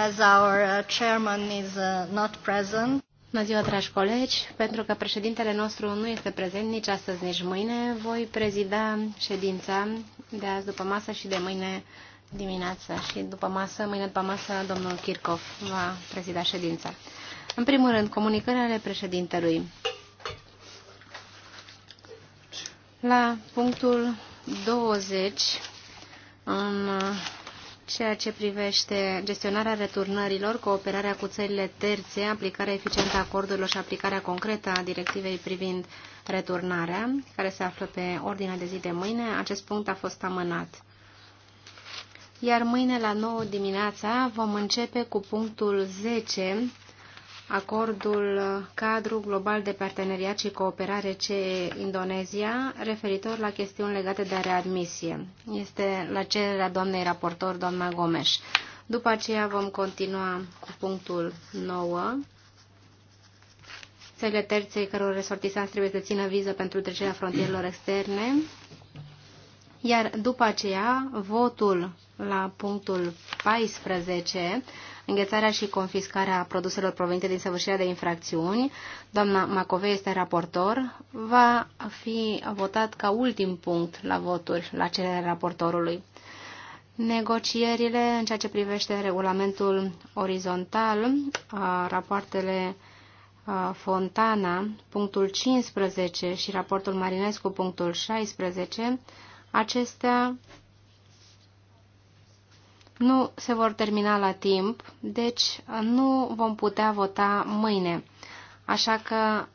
as our uh, chairman is uh, not present. Bună ziua, dragi colegi! Pentru că președintele nostru nu este prezent nici astăzi, nici mâine, voi prezida ședința de azi după masă și de mâine dimineața și după masă, mâine după masă, domnul Kirchhoff va prezida ședința. În primul rând, comunicările ale președintelui. La punctul 20, în ceea ce privește gestionarea returnărilor, cooperarea cu țările terțe, aplicarea eficientă a acordurilor și aplicarea concretă a directivei privind returnarea, care se află pe ordinea de zi de mâine, acest punct a fost amânat. Iar mâine la 9 dimineața vom începe cu punctul 10, acordul cadru global de parteneriat și cooperare ce Indonezia referitor la chestiuni legate de readmisie. Este la cererea doamnei raportor, doamna Gomes. După aceea vom continua cu punctul 9. Țările terței căror resortisanți trebuie să țină viză pentru trecerea frontierelor externe. Iar după aceea, votul la punctul 14 înghețarea și confiscarea produselor provenite din săvârșirea de infracțiuni, doamna Macovei este raportor, va fi votat ca ultim punct la voturi, la cererea raportorului. Negocierile în ceea ce privește regulamentul orizontal, rapoartele Fontana, punctul 15 și raportul Marinescu, punctul 16, acestea nu se vor termina la timp, deci uh, nu vom putea vota mâine. Așa că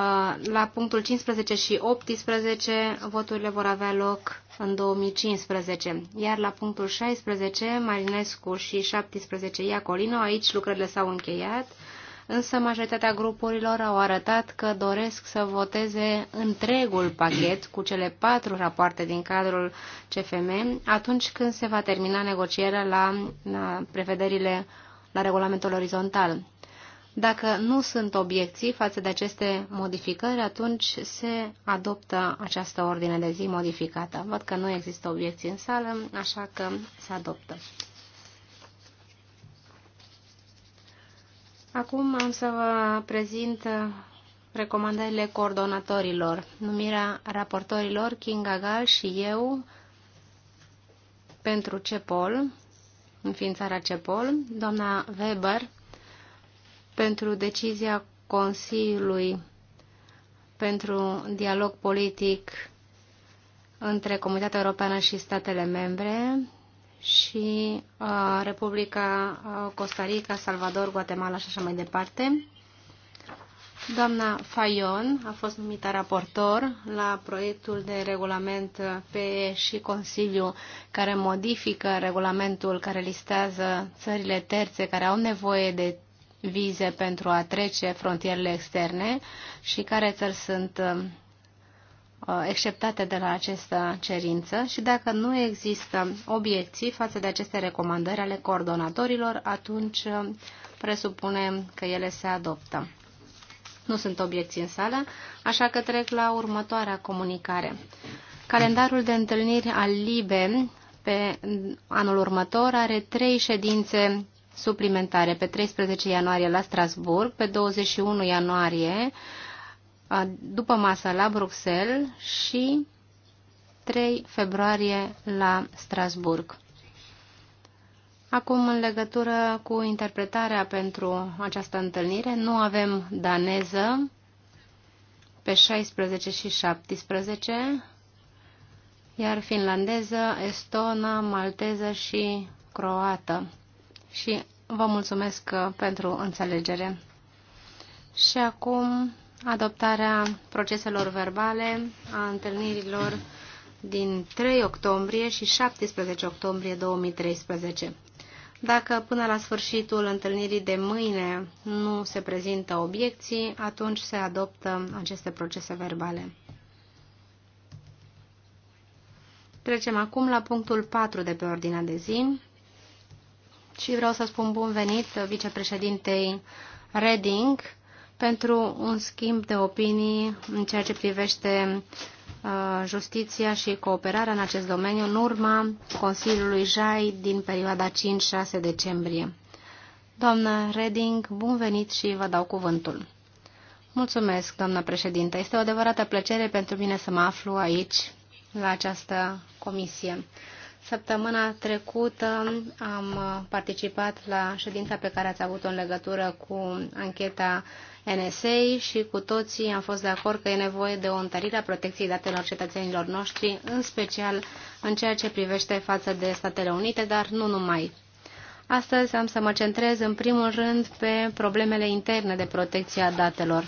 uh, la punctul 15 și 18 voturile vor avea loc în 2015, iar la punctul 16 Marinescu și 17 Iacolino, aici lucrările s-au încheiat însă majoritatea grupurilor au arătat că doresc să voteze întregul pachet cu cele patru rapoarte din cadrul CFM atunci când se va termina negocierea la, la prevederile la regulamentul orizontal. Dacă nu sunt obiecții față de aceste modificări, atunci se adoptă această ordine de zi modificată. Văd că nu există obiecții în sală, așa că se adoptă. Acum am să vă prezint recomandările coordonatorilor, numirea raportorilor Kinga Gal și eu pentru CEPOL, înființarea CEPOL, doamna Weber pentru decizia Consiliului pentru dialog politic între Comunitatea Europeană și statele membre, și uh, Republica uh, Costa Rica, Salvador, Guatemala și așa mai departe. Doamna Fayon a fost numită raportor la proiectul de regulament PE și Consiliu care modifică regulamentul care listează țările terțe care au nevoie de vize pentru a trece frontierele externe și care țări sunt uh, Uh, exceptate de la această cerință și dacă nu există obiecții față de aceste recomandări ale coordonatorilor, atunci uh, presupunem că ele se adoptă. Nu sunt obiecții în sală, așa că trec la următoarea comunicare. Calendarul de întâlniri al LIBE pe anul următor are trei ședințe suplimentare pe 13 ianuarie la Strasburg, pe 21 ianuarie după masă la Bruxelles și 3 februarie la Strasburg. Acum, în legătură cu interpretarea pentru această întâlnire, nu avem daneză pe 16 și 17, iar finlandeză, estona, malteză și croată. Și vă mulțumesc uh, pentru înțelegere. Și acum adoptarea proceselor verbale a întâlnirilor din 3 octombrie și 17 octombrie 2013. Dacă până la sfârșitul întâlnirii de mâine nu se prezintă obiecții, atunci se adoptă aceste procese verbale. Trecem acum la punctul 4 de pe ordinea de zi și vreau să spun bun venit vicepreședintei Reding, pentru un schimb de opinii în ceea ce privește uh, justiția și cooperarea în acest domeniu în urma Consiliului JAI din perioada 5-6 decembrie. Doamnă Reding, bun venit și vă dau cuvântul. Mulțumesc, doamnă președinte. Este o adevărată plăcere pentru mine să mă aflu aici, la această comisie. Săptămâna trecută am participat la ședința pe care ați avut-o în legătură cu ancheta NSA și cu toții am fost de acord că e nevoie de o întărire a protecției datelor cetățenilor noștri, în special în ceea ce privește față de Statele Unite, dar nu numai. Astăzi am să mă centrez în primul rând pe problemele interne de protecție a datelor.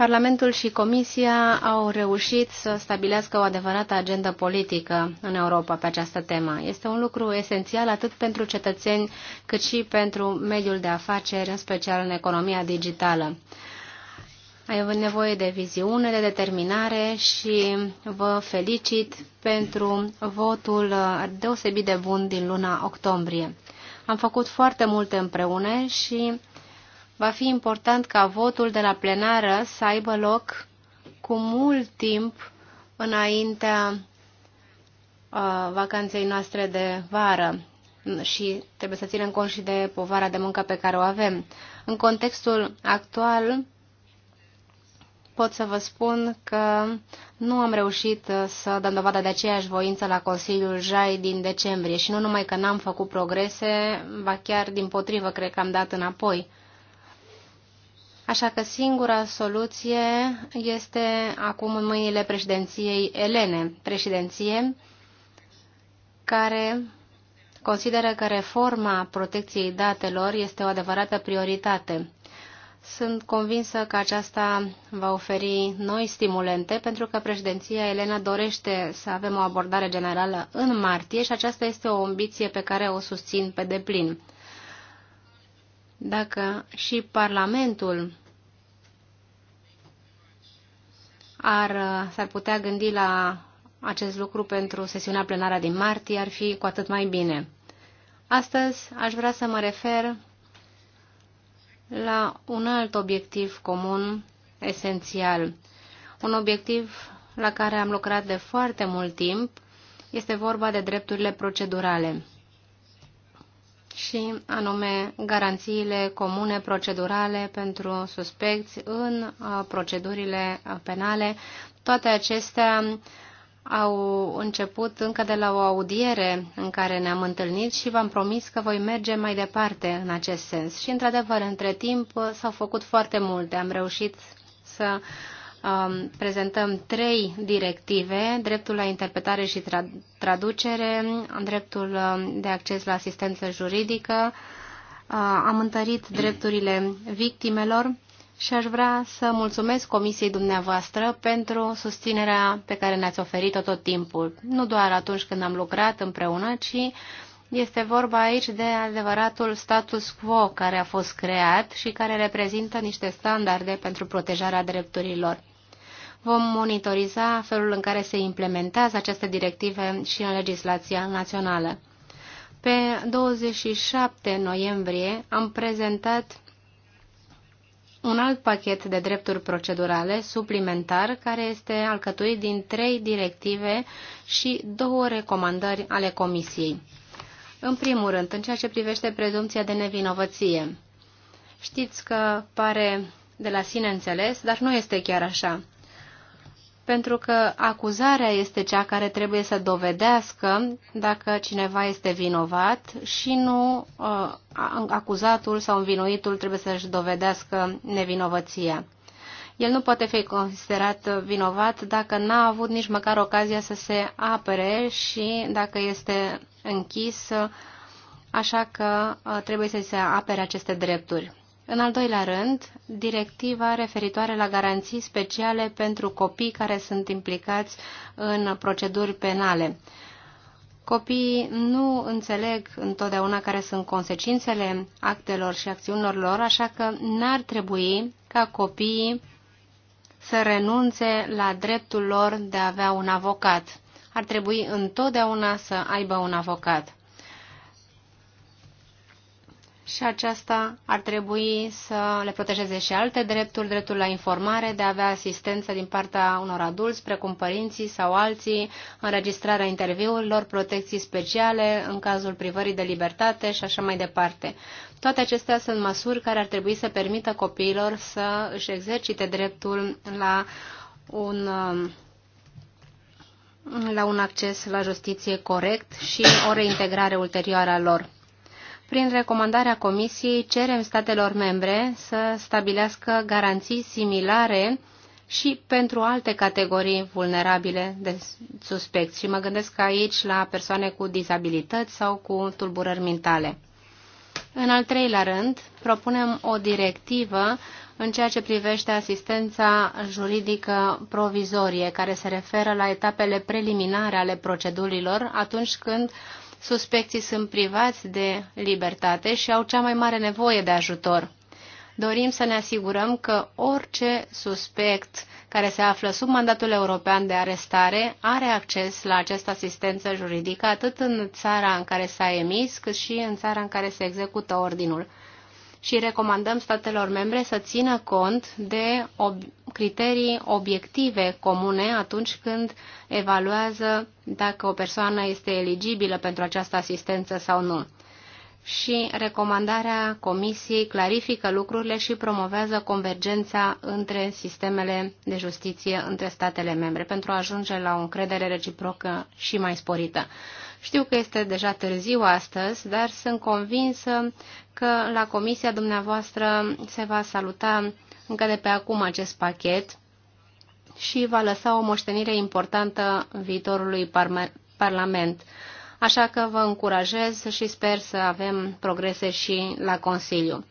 Parlamentul și Comisia au reușit să stabilească o adevărată agendă politică în Europa pe această temă. Este un lucru esențial atât pentru cetățeni cât și pentru mediul de afaceri, în special în economia digitală. Ai avut nevoie de viziune, de determinare și vă felicit pentru votul deosebit de bun din luna octombrie. Am făcut foarte multe împreună și va fi important ca votul de la plenară să aibă loc cu mult timp înaintea uh, vacanței noastre de vară și trebuie să ținem cont și de povara de muncă pe care o avem. În contextul actual, pot să vă spun că nu am reușit uh, să dăm dovadă de aceeași voință la Consiliul JAI din decembrie și nu numai că n-am făcut progrese, ba chiar din potrivă, cred că am dat înapoi. Așa că singura soluție este acum în mâinile președinției elene, președinție care consideră că reforma protecției datelor este o adevărată prioritate. Sunt convinsă că aceasta va oferi noi stimulente pentru că președinția Elena dorește să avem o abordare generală în martie și aceasta este o ambiție pe care o susțin pe deplin. Dacă și Parlamentul ar, uh, s-ar putea gândi la acest lucru pentru sesiunea plenară din martie, ar fi cu atât mai bine. Astăzi aș vrea să mă refer la un alt obiectiv comun esențial, un obiectiv la care am lucrat de foarte mult timp, este vorba de drepturile procedurale și anume garanțiile comune procedurale pentru suspecți în uh, procedurile uh, penale. Toate acestea au început încă de la o audiere în care ne-am întâlnit și v-am promis că voi merge mai departe în acest sens. Și, într-adevăr, între timp uh, s-au făcut foarte multe. Am reușit să uh, um, prezentăm trei directive, dreptul la interpretare și tra- traducere, dreptul um, de acces la asistență juridică, uh, am întărit drepturile victimelor și aș vrea să mulțumesc Comisiei dumneavoastră pentru susținerea pe care ne-ați oferit-o tot timpul, nu doar atunci când am lucrat împreună, ci este vorba aici de adevăratul status quo care a fost creat și care reprezintă niște standarde pentru protejarea drepturilor. Vom monitoriza felul în care se implementează aceste directive și în legislația națională. Pe 27 noiembrie am prezentat un alt pachet de drepturi procedurale suplimentar care este alcătuit din trei directive și două recomandări ale Comisiei. În primul rând, în ceea ce privește prezumția de nevinovăție. Știți că pare de la sine înțeles, dar nu este chiar așa pentru că acuzarea este cea care trebuie să dovedească dacă cineva este vinovat și nu uh, acuzatul sau învinuitul trebuie să-și dovedească nevinovăția. El nu poate fi considerat vinovat dacă n-a avut nici măcar ocazia să se apere și dacă este închis, așa că uh, trebuie să se apere aceste drepturi. În al doilea rând, directiva referitoare la garanții speciale pentru copii care sunt implicați în proceduri penale. Copiii nu înțeleg întotdeauna care sunt consecințele actelor și acțiunilor lor, așa că n-ar trebui ca copiii să renunțe la dreptul lor de a avea un avocat. Ar trebui întotdeauna să aibă un avocat și aceasta ar trebui să le protejeze și alte drepturi, dreptul la informare, de a avea asistență din partea unor adulți, precum părinții sau alții, înregistrarea interviurilor, protecții speciale în cazul privării de libertate și așa mai departe. Toate acestea sunt măsuri care ar trebui să permită copiilor să își exercite dreptul la un la un acces la justiție corect și o reintegrare ulterioară a lor. Prin recomandarea Comisiei cerem statelor membre să stabilească garanții similare și pentru alte categorii vulnerabile de suspecți. Și mă gândesc aici la persoane cu dizabilități sau cu tulburări mentale. În al treilea rând, propunem o directivă în ceea ce privește asistența juridică provizorie, care se referă la etapele preliminare ale procedurilor atunci când uh, Suspecții sunt privați de libertate și au cea mai mare nevoie de ajutor. Dorim să ne asigurăm că orice suspect care se află sub mandatul european de arestare are acces la această asistență juridică atât în țara în care s-a emis, cât și în țara în care se execută ordinul și recomandăm statelor membre să țină cont de ob- criterii obiective comune atunci când evaluează dacă o persoană este eligibilă pentru această asistență sau nu și recomandarea Comisiei clarifică lucrurile și promovează convergența între sistemele de justiție între statele membre pentru a ajunge la o încredere reciprocă și mai sporită. Știu că este deja târziu astăzi, dar sunt convinsă că la Comisia dumneavoastră se va saluta încă de pe acum acest pachet și va lăsa o moștenire importantă viitorului Parlament Așa că vă încurajez și sper să avem progrese și la Consiliu.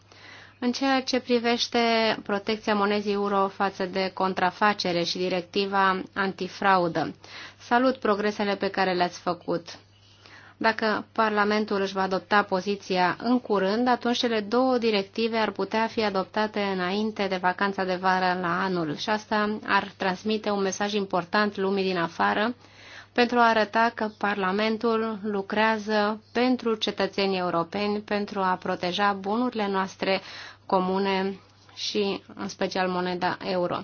În ceea ce privește protecția monezii euro față de contrafacere și directiva antifraudă, salut progresele pe care le-ați făcut. Dacă Parlamentul își va adopta poziția în curând, atunci cele două directive ar putea fi adoptate înainte de vacanța de vară la anul și asta ar transmite un mesaj important lumii din afară pentru a arăta că Parlamentul lucrează pentru cetățenii europeni, pentru a proteja bunurile noastre comune și în special moneda euro.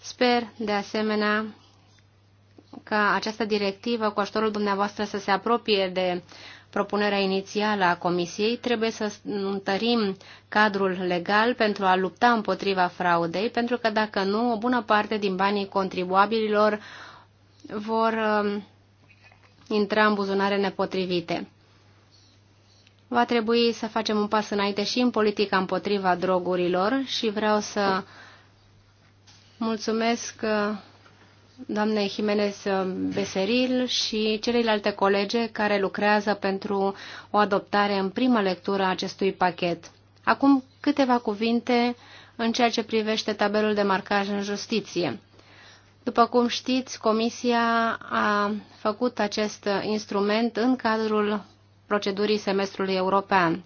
Sper, de asemenea, ca această directivă, cu ajutorul dumneavoastră, să se apropie de propunerea inițială a Comisiei, trebuie să întărim cadrul legal pentru a lupta împotriva fraudei, pentru că dacă nu, o bună parte din banii contribuabililor vor um, intra în buzunare nepotrivite. Va trebui să facem un pas înainte și în politica împotriva drogurilor și vreau să mulțumesc uh, doamnei Jimenez uh, Beseril și celelalte colege care lucrează pentru o adoptare în prima lectură a acestui pachet. Acum câteva cuvinte în ceea ce privește tabelul de marcaj în justiție. După cum știți, Comisia a făcut acest instrument în cadrul procedurii semestrului european.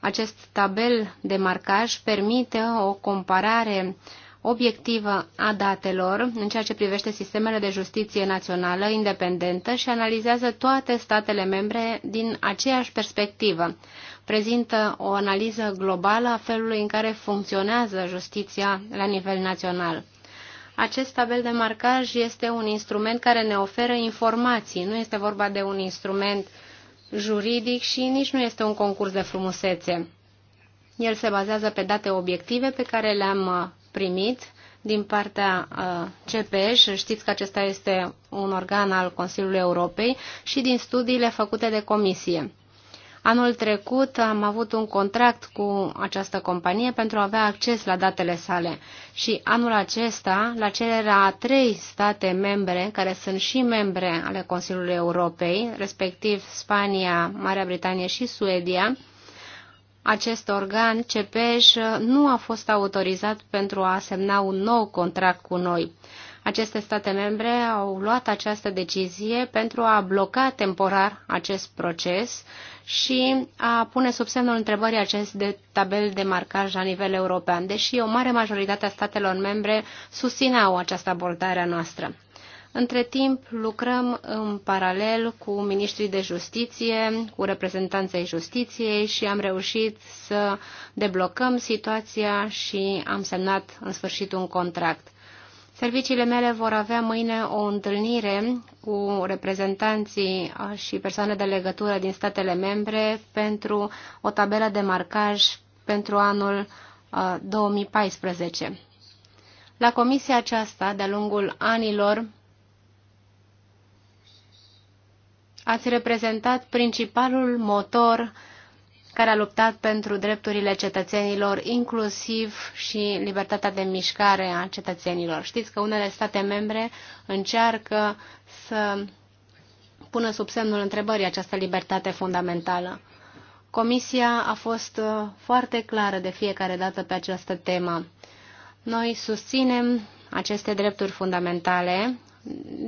Acest tabel de marcaj permite o comparare obiectivă a datelor în ceea ce privește sistemele de justiție națională independentă și analizează toate statele membre din aceeași perspectivă. Prezintă o analiză globală a felului în care funcționează justiția la nivel național. Acest tabel de marcaj este un instrument care ne oferă informații, nu este vorba de un instrument juridic și nici nu este un concurs de frumusețe. El se bazează pe date obiective pe care le-am uh, primit din partea uh, CPEș, știți că acesta este un organ al Consiliului Europei, și din studiile făcute de comisie. Anul trecut am avut un contract cu această companie pentru a avea acces la datele sale și anul acesta, la cererea a trei state membre, care sunt și membre ale Consiliului Europei, respectiv Spania, Marea Britanie și Suedia, acest organ, CEPEJ, nu a fost autorizat pentru a semna un nou contract cu noi. Aceste state membre au luat această decizie pentru a bloca temporar acest proces și a pune sub semnul întrebării acest de tabel de marcaj la nivel european, deși o mare majoritate a statelor membre susțineau această abordare a noastră. Între timp, lucrăm în paralel cu ministrii de justiție, cu reprezentanții justiției și am reușit să deblocăm situația și am semnat în sfârșit un contract. Serviciile mele vor avea mâine o întâlnire cu reprezentanții și persoane de legătură din statele membre pentru o tabelă de marcaj pentru anul 2014. La comisia aceasta, de-a lungul anilor, ați reprezentat principalul motor care a luptat pentru drepturile cetățenilor, inclusiv și libertatea de mișcare a cetățenilor. Știți că unele state membre încearcă să pună sub semnul întrebării această libertate fundamentală. Comisia a fost uh, foarte clară de fiecare dată pe această temă. Noi susținem aceste drepturi fundamentale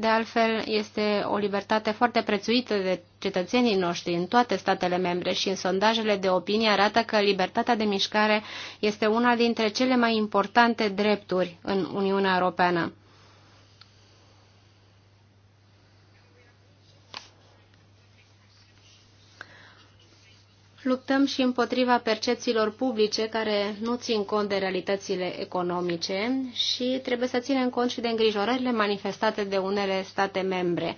de altfel, este o libertate foarte prețuită de cetățenii noștri în toate statele membre și în sondajele de opinie arată că libertatea de mișcare este una dintre cele mai importante drepturi în Uniunea Europeană. Luptăm și împotriva percepțiilor publice care nu țin cont de realitățile economice și trebuie să ținem cont și de îngrijorările manifestate de unele state membre.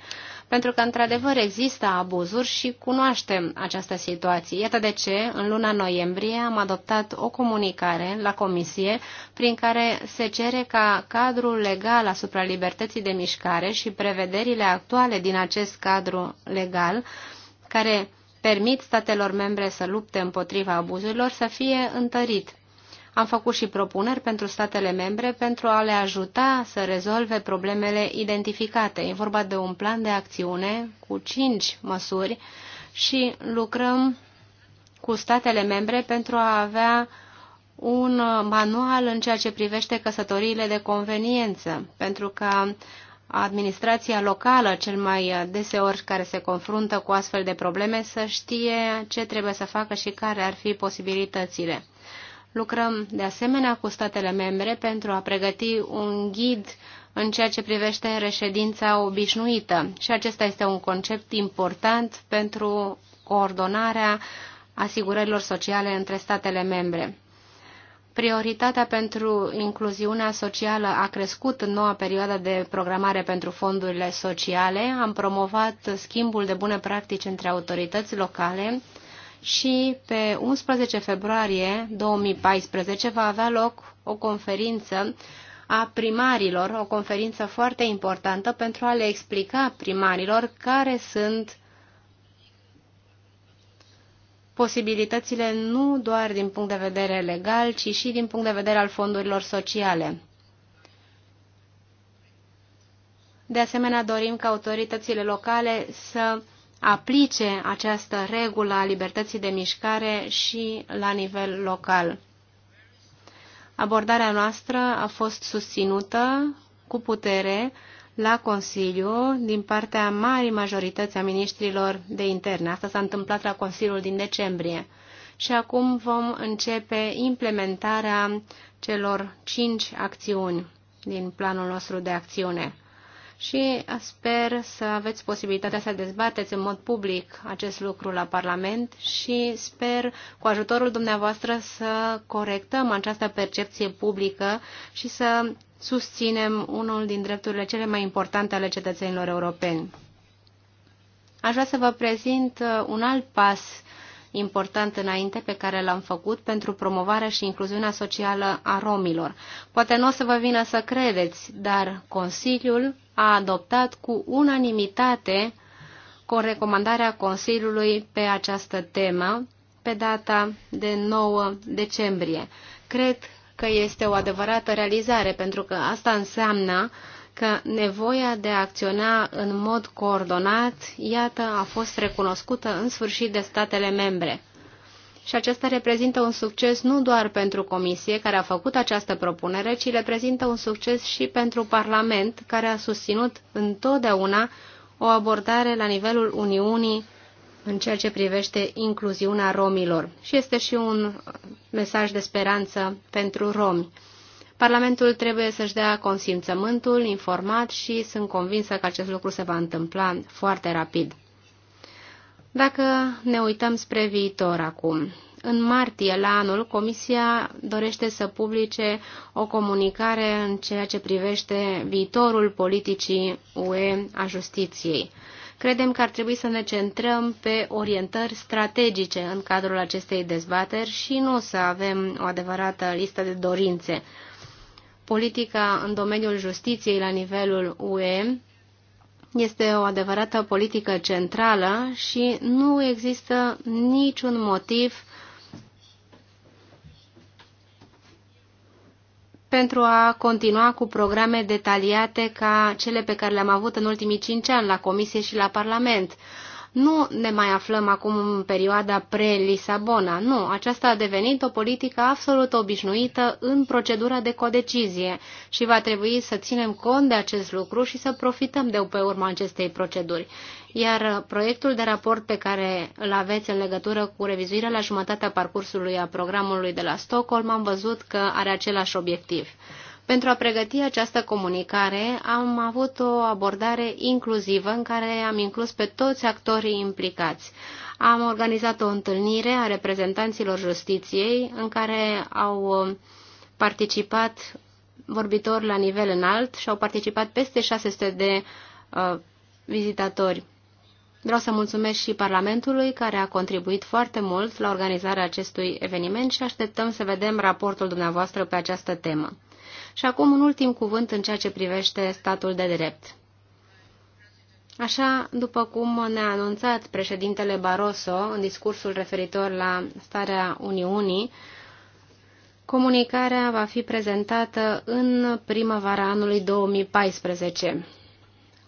Pentru că, într-adevăr, există abuzuri și cunoaștem această situație. Iată de ce, în luna noiembrie, am adoptat o comunicare la Comisie prin care se cere ca cadrul legal asupra libertății de mișcare și prevederile actuale din acest cadru legal, care permit statelor membre să lupte împotriva abuzurilor să fie întărit. Am făcut și propuneri pentru statele membre pentru a le ajuta să rezolve problemele identificate. E vorba de un plan de acțiune cu cinci măsuri și lucrăm cu statele membre pentru a avea un manual în ceea ce privește căsătoriile de conveniență, pentru ca administrația locală cel mai uh, deseori care se confruntă cu astfel de probleme să știe ce trebuie să facă și care ar fi posibilitățile. Lucrăm de asemenea cu statele membre pentru a pregăti un ghid în ceea ce privește reședința obișnuită și acesta este un concept important pentru coordonarea asigurărilor sociale între statele membre. Prioritatea pentru incluziunea socială a crescut în noua perioadă de programare pentru fondurile sociale. Am promovat schimbul de bune practici între autorități locale și pe 11 februarie 2014 va avea loc o conferință a primarilor, o conferință foarte importantă pentru a le explica primarilor care sunt posibilitățile nu doar din punct de vedere legal, ci și din punct de vedere al fondurilor sociale. De asemenea, dorim ca autoritățile locale să aplice această regulă a libertății de mișcare și la nivel local. Abordarea noastră a fost susținută cu putere la Consiliu din partea marii majorități a ministrilor de interne. Asta s-a întâmplat la Consiliul din decembrie. Și acum vom începe implementarea celor cinci acțiuni din planul nostru de acțiune. Și sper să aveți posibilitatea să dezbateți în mod public acest lucru la Parlament și sper cu ajutorul dumneavoastră să corectăm această percepție publică și să susținem unul din drepturile cele mai importante ale cetățenilor europeni. Aș vrea să vă prezint uh, un alt pas important înainte pe care l-am făcut pentru promovarea și incluziunea socială a romilor. Poate nu o să vă vină să credeți, dar Consiliul a adoptat cu unanimitate cu recomandarea Consiliului pe această temă pe data de 9 decembrie. Cred că este o adevărată realizare, pentru că asta înseamnă că nevoia de a acționa în mod coordonat, iată, a fost recunoscută în sfârșit de statele membre. Și acesta reprezintă un succes nu doar pentru Comisie, care a făcut această propunere, ci reprezintă un succes și pentru Parlament, care a susținut întotdeauna o abordare la nivelul Uniunii în ceea ce privește incluziunea romilor și este și un mesaj de speranță pentru romi. Parlamentul trebuie să-și dea consimțământul informat și sunt convinsă că acest lucru se va întâmpla foarte rapid. Dacă ne uităm spre viitor acum, în martie la anul, Comisia dorește să publice o comunicare în ceea ce privește viitorul politicii UE a justiției. Credem că ar trebui să ne centrăm pe orientări strategice în cadrul acestei dezbateri și nu să avem o adevărată listă de dorințe. Politica în domeniul justiției la nivelul UE este o adevărată politică centrală și nu există niciun motiv pentru a continua cu programe detaliate ca cele pe care le-am avut în ultimii cinci ani la Comisie și la Parlament. Nu ne mai aflăm acum în perioada pre-Lisabona, nu, aceasta a devenit o politică absolut obișnuită în procedura de codecizie și va trebui să ținem cont de acest lucru și să profităm de pe urma acestei proceduri. Iar proiectul de raport pe care îl aveți în legătură cu revizuirea la jumătatea parcursului a programului de la Stockholm, am văzut că are același obiectiv. Pentru a pregăti această comunicare, am avut o abordare inclusivă în care am inclus pe toți actorii implicați. Am organizat o întâlnire a reprezentanților justiției în care au um, participat vorbitori la nivel înalt și au participat peste 600 de uh, vizitatori. Vreau să mulțumesc și Parlamentului, care a contribuit foarte mult la organizarea acestui eveniment și așteptăm să vedem raportul dumneavoastră pe această temă. Și acum un ultim cuvânt în ceea ce privește statul de drept. Așa, după cum ne-a anunțat președintele Barroso în discursul referitor la starea Uniunii, comunicarea va fi prezentată în primăvara anului 2014.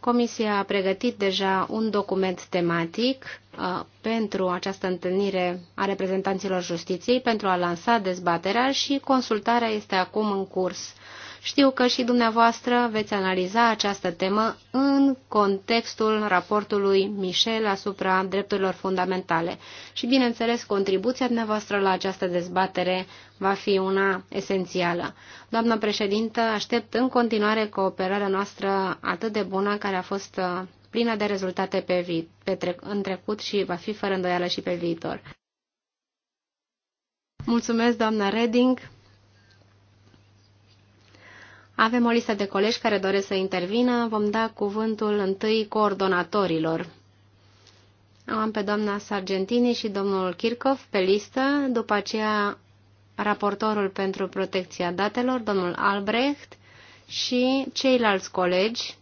Comisia a pregătit deja un document tematic uh, pentru această întâlnire a reprezentanților justiției pentru a lansa dezbaterea și consultarea este acum în curs. Știu că și dumneavoastră veți analiza această temă în contextul raportului Michel asupra drepturilor fundamentale și, bineînțeles, contribuția dumneavoastră la această dezbatere va fi una esențială. Doamnă președintă, aștept în continuare cooperarea noastră atât de bună care a fost uh, plină de rezultate pe vi- pe tre- în trecut și va fi fără îndoială și pe viitor. Mulțumesc, doamna Reding. Avem o listă de colegi care doresc să intervină. Vom da cuvântul întâi coordonatorilor. Am pe doamna Sargentini și domnul Kirchhoff pe listă, după aceea raportorul pentru protecția datelor, domnul Albrecht, și ceilalți colegi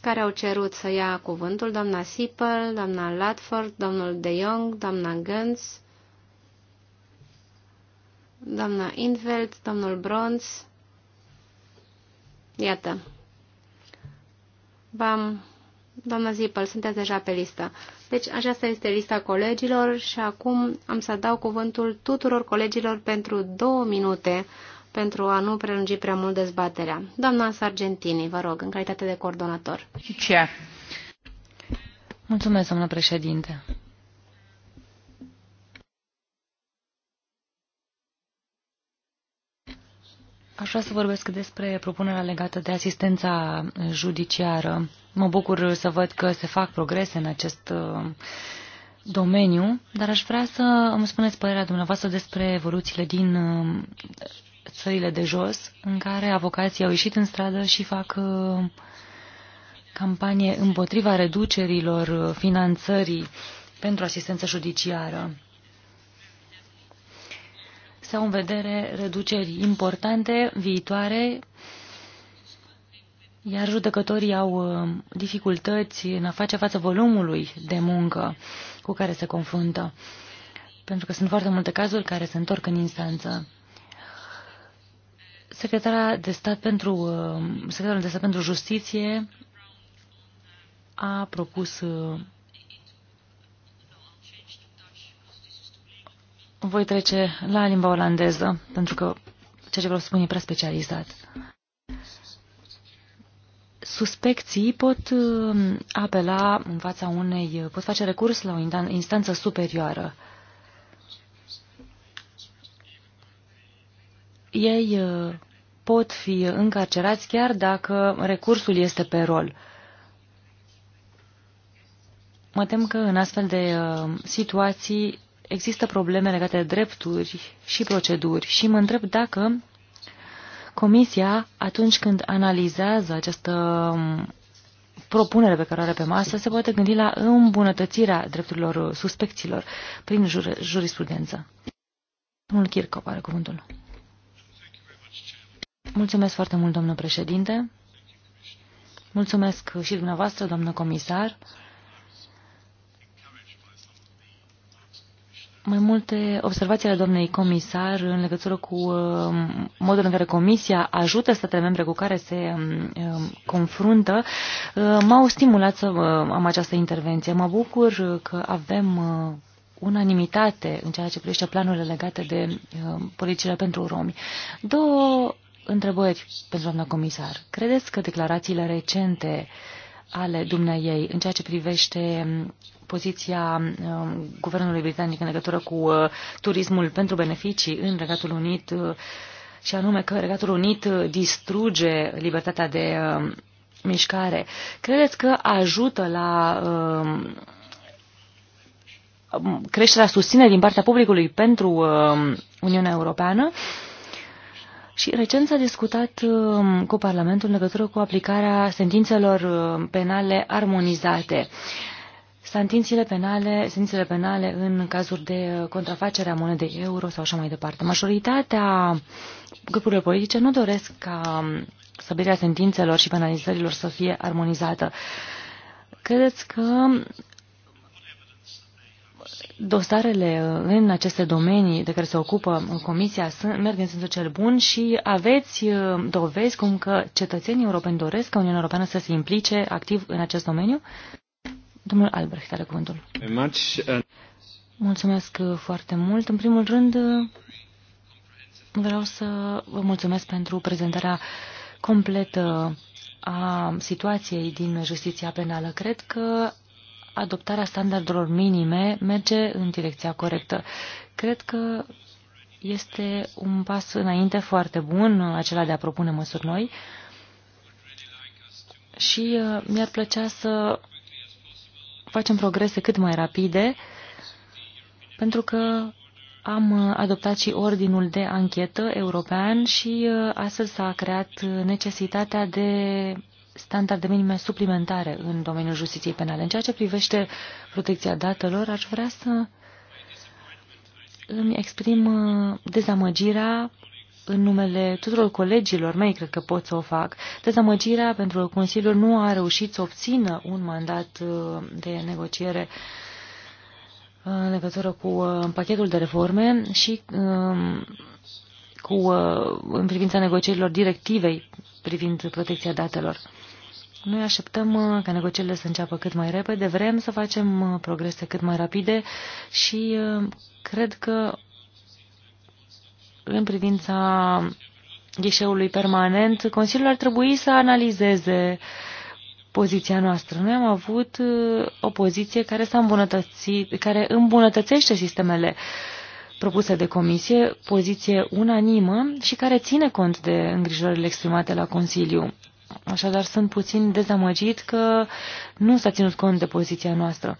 care au cerut să ia cuvântul, doamna Sipel, doamna Latford, domnul De Jong, doamna Gens, doamna Inveld, domnul Bronz Iată. V-am... Doamna Zipăl, sunteți deja pe listă. Deci aceasta este lista colegilor și acum am să dau cuvântul tuturor colegilor pentru două minute pentru a nu prelungi prea mult dezbaterea. Doamna Sargentini, vă rog, în calitate de coordonator. Ce? Mulțumesc, doamnă președinte. Aș vrea să vorbesc despre propunerea legată de asistența judiciară. Mă bucur să văd că se fac progrese în acest uh, domeniu, dar aș vrea să îmi spuneți părerea dumneavoastră despre evoluțiile din uh, țările de jos, în care avocații au ieșit în stradă și fac uh, campanie împotriva reducerilor finanțării pentru asistență judiciară se au în vedere reduceri importante viitoare, iar judecătorii au uh, dificultăți în a face față volumului de muncă cu care se confruntă, pentru că sunt foarte multe cazuri care se întorc în instanță. Secretara de stat pentru, uh, secretarul de stat pentru justiție a propus uh, Voi trece la limba olandeză, pentru că ceea ce vreau să spun e prea specializat. Suspecții pot uh, apela în fața unei, pot face recurs la o instanță superioară. Ei uh, pot fi încarcerați chiar dacă recursul este pe rol. Mă tem că în astfel de uh, situații există probleme legate de drepturi și proceduri și mă întreb dacă Comisia, atunci când analizează această um, propunere pe care o are pe masă, se poate gândi la îmbunătățirea drepturilor suspecților prin jur jurisprudență. Domnul Kirchhoff are cuvântul. Mulțumesc foarte mult, domnul președinte. Mulțumesc și dumneavoastră, doamnă comisar. mai multe observații ale doamnei comisar în legătură cu uh, modul în care Comisia ajută statele membre cu care se um, um, confruntă uh, m-au stimulat să uh, am această intervenție. Mă bucur că avem unanimitate în ceea ce privește planurile legate de politicile pentru romi. Două întrebări pentru doamna comisar. Credeți că declarațiile recente ale dumneai în ceea ce privește um, poziția um, guvernului britanic în legătură cu uh, turismul pentru beneficii în Regatul Unit uh, și anume că Regatul Unit uh, distruge libertatea de um, mișcare. Credeți că ajută la um, creșterea susținerii din partea publicului pentru Uniunea Europeană? Și recent s-a discutat cu Parlamentul în legătură cu aplicarea sentințelor penale armonizate. Santințele penale, sentințele penale în cazuri de uh, contrafacere a monedei euro sau așa mai departe. Majoritatea grupurilor politice nu doresc ca um, stabilirea sentințelor și penalizărilor să fie armonizată. Credeți că dosarele uh, în aceste domenii de care se ocupă uh, Comisia sunt, merg în sensul cel bun și aveți dovezi cum că cetățenii europeni doresc ca Uniunea Europeană să se implice activ în acest domeniu? Domnul Albrecht are cuvântul. Uh, mulțumesc foarte mult. În primul rând, vreau să vă mulțumesc pentru prezentarea completă a situației din justiția penală. Cred că adoptarea standardelor minime merge în direcția corectă. Cred că este un pas înainte foarte bun, acela de a propune măsuri noi. Și uh, mi-ar plăcea să facem progrese cât mai rapide, pentru că am adoptat și ordinul de anchetă european și uh, astfel s-a creat necesitatea de standarde minime suplimentare în domeniul justiției penale. În ceea ce privește protecția datelor, aș vrea să îmi exprim uh, dezamăgirea în numele tuturor colegilor mei, cred că pot să o fac, dezamăgirea pentru că Consiliul nu a reușit să obțină un mandat uh, de negociere uh, în legătură cu uh, pachetul de reforme și um, cu, în privința negocierilor directivei privind protecția datelor. Noi așteptăm ca negocierile să înceapă cât mai repede, vrem să facem progrese cât mai rapide și cred că în privința ghișeului permanent, Consiliul ar trebui să analizeze poziția noastră. Noi am avut uh, o poziție care, s-a îmbunătățit, care îmbunătățește sistemele propuse de comisie, poziție unanimă și care ține cont de îngrijorările exprimate la Consiliu. Așadar, sunt puțin dezamăgit că nu s-a ținut cont de poziția noastră.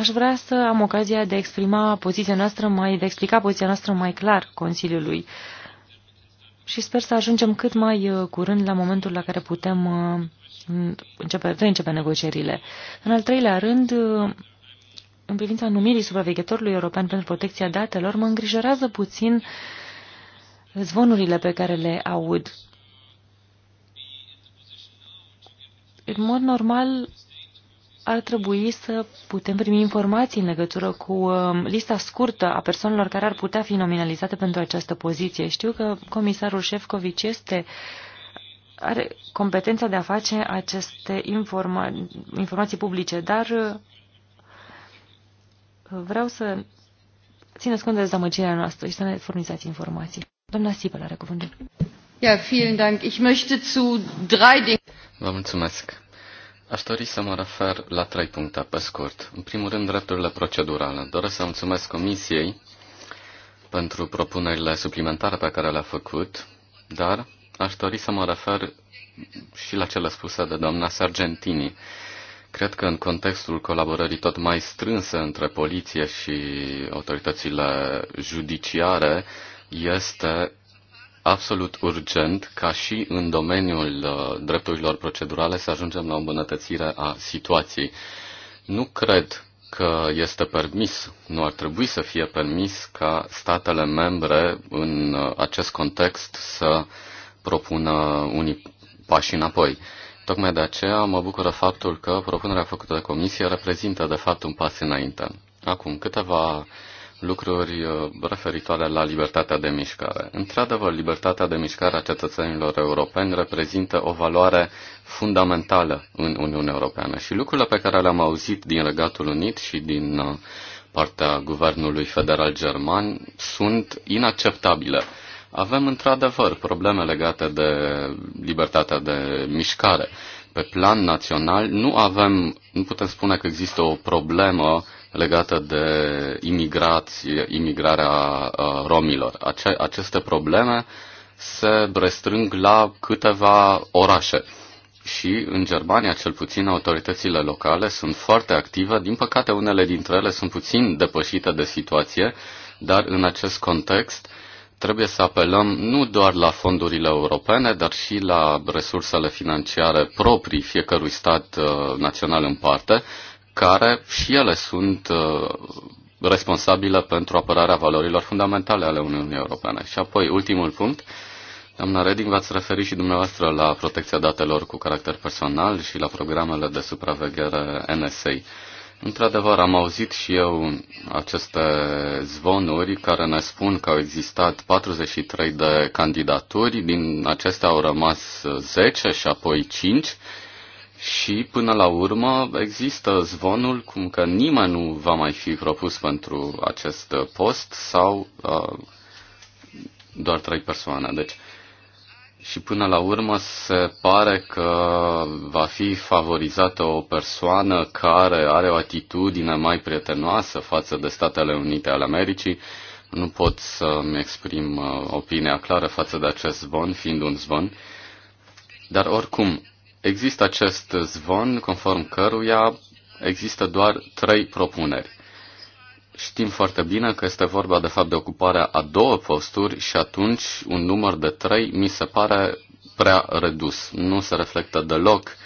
Aș vrea să am ocazia de a exprima poziția noastră mai, de a explica poziția noastră mai clar Consiliului și sper să ajungem cât mai uh, curând la momentul la care putem uh, începe, începe negocierile. În al treilea rând, uh, în privința numirii supraveghetorului european pentru protecția datelor, mă îngrijorează puțin zvonurile pe care le aud. În mod normal, ar trebui să putem primi informații în legătură cu um, lista scurtă a persoanelor care ar putea fi nominalizate pentru această poziție. Știu că comisarul Șefcovici este are competența de a face aceste informa informații publice, dar uh, vreau să țineți cont de dezamăgirea noastră și să ne furnizați informații. Doamna Sipel are cuvântul. Ja, vielen Dank. Ich möchte zu drei Dingen. Vă mulțumesc. Aș dori să mă refer la trei puncte pe scurt. În primul rând, drepturile procedurale. Doresc să mulțumesc Comisiei pentru propunerile suplimentare pe care le-a făcut, dar aș dori să mă refer și la cele spuse de doamna Sargentini. Cred că în contextul colaborării tot mai strânse între poliție și autoritățile judiciare este absolut urgent ca și în domeniul uh, drepturilor procedurale să ajungem la o îmbunătățire a situației. Nu cred că este permis, nu ar trebui să fie permis ca statele membre în uh, acest context să propună unii pași înapoi. Tocmai de aceea mă bucură faptul că propunerea făcută de comisie reprezintă de fapt un pas înainte. Acum câteva lucruri uh, referitoare la libertatea de mișcare. Într-adevăr, libertatea de mișcare a cetățenilor europeni reprezintă o valoare fundamentală în Uniunea Europeană și lucrurile pe care le-am auzit din Regatul Unit și din uh, partea guvernului federal german sunt inacceptabile. Avem într-adevăr probleme legate de libertatea de mișcare. Pe plan național nu avem, nu putem spune că există o problemă uh, legată de imigrație, imigrarea uh, romilor. Ace- aceste probleme se restrâng la câteva orașe. Și în Germania, cel puțin, autoritățile locale sunt foarte active. Din păcate, unele dintre ele sunt puțin depășite de situație, dar în acest context trebuie să apelăm nu doar la fondurile europene, dar și la resursele financiare proprii fiecărui stat uh, național în parte, care și ele sunt uh, responsabile pentru apărarea valorilor fundamentale ale Uniunii Europene. Și apoi, ultimul punct, doamna Reding, v-ați referit și dumneavoastră la protecția datelor cu caracter personal și la programele de supraveghere NSA. Într-adevăr, am auzit și eu aceste zvonuri care ne spun că au existat 43 de candidaturi, din acestea au rămas 10 și apoi 5 și, până la urmă, există zvonul cum că nimeni nu va mai fi propus pentru acest post sau uh, doar trei persoane. Deci, și până la urmă se pare că va fi favorizată o persoană care are o atitudine mai prietenoasă față de Statele Unite ale Americii. Nu pot să-mi exprim uh, opinia clară față de acest zvon, fiind un zvon. Dar oricum, Există acest zvon conform căruia există doar trei propuneri. Știm foarte bine că este vorba de fapt de ocuparea a două posturi și atunci un număr de trei mi se pare prea redus. Nu se reflectă deloc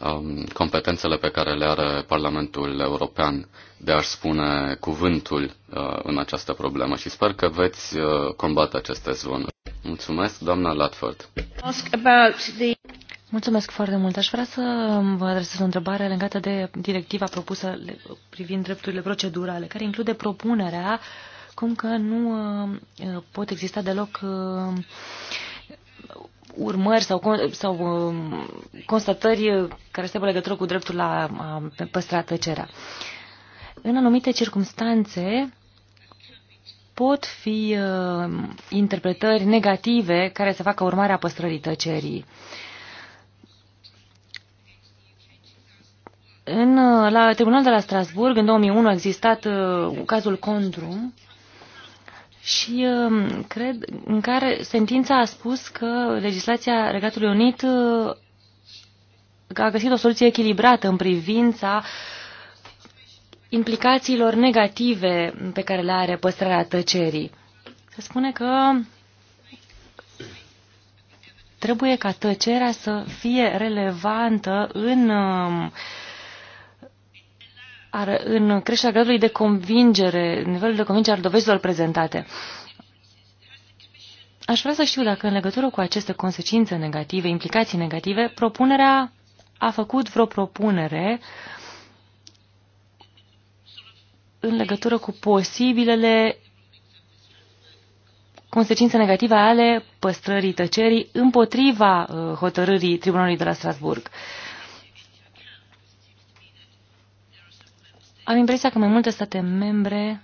um, competențele pe care le are Parlamentul European de a-și spune cuvântul uh, în această problemă și sper că veți uh, combate aceste zvonuri. Mulțumesc, doamna Latford. Mulțumesc foarte mult. Aș vrea să vă adresez o întrebare legată de directiva propusă privind drepturile procedurale, care include propunerea cum că nu uh, uh, pot exista deloc uh, urmări sau, sau constatări care se legătură cu dreptul la a păstra tăcerea. În anumite circunstanțe pot fi interpretări negative care se facă urmarea păstrării tăcerii. În, la tribunal de la Strasburg, în 2001, a existat uh, cazul Condru și uh, cred în care sentința a spus că legislația Regatului Unit uh, a găsit o soluție echilibrată în privința implicațiilor negative pe care le are păstrarea tăcerii. Se spune că trebuie ca tăcerea să fie relevantă în uh, ar, în creșterea gradului de convingere, nivelul de convingere al dovezilor prezentate. Aș vrea să știu dacă în legătură cu aceste consecințe negative, implicații negative, propunerea a făcut vreo propunere în legătură cu posibilele consecințe negative ale păstrării tăcerii împotriva uh, hotărârii Tribunalului de la Strasburg. Uh, Am impresia că mai multe state membre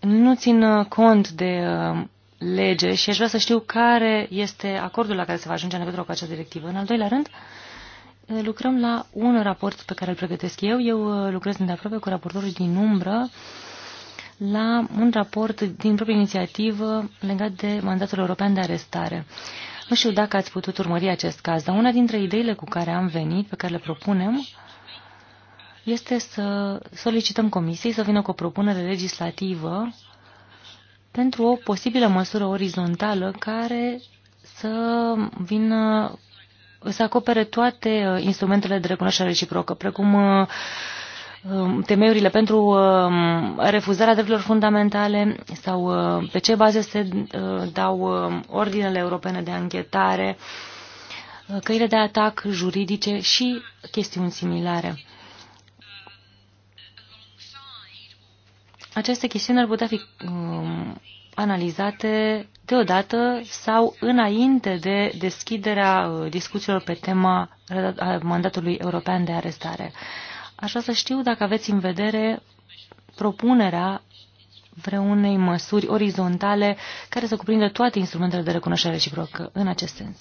nu țin uh, cont de uh, lege și aș vrea să știu care este acordul la care se va ajunge în legătură cu această directivă. În al doilea rând, uh, lucrăm la un raport pe care îl pregătesc eu. Eu lucrez de aproape cu raportorul din umbră la un raport din proprie inițiativă legat de mandatul european de arestare. Nu știu dacă ați putut urmări acest caz, dar una dintre ideile cu care am venit, pe care le propunem, este să solicităm Comisiei să vină cu o propunere legislativă pentru o posibilă măsură orizontală care să vină să acopere toate uh, instrumentele de recunoaștere reciprocă, precum uh, um, temeiurile pentru um, refuzarea drepturilor fundamentale sau uh, pe ce baze se dau um, ordinele europene de anchetare, căile de atac juridice și chestiuni similare. aceste chestiuni ar putea fi um, analizate deodată sau înainte de deschiderea uh, discuțiilor pe tema mandatului european de arestare. așa să știu dacă aveți în vedere propunerea vreunei măsuri orizontale care să cuprindă toate instrumentele de recunoaștere reciprocă în acest sens.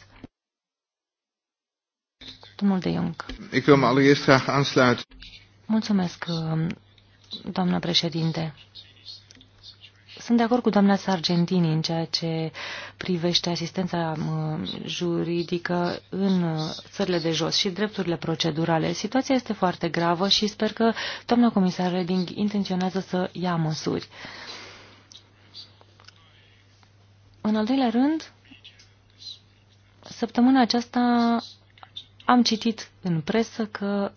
Domnul De Jong. Mulțumesc, um, doamnă președinte. Sunt de acord cu doamna Sargentini în ceea ce privește asistența juridică în uh, țările de jos și drepturile procedurale. Situația este foarte gravă și sper că doamna comisar Reding intenționează să ia măsuri. În al doilea rând, săptămâna aceasta am citit în presă că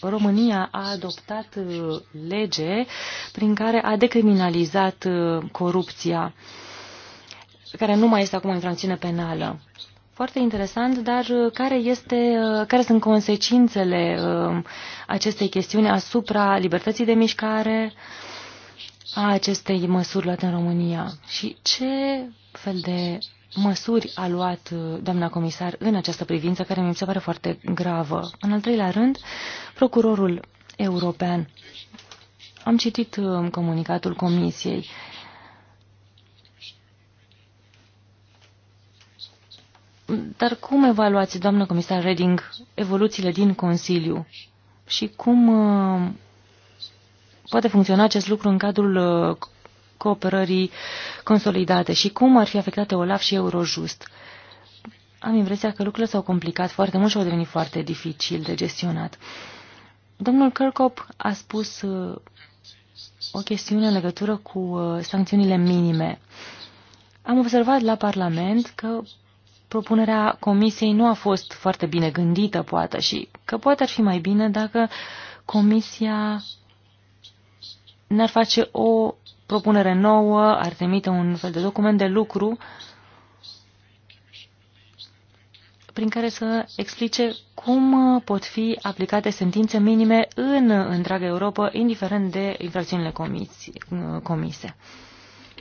România a adoptat uh, lege prin care a decriminalizat uh, corupția, care nu mai este acum infracțiune penală. Foarte interesant, dar uh, care, este, uh, care sunt consecințele acestei chestiuni asupra libertății de mișcare a acestei măsuri luate în România? Și ce fel de măsuri a luat doamna comisar în această privință, care mi se pare foarte gravă? În al treilea rând, procurorul european am citit um, comunicatul Comisiei. Dar cum evaluați, doamnă comisar Reding, evoluțiile din Consiliu și cum um, poate funcționa acest lucru în cadrul uh, cooperării consolidate și cum ar fi afectate OLAF și Eurojust? Am impresia că lucrurile s-au complicat foarte mult și au devenit foarte dificil de gestionat. Domnul Kirkop a spus uh, o chestiune în legătură cu uh, sancțiunile minime. Am observat la Parlament că propunerea Comisiei nu a fost foarte bine gândită, poate, și că poate ar fi mai bine dacă Comisia n-ar face o propunere nouă, ar trimite un fel de document de lucru uh, prin care să explice cum pot fi aplicate sentințe minime în întreaga Europa, indiferent de infracțiunile comise.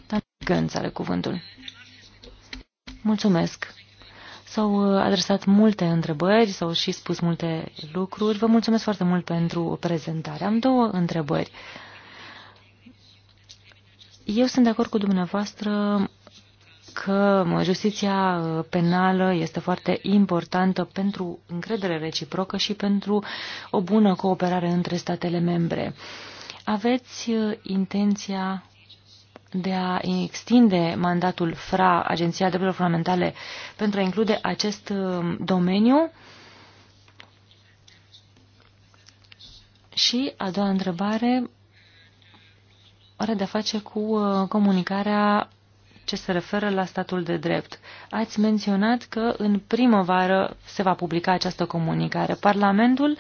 Dar Gânț are cuvântul. Mulțumesc. S-au uh, adresat multe întrebări, s-au și spus multe lucruri. Vă mulțumesc foarte mult pentru prezentare. Am două întrebări. Eu sunt de acord cu dumneavoastră că justiția uh, penală este foarte importantă pentru încredere reciprocă și pentru o bună cooperare între statele membre. Aveți uh, intenția de a extinde mandatul FRA, Agenția Drepturilor Fundamentale, pentru a include acest uh, domeniu? Și a doua întrebare are de-a face cu comunicarea ce se referă la statul de drept. Ați menționat că în primăvară se va publica această comunicare. Parlamentul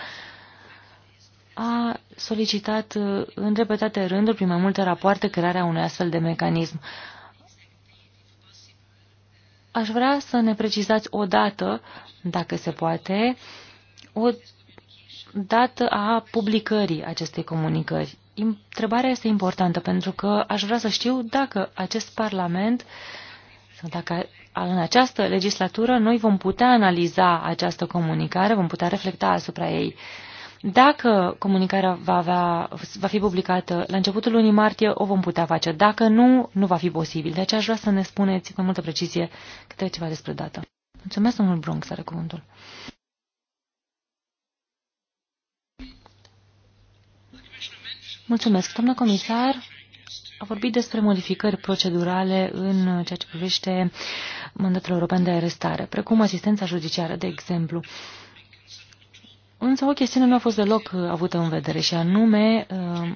a solicitat în repetate rânduri, prin mai multe rapoarte, crearea unui astfel de mecanism. Aș vrea să ne precizați o dată, dacă se poate, o dată a publicării acestei comunicări. Întrebarea este importantă pentru că aș vrea să știu dacă acest Parlament sau dacă în această legislatură noi vom putea analiza această comunicare, vom putea reflecta asupra ei. Dacă comunicarea va, avea, va fi publicată la începutul lunii martie, o vom putea face. Dacă nu, nu va fi posibil. De deci aceea aș vrea să ne spuneți cu multă precizie câte ceva despre dată. Mulțumesc, domnul Bronx, are cuvântul. Mulțumesc, doamnă comisar. A vorbit despre modificări procedurale în ceea ce privește mandatul european de arestare, precum asistența judiciară, de exemplu. Însă o chestiune nu a fost deloc uh, avută în vedere și anume uh,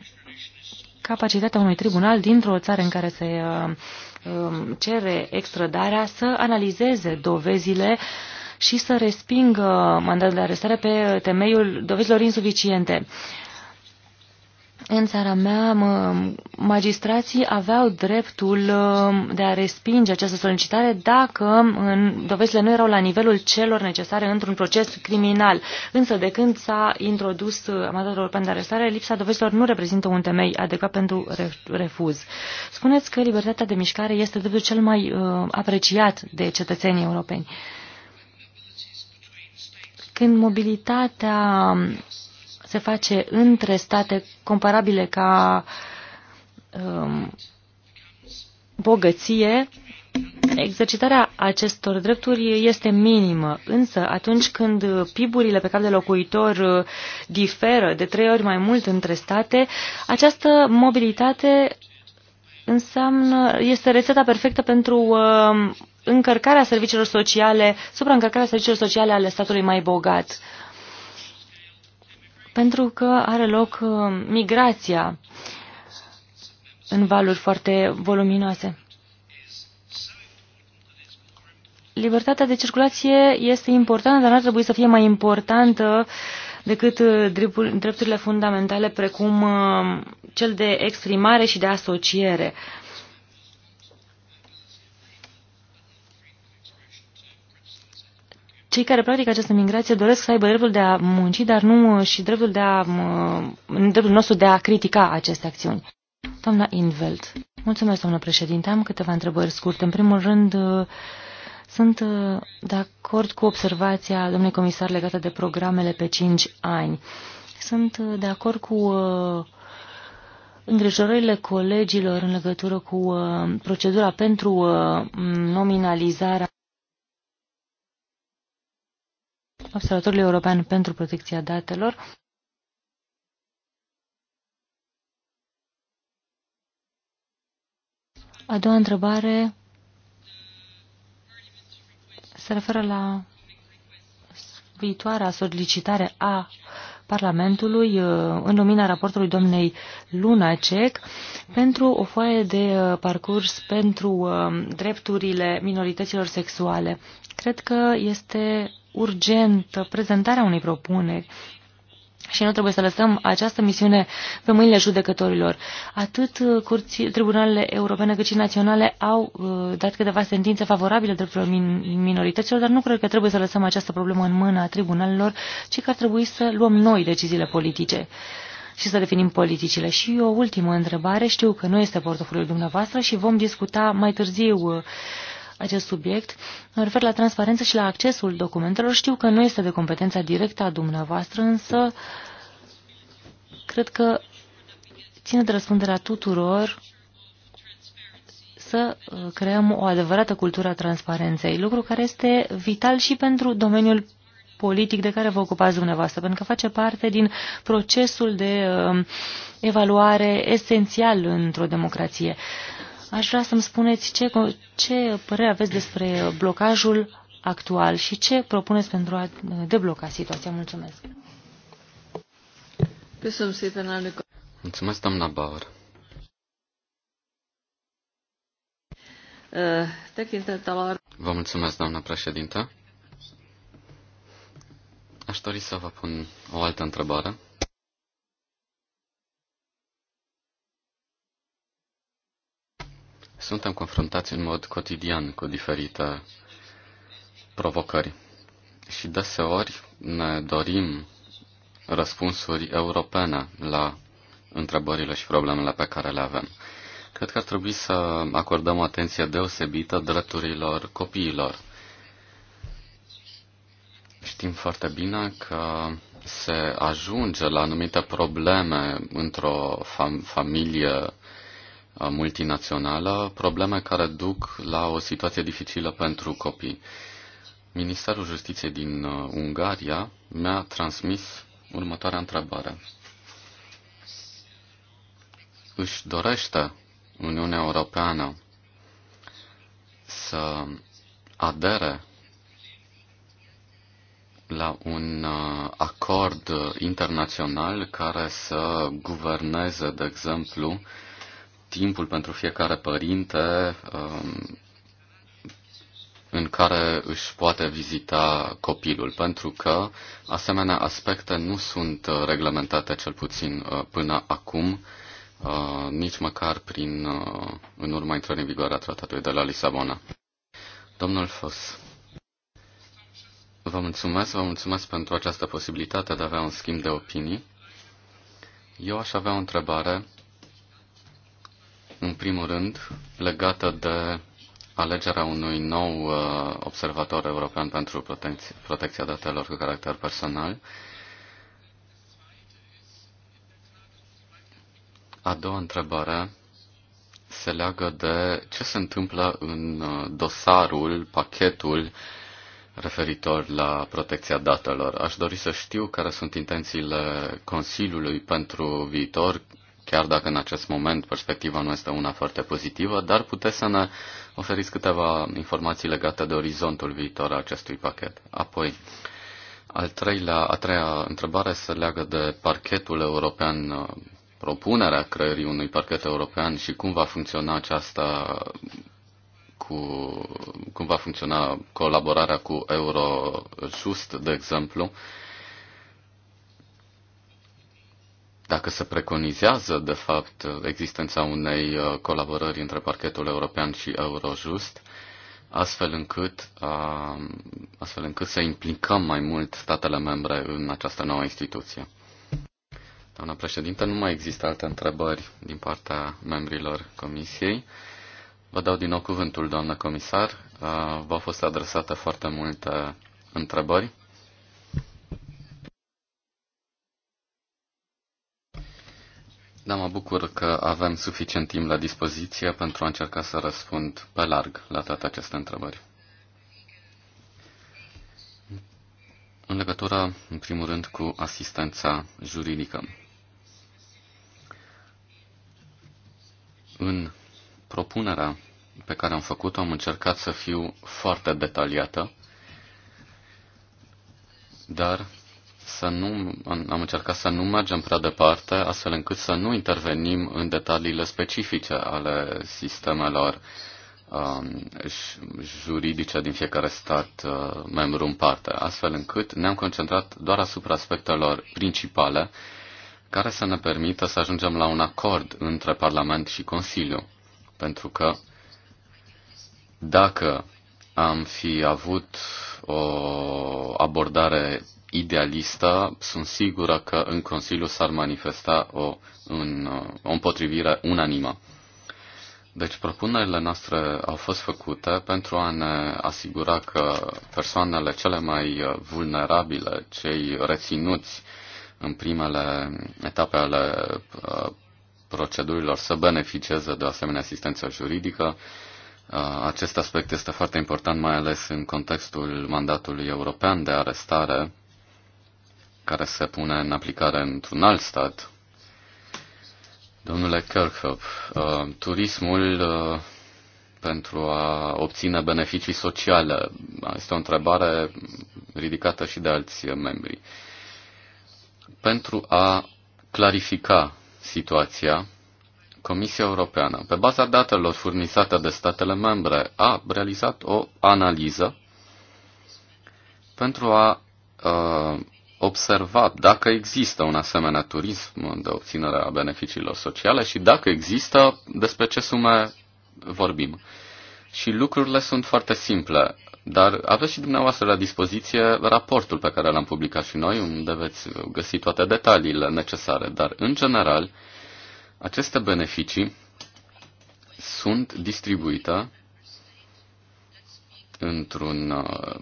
capacitatea unui tribunal dintr-o țară în care se uh, um, cere extradarea să analizeze dovezile și să respingă mandatul de arestare pe temeiul dovezilor insuficiente. Uh, în țara mea, magistrații aveau dreptul um, de a respinge această solicitare dacă dovezile nu erau la nivelul celor necesare într-un proces criminal. Însă, de când s-a introdus uh, amatorul european de arestare, lipsa dovezilor nu reprezintă un temei adecvat pentru refuz. Spuneți că libertatea de mișcare este dreptul cel mai uh, apreciat de cetățenii europeni. Când mobilitatea um, se face între state comparabile ca um, bogăție, exercitarea acestor drepturi este minimă, însă atunci când PIB-urile pe cap de locuitor uh, diferă de trei ori mai mult între state, această mobilitate înseamnă, este rețeta perfectă pentru uh, încărcarea serviciilor sociale, supraîncărcarea serviciilor sociale ale statului mai bogat pentru că are loc uh, migrația în valuri foarte voluminoase. Libertatea de circulație este importantă, dar nu ar trebui să fie mai importantă decât uh, drepturile fundamentale precum uh, cel de exprimare și de asociere. Uh, cei care practică această migrație doresc să aibă dreptul de a munci, dar nu uh, și dreptul, de a, uh, dreptul nostru de a critica aceste acțiuni. Doamna Invelt. Mulțumesc, doamnă președinte. Am câteva întrebări scurte. În primul rând, uh, sunt de acord cu observația domnului comisar legată de programele pe 5 ani. Sunt de acord cu îngrijorările colegilor în legătură cu procedura pentru nominalizarea Observatorului European pentru Protecția Datelor. A doua întrebare se referă la viitoarea solicitare a Parlamentului uh, în lumina raportului doamnei Lunacek pentru o foaie de uh, parcurs pentru uh, drepturile minorităților sexuale. Cred că este urgentă prezentarea unei propuneri și nu trebuie să lăsăm această misiune pe mâinile judecătorilor. Atât uh, curții, tribunalele europene cât și naționale au uh, dat câteva sentințe favorabile drepturilor min minorităților, dar nu cred că trebuie să lăsăm această problemă în mâna tribunalelor, ci că ar trebui să luăm noi deciziile politice și să definim politicile. Și o ultimă întrebare, știu că nu este portofoliul dumneavoastră și vom discuta mai târziu uh, acest subiect. Mă refer la transparență și la accesul documentelor. Știu că nu este de competența directă a dumneavoastră, însă cred că ține de răspunderea tuturor să uh, creăm o adevărată cultură a transparenței, lucru care este vital și pentru domeniul politic de care vă ocupați dumneavoastră, pentru că face parte din procesul de uh, evaluare esențial într-o democrație. Aș vrea să-mi spuneți ce, ce părere aveți despre blocajul actual și ce propuneți pentru a debloca situația. Mulțumesc. Mulțumesc, doamna Bauer. Vă mulțumesc, doamna președintă. Aș dori să vă pun o altă întrebare. Suntem confruntați în mod cotidian cu diferite provocări și deseori ne dorim răspunsuri europene la întrebările și problemele pe care le avem. Cred că ar trebui să acordăm o atenție deosebită drepturilor copiilor. Știm foarte bine că se ajunge la anumite probleme într-o fam- familie multinațională, probleme care duc la o situație dificilă pentru copii. Ministerul Justiției din uh, Ungaria mi-a transmis următoarea întrebare. Își dorește Uniunea Europeană să adere la un uh, acord internațional care să guverneze, de exemplu, timpul pentru fiecare părinte um, în care își poate vizita copilul, pentru că asemenea aspecte nu sunt uh, reglementate cel puțin uh, până acum, uh, nici măcar prin, în urma intrării în vigoare a tratatului de la Lisabona. Domnul Fos, vă mulțumesc, vă mulțumesc pentru această posibilitate de a avea un schimb de opinii. Eu aș avea o întrebare în primul rând, legată de alegerea unui nou uh, observator european pentru protecție, protecția datelor cu caracter personal. A doua întrebare se leagă de ce se întâmplă în uh, dosarul, pachetul referitor la protecția datelor. Aș dori să știu care sunt intențiile Consiliului pentru viitor, chiar dacă în acest moment perspectiva nu este una foarte pozitivă, dar puteți să ne oferiți câteva informații legate de orizontul viitor al acestui pachet. Apoi, al treilea, a treia întrebare se leagă de parchetul european, propunerea creării unui parchet european și cum va funcționa aceasta cu, cum va funcționa colaborarea cu Eurojust, de exemplu, dacă se preconizează, de fapt, existența unei uh, colaborări între parchetul european și Eurojust, astfel încât, uh, astfel încât să implicăm mai mult statele membre în această nouă instituție. Doamna președinte, nu mai există alte întrebări din partea membrilor comisiei. Vă dau din nou cuvântul, doamnă comisar. Uh, v-au fost adresate foarte multe întrebări. Da, mă bucur că avem suficient timp la dispoziție pentru a încerca să răspund pe larg la toate aceste întrebări. În legătură, în primul rând, cu asistența juridică. În propunerea pe care am făcut-o, am încercat să fiu foarte detaliată, dar să nu, am încercat să nu mergem prea departe, astfel încât să nu intervenim în detaliile specifice ale sistemelor um, juridice din fiecare stat uh, membru în parte, astfel încât ne-am concentrat doar asupra aspectelor principale care să ne permită să ajungem la un acord între Parlament și Consiliu. Pentru că dacă am fi avut o abordare idealistă, sunt sigură că în Consiliu s-ar manifesta o, în, o împotrivire unanimă. Deci propunerile noastre au fost făcute pentru a ne asigura că persoanele cele mai vulnerabile, cei reținuți în primele etape ale uh, procedurilor să beneficieze de o asemenea asistență juridică, acest aspect este foarte important, mai ales în contextul mandatului european de arestare, care se pune în aplicare într-un alt stat. Domnule Kirchhoff, turismul pentru a obține beneficii sociale este o întrebare ridicată și de alți membri. Pentru a clarifica situația, Comisia Europeană, pe baza datelor furnizate de statele membre, a realizat o analiză pentru a uh, observa dacă există un asemenea turism de obținere a beneficiilor sociale și dacă există, despre ce sume vorbim. Și lucrurile sunt foarte simple, dar aveți și dumneavoastră la dispoziție raportul pe care l-am publicat și noi, unde veți găsi toate detaliile necesare, dar în general, uh, aceste beneficii sunt distribuite într-un uh,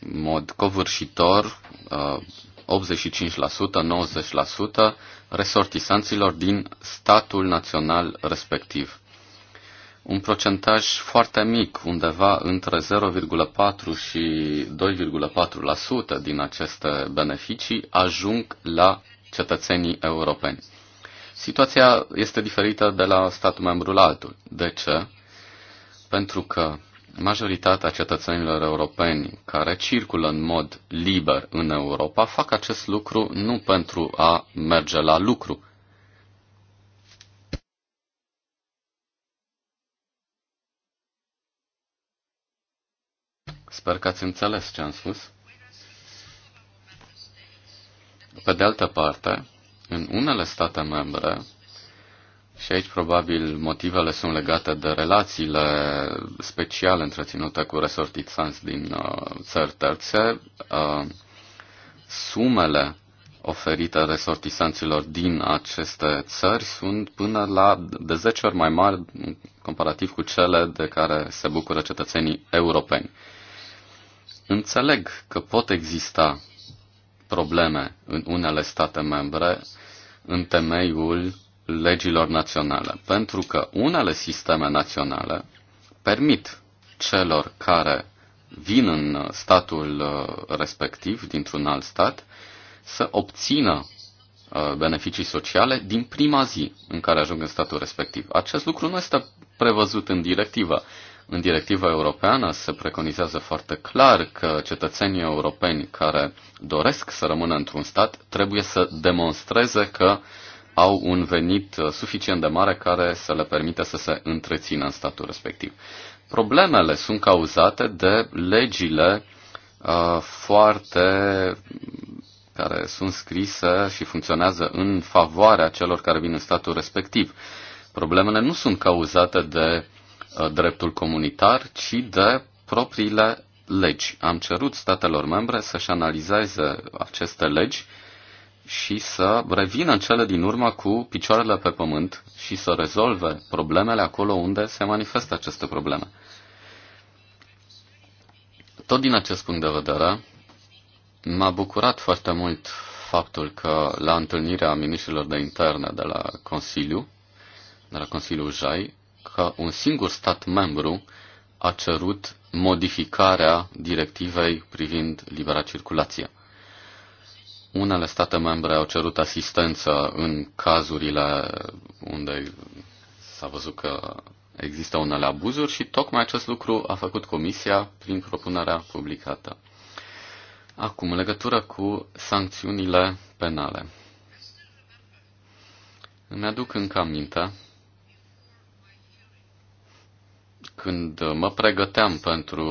mod covârșitor 85%, uh, 90% resortisanților din statul național respectiv. Un procentaj foarte mic, undeva între 0,4 și 2,4% din aceste beneficii ajung la cetățenii europeni. Situația este diferită de la statul membru la altul. De ce? Pentru că majoritatea cetățenilor europeni care circulă în mod liber în Europa fac acest lucru nu pentru a merge la lucru. Sper că ați înțeles ce am spus. Pe de altă parte, în unele state membre, și aici probabil motivele sunt legate de relațiile speciale întreținute cu resortițanți din uh, țări terțe, uh, sumele oferite resortisanților din aceste țări sunt până la de 10 ori mai mari comparativ cu cele de care se bucură cetățenii europeni. Înțeleg că pot exista probleme în unele state membre în temeiul legilor naționale, pentru că unele sisteme naționale permit celor care vin în statul uh, respectiv, dintr-un alt stat, să obțină uh, beneficii sociale din prima zi în care ajung în statul respectiv. Acest lucru nu este prevăzut în directivă. În directiva europeană se preconizează foarte clar că cetățenii europeni care doresc să rămână într-un stat trebuie să demonstreze că au un venit suficient de mare care să le permite să se întrețină în statul respectiv. Problemele sunt cauzate de legile uh, foarte care sunt scrise și funcționează în favoarea celor care vin în statul respectiv. Problemele nu sunt cauzate de Uh, dreptul comunitar, ci de propriile legi. Am cerut statelor membre să-și analizeze aceste legi și să revină în cele din urmă cu picioarele pe pământ și să rezolve problemele acolo unde se manifestă aceste probleme. Tot din acest punct de vedere, m-a bucurat foarte mult faptul că la întâlnirea ministrilor de interne de la Consiliu, de la Consiliul Jai, că un singur stat membru a cerut modificarea directivei privind libera circulație. Unele state membre au cerut asistență în cazurile unde s-a văzut că există unele abuzuri și tocmai acest lucru a făcut Comisia prin propunerea publicată. Acum, în legătură cu sancțiunile penale. Îmi aduc încă aminte Când mă pregăteam pentru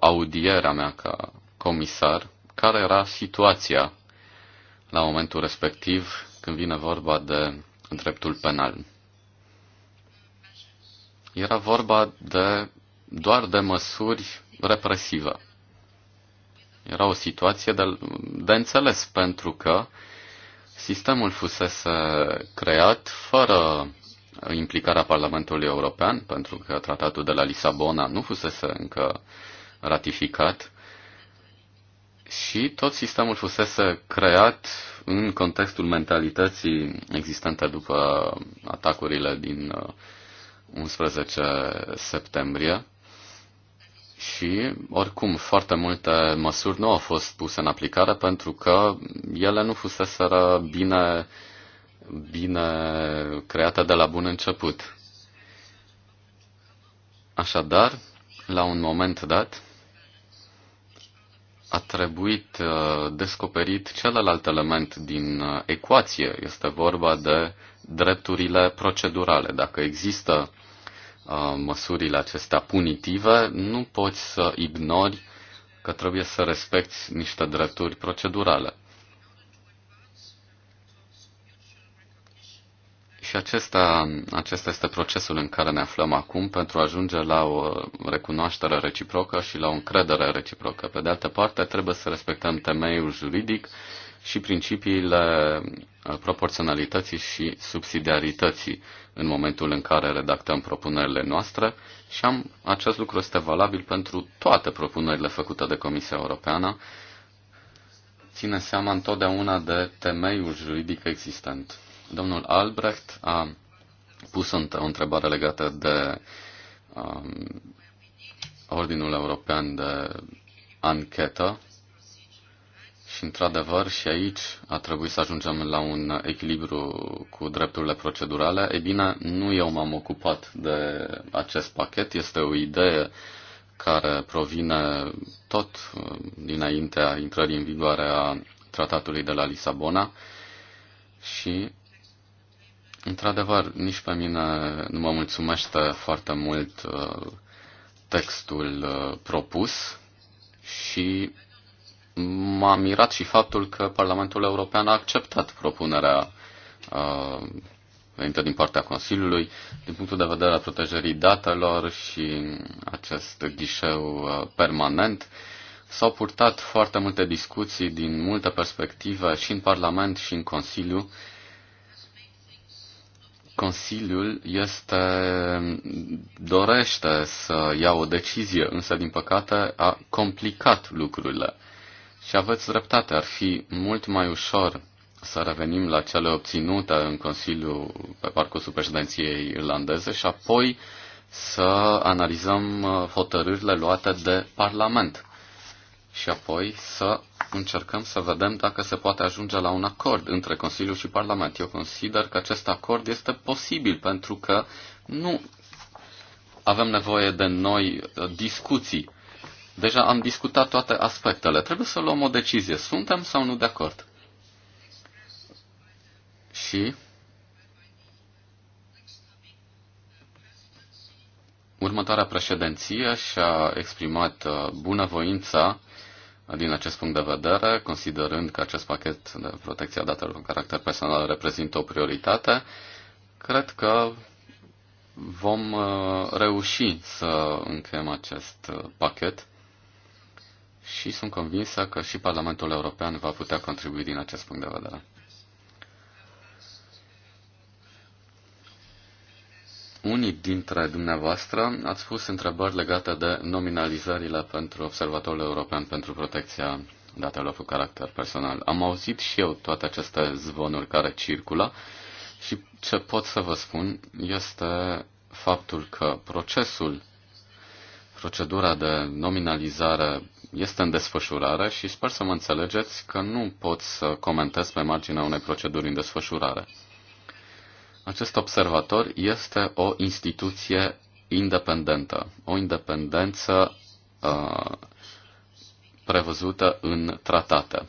audierea mea ca comisar, care era situația la momentul respectiv când vine vorba de dreptul penal. Era vorba de doar de măsuri represive. Era o situație de, de înțeles pentru că sistemul fusese creat fără implicarea Parlamentului European, pentru că tratatul de la Lisabona nu fusese încă ratificat și tot sistemul fusese creat în contextul mentalității existente după atacurile din 11 uh, septembrie. Și, oricum, foarte multe măsuri nu au fost puse în aplicare pentru că ele nu fuseseră bine uh, bine creată de la bun început. Așadar, la un moment dat, a trebuit uh, descoperit celălalt element din uh, ecuație. Este vorba de drepturile procedurale. Dacă există uh, măsurile acestea punitive, nu poți să ignori că trebuie să respecti niște drepturi procedurale. Și acesta, acesta este procesul în care ne aflăm acum pentru a ajunge la o recunoaștere reciprocă și la o încredere reciprocă. Pe de altă parte, trebuie să respectăm temeiul juridic și principiile uh, proporționalității și subsidiarității în momentul în care redactăm propunerile noastre și am, acest lucru este valabil pentru toate propunerile făcute de Comisia Europeană, ține seama întotdeauna de temeiul juridic existent. Domnul Albrecht a pus o întrebare legată de um, Ordinul European de Anchetă și, într-adevăr, și aici a trebuit să ajungem la un echilibru cu drepturile procedurale. Ei bine, nu eu m-am ocupat de acest pachet, este o idee care provine tot um, dinaintea intrării în vigoare a tratatului de la Lisabona și Într-adevăr, nici pe mine nu mă mulțumește foarte mult uh, textul uh, propus și m-a mirat și faptul că Parlamentul European a acceptat propunerea uh, venită din partea Consiliului din punctul de vedere a protejării datelor și acest ghișeu permanent. S-au purtat foarte multe discuții din multe perspective și în Parlament și în Consiliu Consiliul este, dorește să ia o decizie, însă, din păcate, a complicat lucrurile. Și aveți dreptate, ar fi mult mai ușor să revenim la cele obținute în Consiliu pe parcursul președinției irlandeze și apoi să analizăm uh, hotărârile luate de Parlament și apoi să încercăm să vedem dacă se poate ajunge la un acord între Consiliu și Parlament. Eu consider că acest acord este posibil pentru că nu avem nevoie de noi uh, discuții. Deja am discutat toate aspectele. Trebuie să luăm o decizie. Suntem sau nu de acord? Și următoarea președinție și-a exprimat uh, bunăvoința din acest punct de vedere, considerând că acest pachet de protecție a datelor cu caracter personal reprezintă o prioritate, cred că vom uh, reuși să încheiem acest uh, pachet și sunt convinsă că și Parlamentul European va putea contribui din acest punct de vedere. Unii dintre dumneavoastră ați pus întrebări legate de nominalizările pentru Observatorul European pentru Protecția datelor cu caracter personal. Am auzit și eu toate aceste zvonuri care circulă și ce pot să vă spun este faptul că procesul, procedura de nominalizare este în desfășurare și sper să mă înțelegeți că nu pot să comentez pe marginea unei proceduri în desfășurare. Acest observator este o instituție independentă, o independență uh, prevăzută în tratate.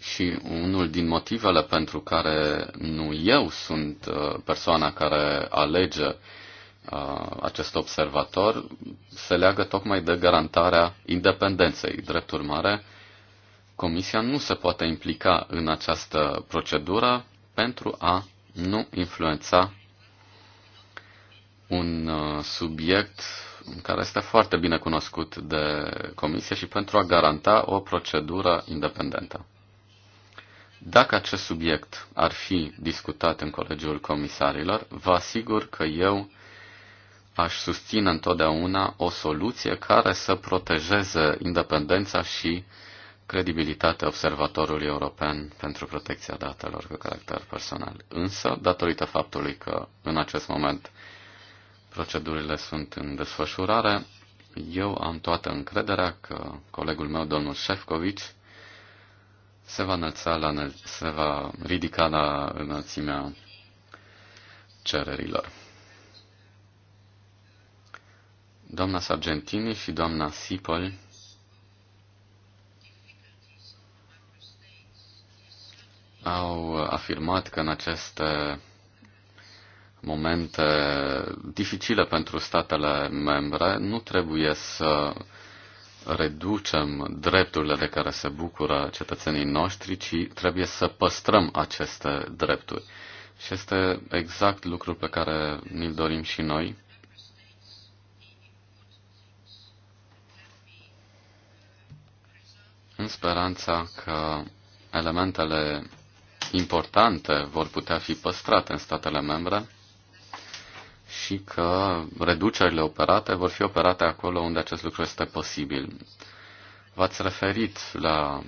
Și unul din motivele pentru care nu eu sunt uh, persoana care alege uh, acest observator se leagă tocmai de garantarea independenței. Drept urmare, Comisia nu se poate implica în această procedură pentru a nu influența un uh, subiect care este foarte bine cunoscut de comisie și pentru a garanta o procedură independentă. Dacă acest subiect ar fi discutat în Colegiul Comisarilor, vă asigur că eu aș susține întotdeauna o soluție care să protejeze independența și uh, credibilitatea Observatorului European pentru protecția datelor cu caracter personal. Însă, datorită faptului că în acest moment procedurile sunt în desfășurare, eu am toată încrederea că colegul meu, domnul Șefcovici, se va, înălța la, se va ridica la înălțimea cererilor. Doamna Sargentini și doamna Sipol au afirmat că în aceste momente dificile pentru statele membre nu trebuie să reducem drepturile de care se bucură cetățenii noștri, ci trebuie să păstrăm aceste drepturi. Și este exact lucrul pe care ni-l dorim și noi. În speranța că elementele importante vor putea fi păstrate în statele membre și că reducerile operate vor fi operate acolo unde acest lucru este posibil. V-ați referit la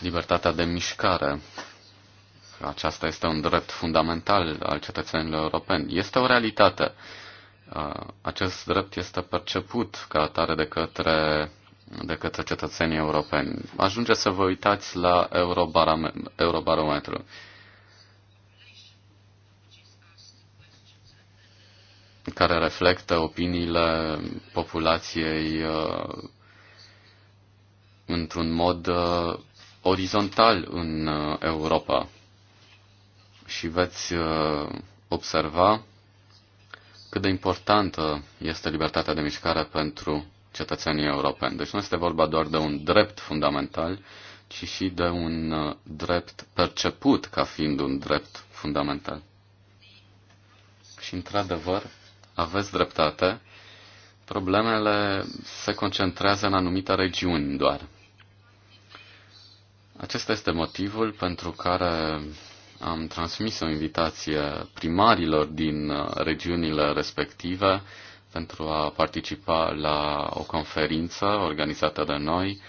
libertatea de mișcare. Aceasta este un drept fundamental al cetățenilor europeni. Este o realitate. Acest drept este perceput ca atare de către de către cetățenii europeni. Ajunge să vă uitați la Eurobarometru. care reflectă opiniile populației uh, într-un mod uh, orizontal în uh, Europa. Și veți uh, observa cât de importantă este libertatea de mișcare pentru cetățenii europeni. Deci nu este vorba doar de un drept fundamental, ci și de un uh, drept perceput ca fiind un drept fundamental. Și într-adevăr, aveți dreptate, problemele se concentrează în anumite regiuni doar. Acesta este motivul pentru care am transmis o invitație primarilor din uh, regiunile respective pentru a participa la o conferință organizată de noi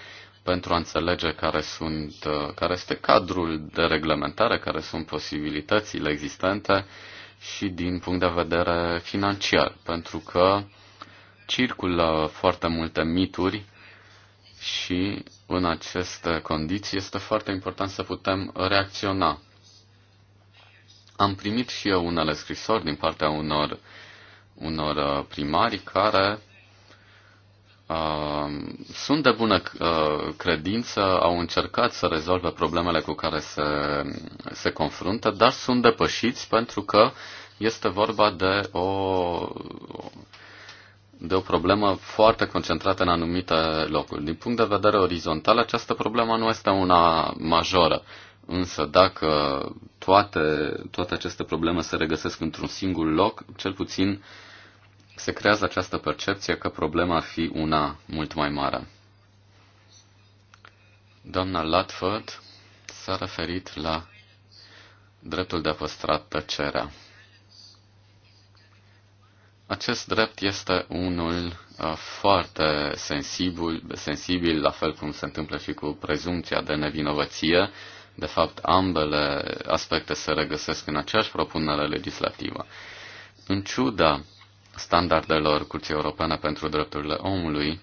pentru a înțelege care, sunt, care este cadrul de reglementare, care sunt posibilitățile existente și din punct de vedere financiar, pentru că circulă foarte multe mituri și în aceste condiții este foarte important să putem reacționa. Am primit și eu unele scrisori din partea unor unor uh, primari care uh, sunt de bună uh, credință, au încercat să rezolve problemele cu care se, se confruntă, dar sunt depășiți pentru că este vorba de o, de o problemă foarte concentrată în anumite locuri. Din punct de vedere orizontal, această problemă nu este una majoră. Însă dacă toate, toate aceste probleme se regăsesc într-un singur loc, cel puțin se creează această percepție că problema ar fi una mult mai mare. Doamna Latford s-a referit la dreptul de a păstra tăcerea. Acest drept este unul uh, foarte sensibil, sensibil, la fel cum se întâmplă și cu prezumția de nevinovăție, de fapt, ambele aspecte se regăsesc în aceeași propunere legislativă. În ciuda standardelor Curții Europene pentru Drepturile Omului,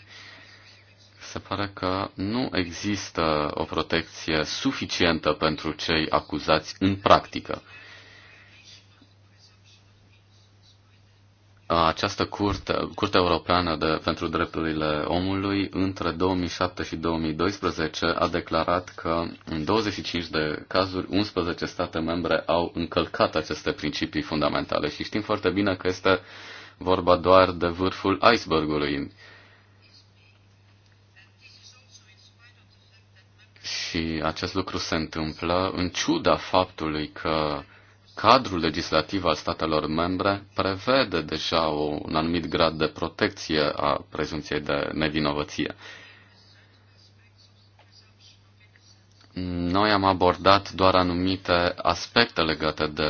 se pare că nu există o protecție suficientă pentru cei acuzați în practică. această curte, Curte Europeană de, pentru Drepturile Omului, între 2007 și 2012, a declarat că în 25 de cazuri, 11 state membre au încălcat aceste principii fundamentale și știm foarte bine că este vorba doar de vârful icebergului. Și acest lucru se întâmplă în ciuda faptului că cadrul legislativ al statelor membre prevede deja o, un anumit grad de protecție a prezumției de nevinovăție. Noi am abordat doar anumite aspecte legate de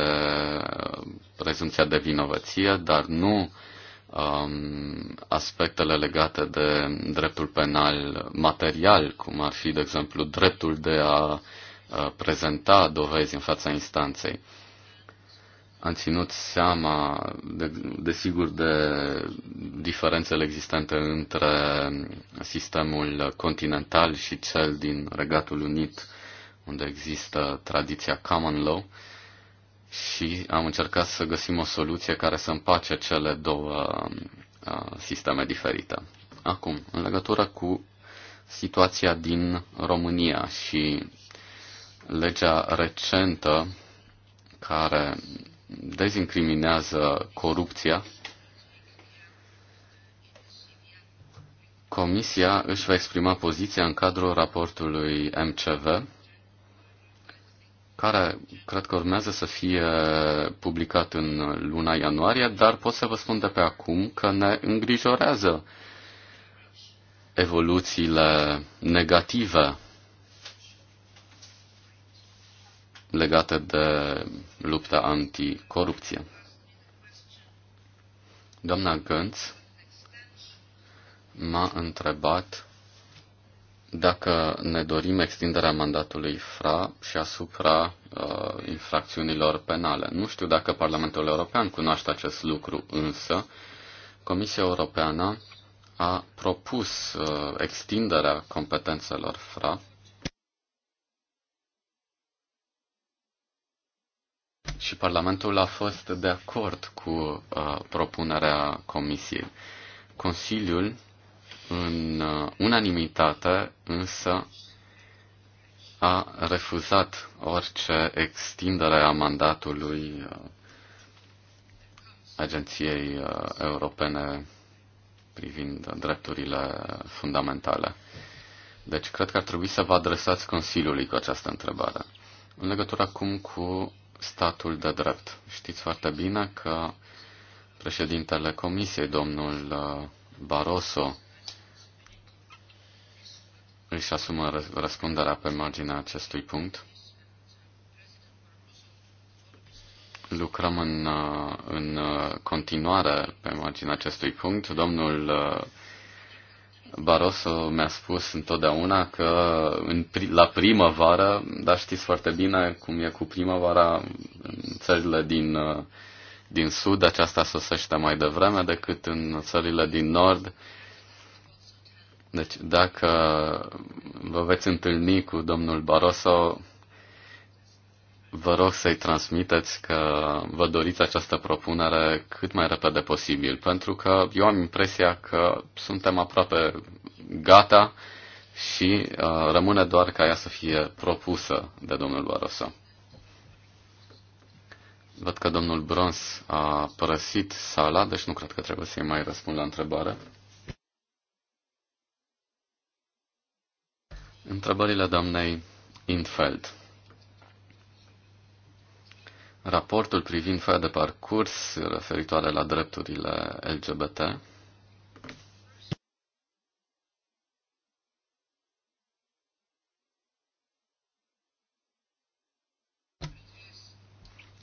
uh, prezumția de vinovăție, dar nu um, aspectele legate de dreptul penal material, cum ar fi, de exemplu, dreptul de a uh, prezenta dovezi în fața instanței am ținut seama, desigur, de, de diferențele existente între sistemul continental și cel din Regatul Unit, unde există tradiția common law, și am încercat să găsim o soluție care să împace cele două uh, sisteme diferite. Acum, în legătură cu situația din România și legea recentă care dezincriminează corupția, Comisia își va exprima poziția în cadrul raportului MCV, care cred că urmează să fie publicat în luna ianuarie, dar pot să vă spun de pe acum că ne îngrijorează evoluțiile negative legate de lupta anticorupție. Doamna Gânț m-a întrebat dacă ne dorim extinderea mandatului FRA și asupra uh, infracțiunilor penale. Nu știu dacă Parlamentul European cunoaște acest lucru, însă Comisia Europeană a propus uh, extinderea competențelor FRA și Parlamentul a fost de acord cu uh, propunerea Comisiei. Consiliul, în uh, unanimitate, însă, a refuzat orice extindere a mandatului uh, Agenției uh, Europene privind drepturile fundamentale. deci cred că ar trebui să vă adresați Consiliului cu această întrebare. În legătură acum cu statul de drept. Știți foarte bine că președintele Comisiei, domnul uh, Barroso, își asumă răspunderea pe marginea acestui punct. Lucrăm în, uh, în uh, continuare pe marginea acestui punct. Domnul Barroso mi-a spus întotdeauna că în, la primăvară, dar știți foarte bine cum e cu primăvara în țările din, uh, din sud, aceasta sosește mai devreme decât în țările din nord. Deci dacă vă veți întâlni cu domnul Barroso, Vă rog să-i transmiteți că vă doriți această propunere cât mai repede posibil, pentru că eu am impresia că suntem aproape gata și uh, rămâne doar ca ea să fie propusă de domnul Barroso. Văd că domnul Brons a părăsit sala, deci nu cred că trebuie să-i mai răspund la întrebare. Întrebările doamnei Infeld raportul privind foaia de parcurs referitoare la drepturile LGBT.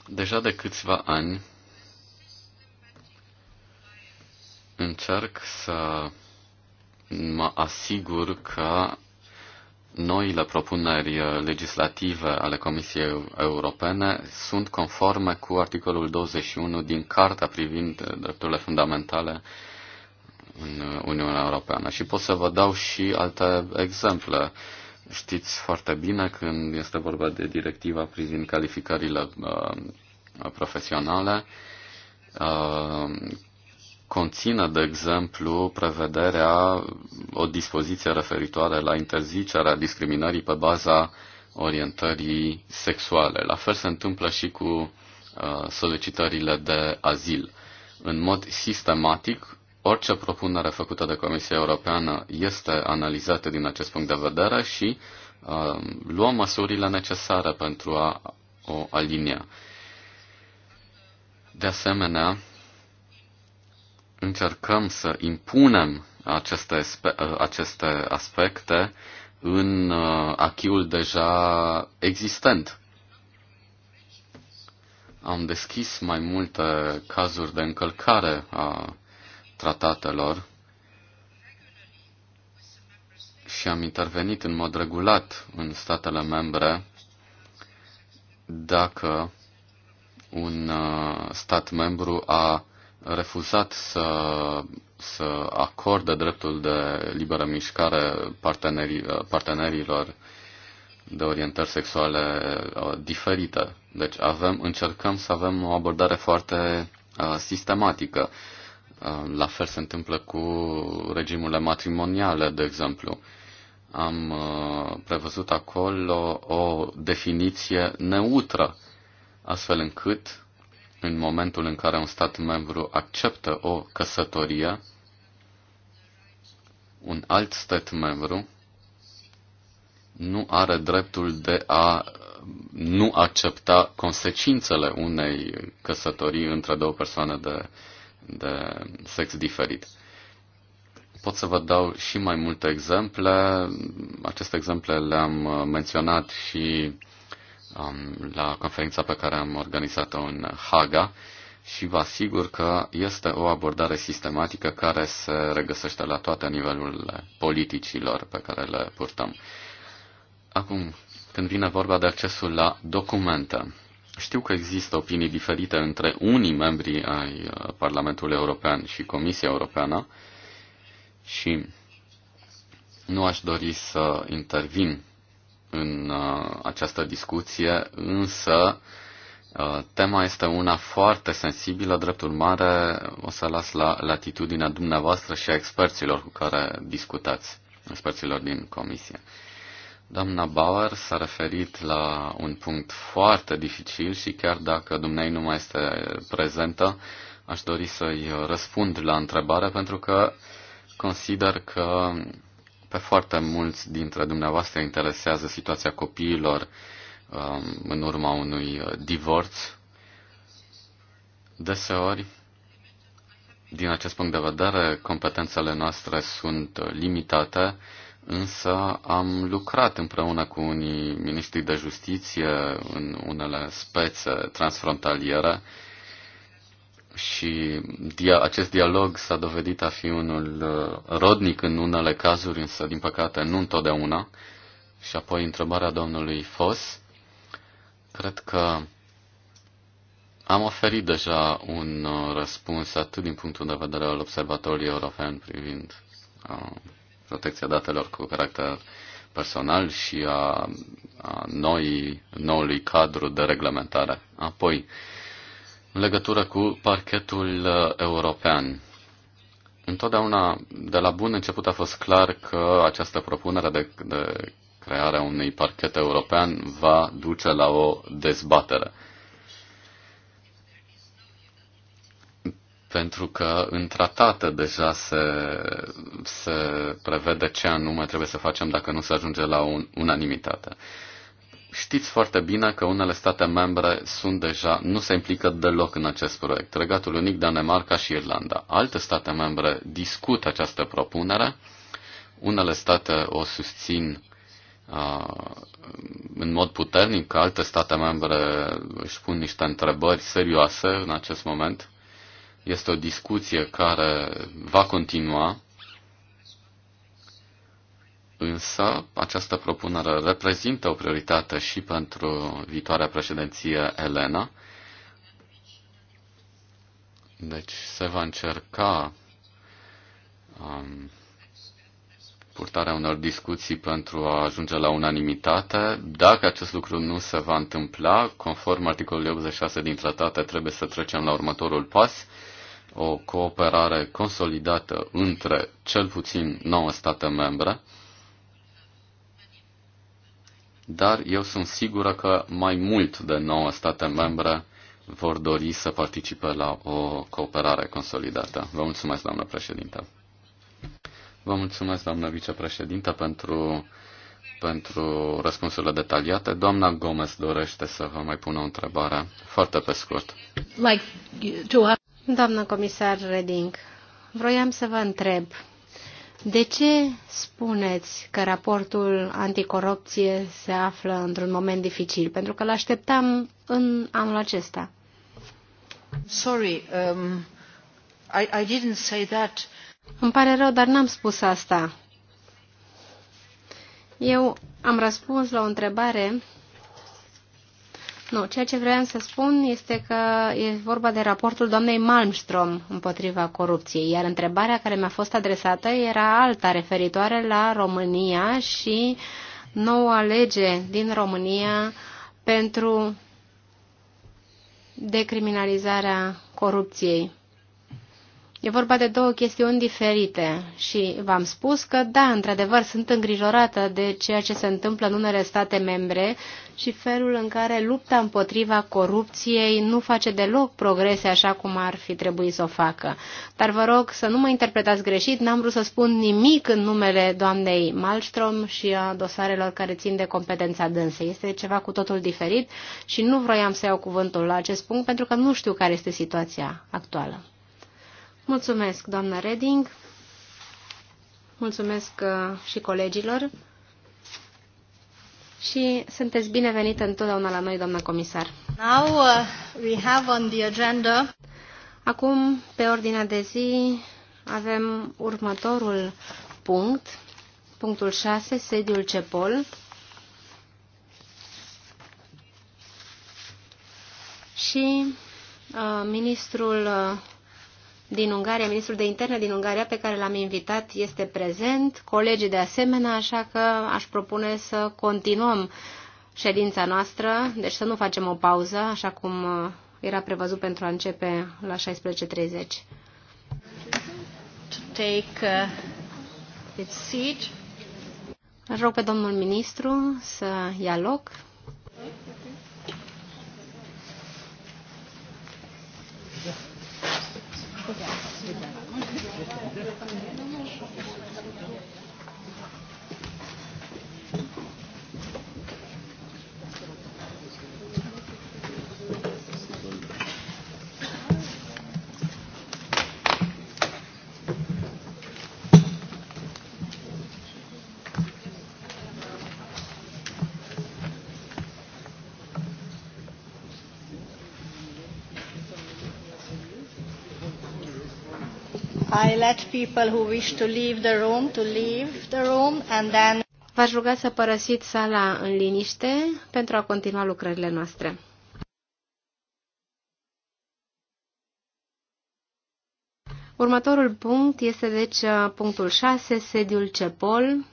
Deja de câțiva ani încerc să mă asigur că noile propuneri uh, legislative ale Comisiei Europene sunt conforme cu articolul 21 din Carta privind uh, drepturile fundamentale în uh, Uniunea Europeană. Și pot să vă dau și alte exemple. Știți foarte bine când este vorba de directiva privind calificările uh, profesionale, uh, conține, de exemplu, prevederea o dispoziție referitoare la interzicerea discriminării pe baza orientării sexuale. La fel se întâmplă și cu uh, solicitările de azil. În mod sistematic, orice propunere făcută de Comisia Europeană este analizată din acest punct de vedere și uh, luăm măsurile necesare pentru a o alinia. De asemenea, încercăm să impunem aceste, ă, aceste aspecte în ă, achiul deja existent. Am deschis mai multe cazuri de încălcare a tratatelor și am intervenit în mod regulat în statele membre dacă un ă, stat membru a refuzat să, să acorde dreptul de liberă mișcare partenerii, partenerilor de orientări sexuale uh, diferite. Deci avem, încercăm să avem o abordare foarte uh, sistematică. Uh, la fel se întâmplă cu regimurile matrimoniale, de exemplu. Am prevăzut acolo o definiție neutră, astfel încât în momentul în care un stat membru acceptă o căsătorie, un alt stat membru nu are dreptul de a nu accepta consecințele unei căsătorii între două persoane de, de sex diferit. Pot să vă dau și mai multe exemple. Aceste exemple le-am uh, menționat și um, la conferința pe care am organizat-o în Haga și vă asigur că este o abordare sistematică care se regăsește la toate nivelurile politicilor pe care le purtăm. Acum, când vine vorba de accesul la documente, știu că există opinii diferite între unii membri ai uh, Parlamentului European și Comisia Europeană și nu aș dori să intervin în uh, această discuție, însă uh, tema este una foarte sensibilă, drept urmare o să las la latitudinea dumneavoastră și a experților cu care discutați, experților din comisie. Doamna Bauer s-a referit la un punct foarte dificil și chiar dacă dumnei nu mai este prezentă, aș dori să-i răspund la întrebare pentru că consider că pe foarte mulți dintre dumneavoastră interesează situația copiilor um, în urma unui uh, divorț. Deseori, din acest punct de vedere, competențele noastre sunt uh, limitate, însă am lucrat împreună cu unii ministri de justiție în unele spețe transfrontaliere și dia- acest dialog s-a dovedit a fi unul uh, rodnic în unele cazuri, însă, din păcate, nu întotdeauna. Și apoi întrebarea domnului Fos. Cred că am oferit deja un uh, răspuns atât din punctul de vedere al Observatorului European privind uh, protecția datelor cu caracter personal și a, a noi, noului cadru de reglementare. Apoi, în legătură cu parchetul uh, european. Întotdeauna, de la bun început, a fost clar că această propunere de, de crearea unui parchet european va duce la o dezbatere. Pentru că în tratate deja se, se prevede ce anume trebuie să facem dacă nu se ajunge la un, unanimitate. Știți foarte bine că unele state membre sunt deja, nu se implică deloc în acest proiect. Regatul Unic, Danemarca și Irlanda. Alte state membre discută această propunere. Unele state o susțin uh, în mod puternic, alte state membre își pun niște întrebări serioase în acest moment. Este o discuție care va continua Însă, această propunere reprezintă o prioritate și pentru viitoarea președinție Elena. Deci se va încerca um, purtarea unor discuții pentru a ajunge la unanimitate. Dacă acest lucru nu se va întâmpla, conform articolului 86 din tratate, trebuie să trecem la următorul pas, o cooperare consolidată între cel puțin 9 state membre dar eu sunt sigură că mai mult de 9 state membre vor dori să participe la o cooperare consolidată. Vă mulțumesc, doamnă președintă. Vă mulțumesc, doamnă vicepreședintă, pentru, pentru răspunsurile detaliate. Doamna Gomez dorește să vă mai pună o întrebare foarte pe scurt. Like, have... Doamnă comisar Reding, vroiam să vă întreb de ce spuneți că raportul anticorupție se află într-un moment dificil? Pentru că l-așteptam în anul acesta. Sorry, um, I, I didn't say that. Îmi pare rău, dar n-am spus asta. Eu am răspuns la o întrebare nu, ceea ce vreau să spun este că e vorba de raportul doamnei Malmström împotriva corupției, iar întrebarea care mi-a fost adresată era alta, referitoare la România și noua lege din România pentru decriminalizarea corupției. E vorba de două chestiuni diferite și v-am spus că, da, într-adevăr, sunt îngrijorată de ceea ce se întâmplă în unele state membre și felul în care lupta împotriva corupției nu face deloc progrese așa cum ar fi trebuit să o facă. Dar vă rog să nu mă interpretați greșit, n-am vrut să spun nimic în numele doamnei Malmström și a dosarelor care țin de competența dânsei. Este ceva cu totul diferit și nu vroiam să iau cuvântul la acest punct pentru că nu știu care este situația actuală. Mulțumesc, doamna Reding. Mulțumesc uh, și colegilor. Și sunteți binevenită întotdeauna la noi, doamna comisar. Now uh, we have on the agenda. Acum, pe ordinea de zi, avem următorul punct, punctul 6, sediul CEPOL. Și uh, ministrul uh, din Ungaria, ministrul de interne din Ungaria pe care l-am invitat este prezent, colegii de asemenea, așa că aș propune să continuăm ședința noastră, deci să nu facem o pauză, așa cum uh, era prevăzut pentru a începe la 16.30. Take uh, seat. rog pe domnul ministru să ia loc. Thank you. let people who wish to leave the room to leave the room and then V-aș ruga să părăsiți sala în liniște pentru a continua lucrările noastre. Următorul punct este deci uh, punctul 6, sediul CEPOL.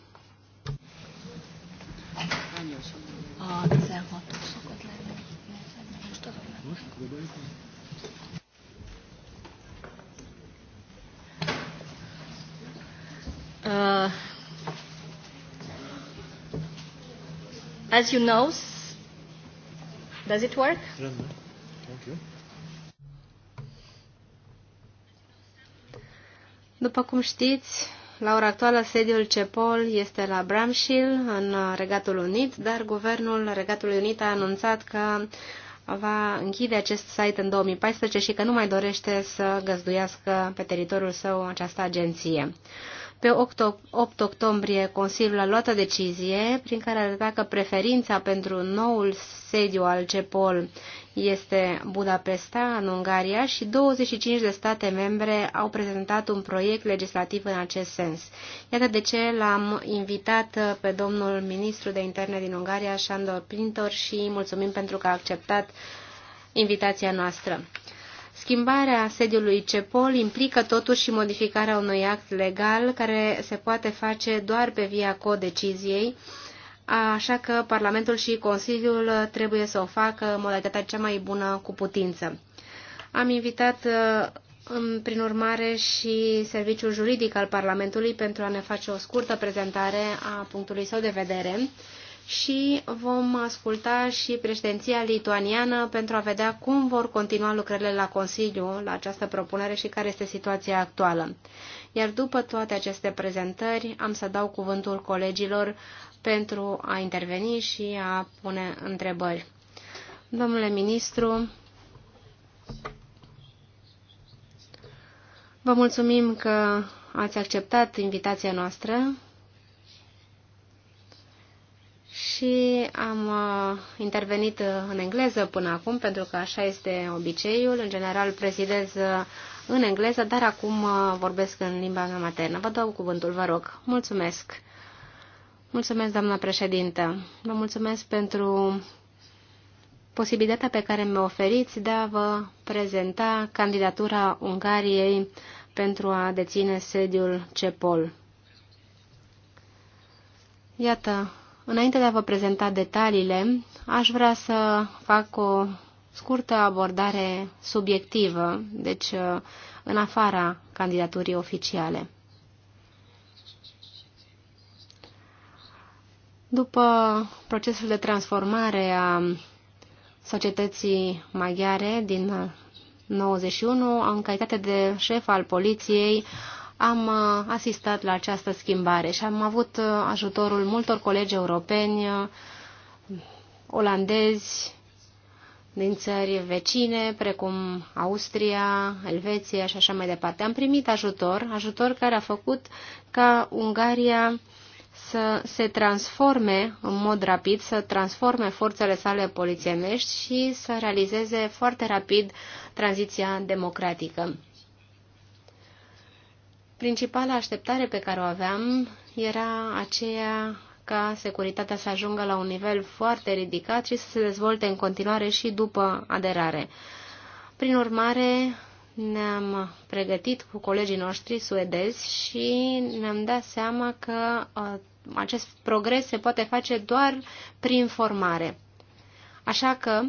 A, ah, Uh, as you know, does it work? După cum știți, la ora actuală sediul CEPOL este la Bramshill, în Regatul Unit, dar guvernul Regatului Unit a anunțat că va închide acest site în 2014 și că nu mai dorește să găzduiască pe teritoriul său această agenție. Pe 8, octombrie, Consiliul a luat o decizie prin care arăta că preferința pentru noul sediu al CEPOL este Budapesta, în Ungaria, și 25 de state membre au prezentat un proiect legislativ în acest sens. Iată de ce l-am invitat pe domnul ministru de interne din Ungaria, Sandor Pintor, și mulțumim pentru că a acceptat invitația noastră. Schimbarea sediului CEPOL implică totuși și modificarea unui act legal care se poate face doar pe via codeciziei, așa că Parlamentul și Consiliul trebuie să o facă în modalitatea cea mai bună cu putință. Am invitat uh, prin urmare și Serviciul Juridic al Parlamentului pentru a ne face o scurtă prezentare a punctului său de vedere și vom asculta și președinția lituaniană pentru a vedea cum vor continua lucrările la Consiliu la această propunere și care este situația actuală. Iar după toate aceste prezentări am să dau cuvântul colegilor pentru a interveni și a pune întrebări. Domnule ministru, vă mulțumim că ați acceptat invitația noastră și am uh, intervenit uh, în engleză până acum, pentru că așa este obiceiul. În general prezidez uh, în engleză, dar acum uh, vorbesc în limba mea maternă. Vă dau cuvântul, vă rog. Mulțumesc. Mulțumesc, doamna președintă. Vă mulțumesc pentru posibilitatea pe care mi-o oferiți de a vă prezenta candidatura Ungariei pentru a deține sediul CEPOL. Iată Înainte de a vă prezenta detaliile, aș vrea să fac o scurtă abordare subiectivă, deci în afara candidaturii oficiale. După procesul de transformare a societății maghiare din 91, în calitate de șef al poliției, am uh, asistat la această schimbare și am avut uh, ajutorul multor colegi europeni, uh, olandezi, din țări vecine, precum Austria, Elveția și așa mai departe. Am primit ajutor, ajutor care a făcut ca Ungaria să se transforme în mod rapid, să transforme forțele sale polițienești și să realizeze foarte rapid tranziția democratică. Principala așteptare pe care o aveam era aceea ca securitatea să ajungă la un nivel foarte ridicat și să se dezvolte în continuare și după aderare. Prin urmare, ne-am pregătit cu colegii noștri suedezi și ne-am dat seama că uh, acest progres se poate face doar prin formare. Așa că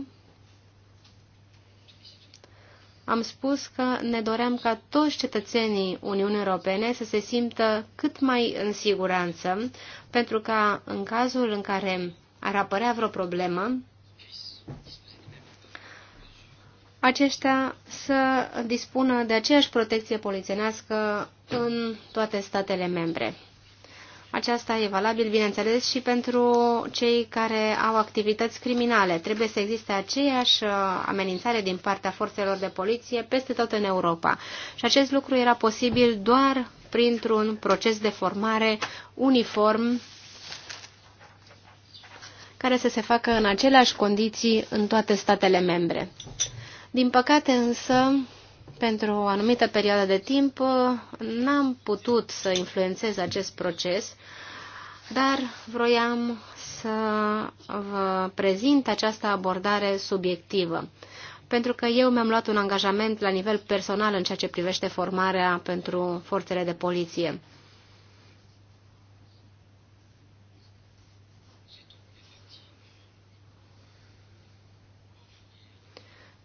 am spus că ne doream ca toți cetățenii Uniunii Europene să se simtă cât mai în siguranță, pentru ca în cazul în care ar apărea vreo problemă, aceștia să dispună de aceeași protecție polițienească în toate statele membre. Aceasta e valabil, bineînțeles, și pentru cei care au activități criminale. Trebuie să existe aceeași uh, amenințare din partea forțelor de poliție peste tot în Europa. Și acest lucru era posibil doar printr-un proces de formare uniform care să se facă în aceleași condiții în toate statele membre. Din păcate însă, pentru o anumită perioadă de timp n-am putut să influențez acest proces, dar vroiam să vă prezint această abordare subiectivă. Pentru că eu mi-am luat un angajament la nivel personal în ceea ce privește formarea pentru forțele de poliție.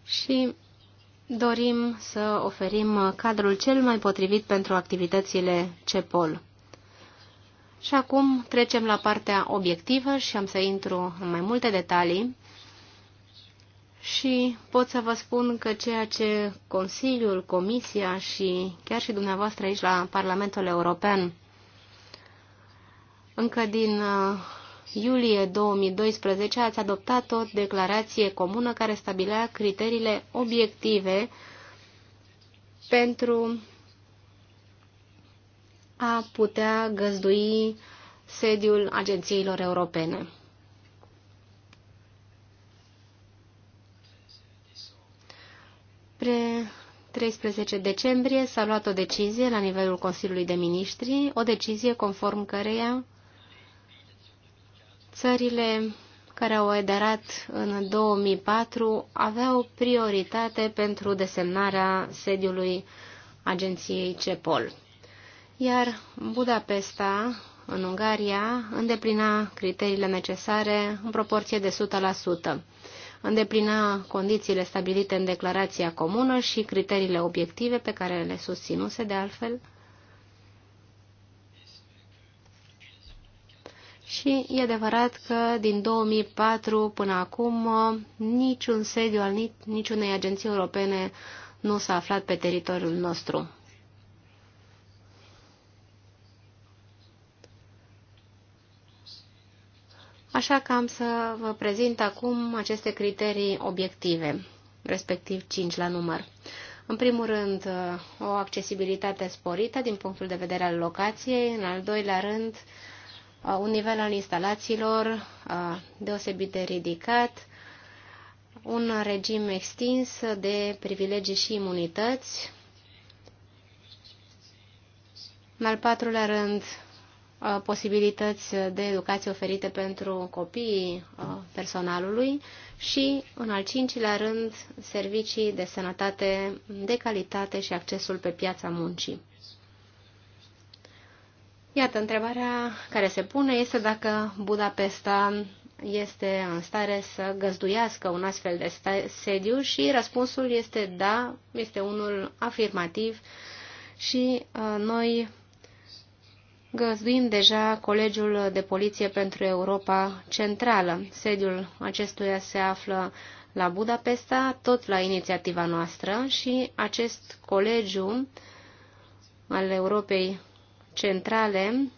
Și dorim să oferim cadrul cel mai potrivit pentru activitățile CEPOL. Și acum trecem la partea obiectivă și am să intru în mai multe detalii. Și pot să vă spun că ceea ce Consiliul, Comisia și chiar și dumneavoastră aici la Parlamentul European încă din uh, iulie 2012 ați adoptat o declarație comună care stabilea criteriile obiective pentru a putea găzdui sediul agențiilor europene. Pre 13 decembrie s-a luat o decizie la nivelul Consiliului de Ministri, o decizie conform căreia Țările care au aderat în 2004 aveau prioritate pentru desemnarea sediului agenției CEPOL. Iar Budapesta, în Ungaria, îndeplina criteriile necesare în proporție de 100%. Îndeplina condițiile stabilite în declarația comună și criteriile obiective pe care le susținuse de altfel Și e adevărat că din 2004 până acum niciun sediu al niciunei agenții europene nu s-a aflat pe teritoriul nostru. Așa că am să vă prezint acum aceste criterii obiective, respectiv 5 la număr. În primul rând, o accesibilitate sporită din punctul de vedere al locației, în al doilea rând, un nivel al instalațiilor deosebit de ridicat, un regim extins de privilegii și imunități. În al patrulea rând, posibilități de educație oferite pentru copiii personalului și, în al cincilea rând, servicii de sănătate de calitate și accesul pe piața muncii. Iată, întrebarea care se pune este dacă Budapesta este în stare să găzduiască un astfel de sediu și răspunsul este da, este unul afirmativ și uh, noi găzduim deja Colegiul de Poliție pentru Europa Centrală. Sediul acestuia se află la Budapesta, tot la inițiativa noastră și acest colegiu al Europei centrale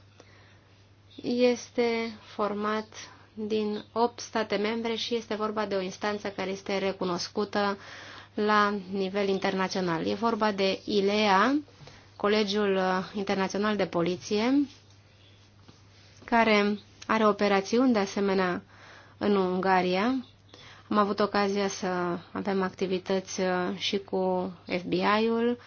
este format din 8 state membre și este vorba de o instanță care este recunoscută la nivel internațional. E vorba de ILEA, Colegiul Internațional de Poliție, care are operațiuni de asemenea în Ungaria. Am avut ocazia să avem activități și cu FBI-ul,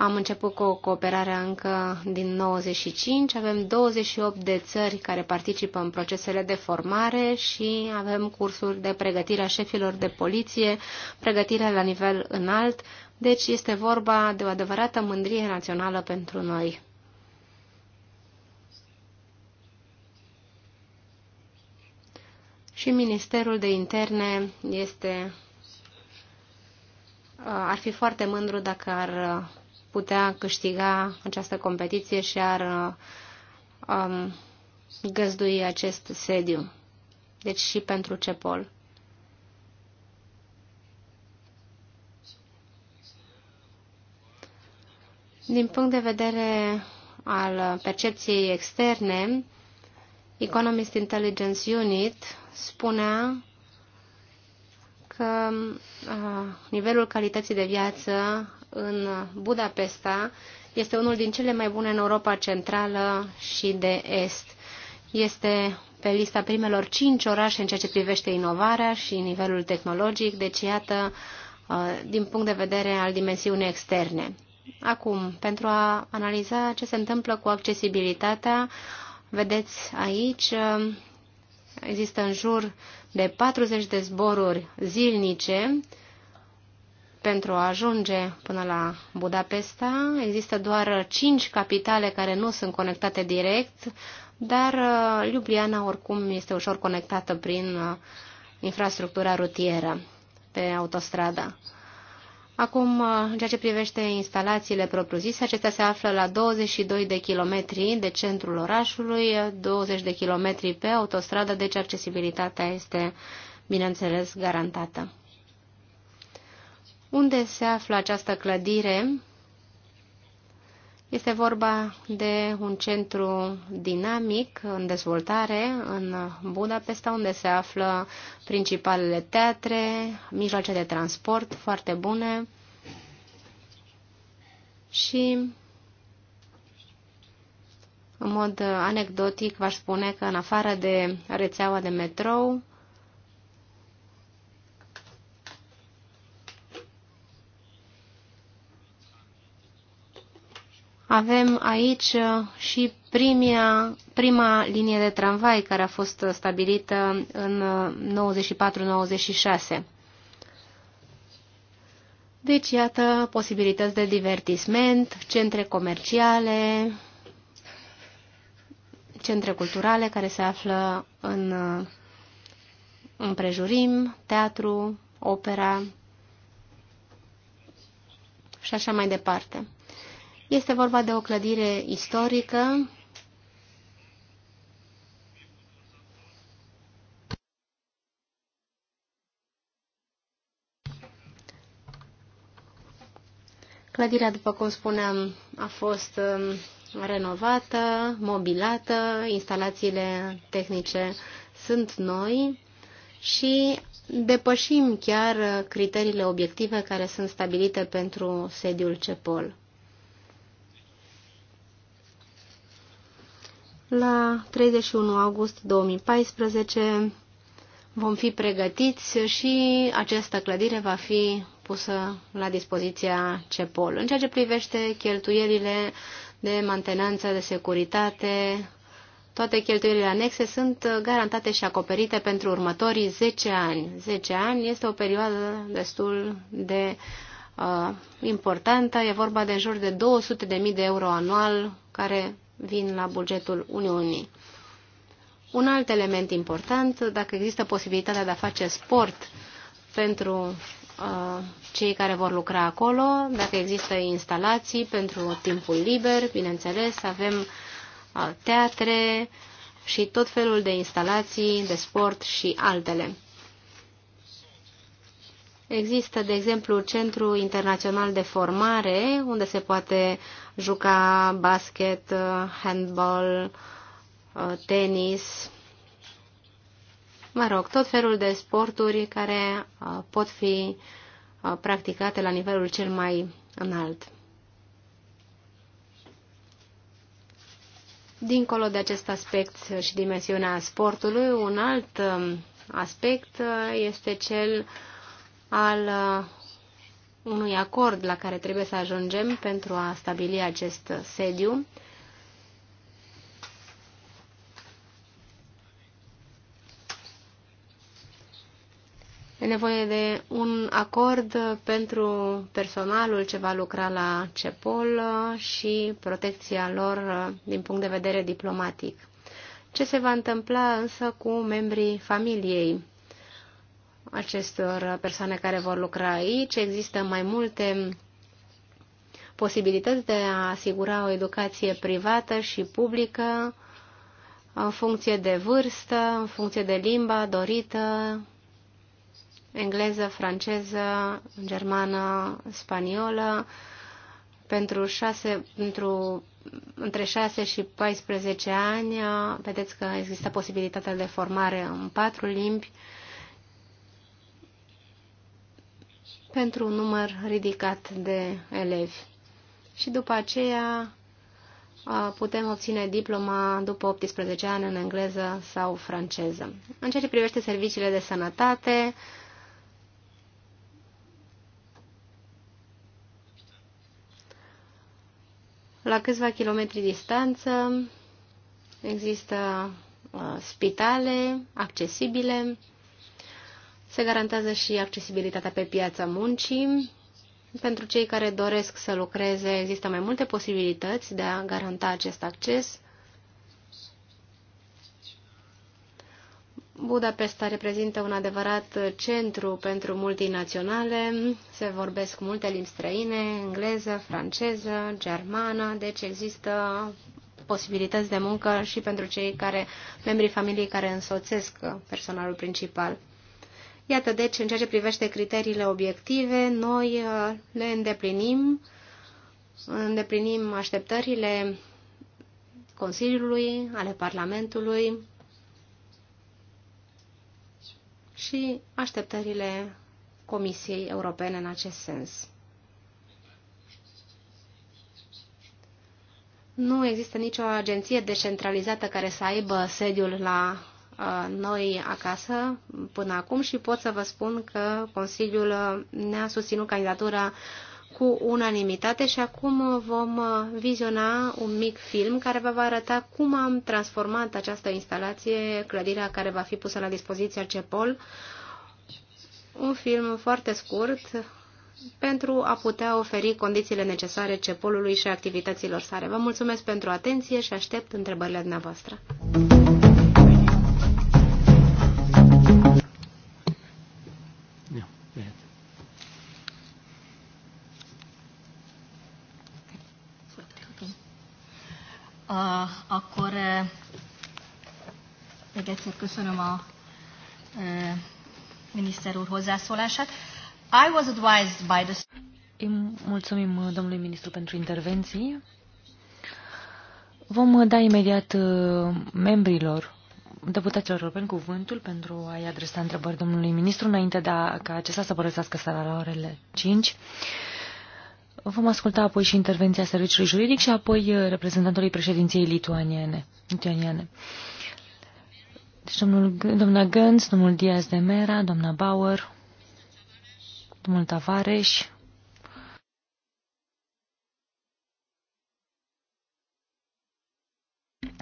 am început cu o cooperare încă din 95, avem 28 de țări care participă în procesele de formare și avem cursuri de pregătire a șefilor de poliție, pregătire la nivel înalt, deci este vorba de o adevărată mândrie națională pentru noi. Și Ministerul de Interne este uh, ar fi foarte mândru dacă ar uh, putea câștiga această competiție și ar um, găzdui acest sediu. Deci și pentru CEPOL. Din punct de vedere al percepției externe, Economist Intelligence Unit spunea că uh, nivelul calității de viață în Budapesta este unul din cele mai bune în Europa Centrală și de Est. Este pe lista primelor cinci orașe în ceea ce privește inovarea și nivelul tehnologic, deci iată uh, din punct de vedere al dimensiunii externe. Acum, pentru a analiza ce se întâmplă cu accesibilitatea, vedeți aici, uh, există în jur de 40 de zboruri zilnice, pentru a ajunge până la Budapesta. Există doar cinci capitale care nu sunt conectate direct, dar uh, Ljubljana oricum este ușor conectată prin uh, infrastructura rutieră pe autostradă. Acum, uh, în ceea ce privește instalațiile propriu-zise, acestea se află la 22 de kilometri de centrul orașului, 20 de kilometri pe autostradă, deci accesibilitatea este, bineînțeles, garantată. Unde se află această clădire? Este vorba de un centru dinamic în dezvoltare în Budapesta, unde se află principalele teatre, mijloace de transport foarte bune și în mod anecdotic v-aș spune că în afară de rețeaua de metrou Avem aici uh, și primia, prima linie de tramvai care a fost uh, stabilită în 94-96. Uh, deci, iată, posibilități de divertisment, centre comerciale, centre culturale care se află în împrejurim, teatru, opera și așa mai departe. Este vorba de o clădire istorică Clădirea, după cum spuneam, a fost um, renovată, mobilată, instalațiile tehnice sunt noi și depășim chiar criteriile obiective care sunt stabilite pentru sediul CEPOL. La 31 august 2014 vom fi pregătiți și această clădire va fi pusă la dispoziția CEPOL. În ceea ce privește cheltuielile de mantenanță, de securitate, toate cheltuielile anexe sunt garantate și acoperite pentru următorii 10 ani. 10 ani este o perioadă destul de uh, importantă, e vorba de în jur de 200.000 de euro anual care vin la bugetul Uniunii. Un alt element important, dacă există posibilitatea de a face sport pentru uh, cei care vor lucra acolo, dacă există instalații pentru timpul liber, bineînțeles, avem uh, teatre și tot felul de instalații de sport și altele. Există, de exemplu, Centrul Internațional de Formare, unde se poate uh, juca basket, uh, handball, uh, tenis, mă rog, tot felul de sporturi care uh, pot fi practicate la nivelul cel mai înalt. Dincolo de acest aspect și dimensiunea sportului, un alt um, aspect este cel al unui acord la care trebuie să ajungem pentru a stabili acest sediu. E nevoie de un acord pentru personalul ce va lucra la CEPOL și protecția lor din punct de vedere diplomatic. Ce se va întâmpla însă cu membrii familiei acestor persoane care vor lucra aici. Există mai multe posibilități de a asigura o educație privată și publică în funcție de vârstă, în funcție de limba dorită, engleză, franceză, germană, spaniolă, pentru, șase, pentru între 6 și 14 ani, vedeți că există posibilitatea de formare în patru limbi, pentru un număr ridicat de elevi. Și după aceea putem obține diploma după 18 ani în engleză sau franceză. În ceea ce privește serviciile de sănătate, la câțiva kilometri distanță există spitale accesibile se garantează și accesibilitatea pe piața muncii. Pentru cei care doresc să lucreze, există mai multe posibilități de a garanta acest acces. Budapesta reprezintă un adevărat centru pentru multinaționale. Se vorbesc multe limbi străine, engleză, franceză, germană, deci există posibilități de muncă și pentru cei care, membrii familiei care însoțesc personalul principal. Iată, deci, în ceea ce privește criteriile obiective, noi uh, le îndeplinim, îndeplinim așteptările Consiliului, ale Parlamentului și așteptările Comisiei Europene în acest sens. Nu există nicio agenție decentralizată care să aibă sediul la Uh, noi acasă până acum și pot să vă spun că Consiliul ne-a susținut candidatura cu unanimitate și acum vom viziona un mic film care vă va arăta cum am transformat această instalație, clădirea care va fi pusă la dispoziția CEPOL, un film foarte scurt pentru a putea oferi condițiile necesare CEPOL-ului și activităților sale. Vă mulțumesc pentru atenție și aștept întrebările dumneavoastră. akkor még egyszer köszönöm a miniszter úr hozzászólását. I was advised by the... Én mulțumim domnului ministru pentru intervenții. Vom da imediat membrilor deputaților europeni cuvântul pentru a-i adresa întrebări domnului ministru înainte de a, ca acesta să părăsească sala la orele 5. Vom asculta apoi și intervenția serviciului juridic și apoi uh, reprezentantului președinției lituaniene. lituaniene. Deci domnul, doamna Gânz, domnul Diaz de Mera, doamna Bauer, domnul Tavares,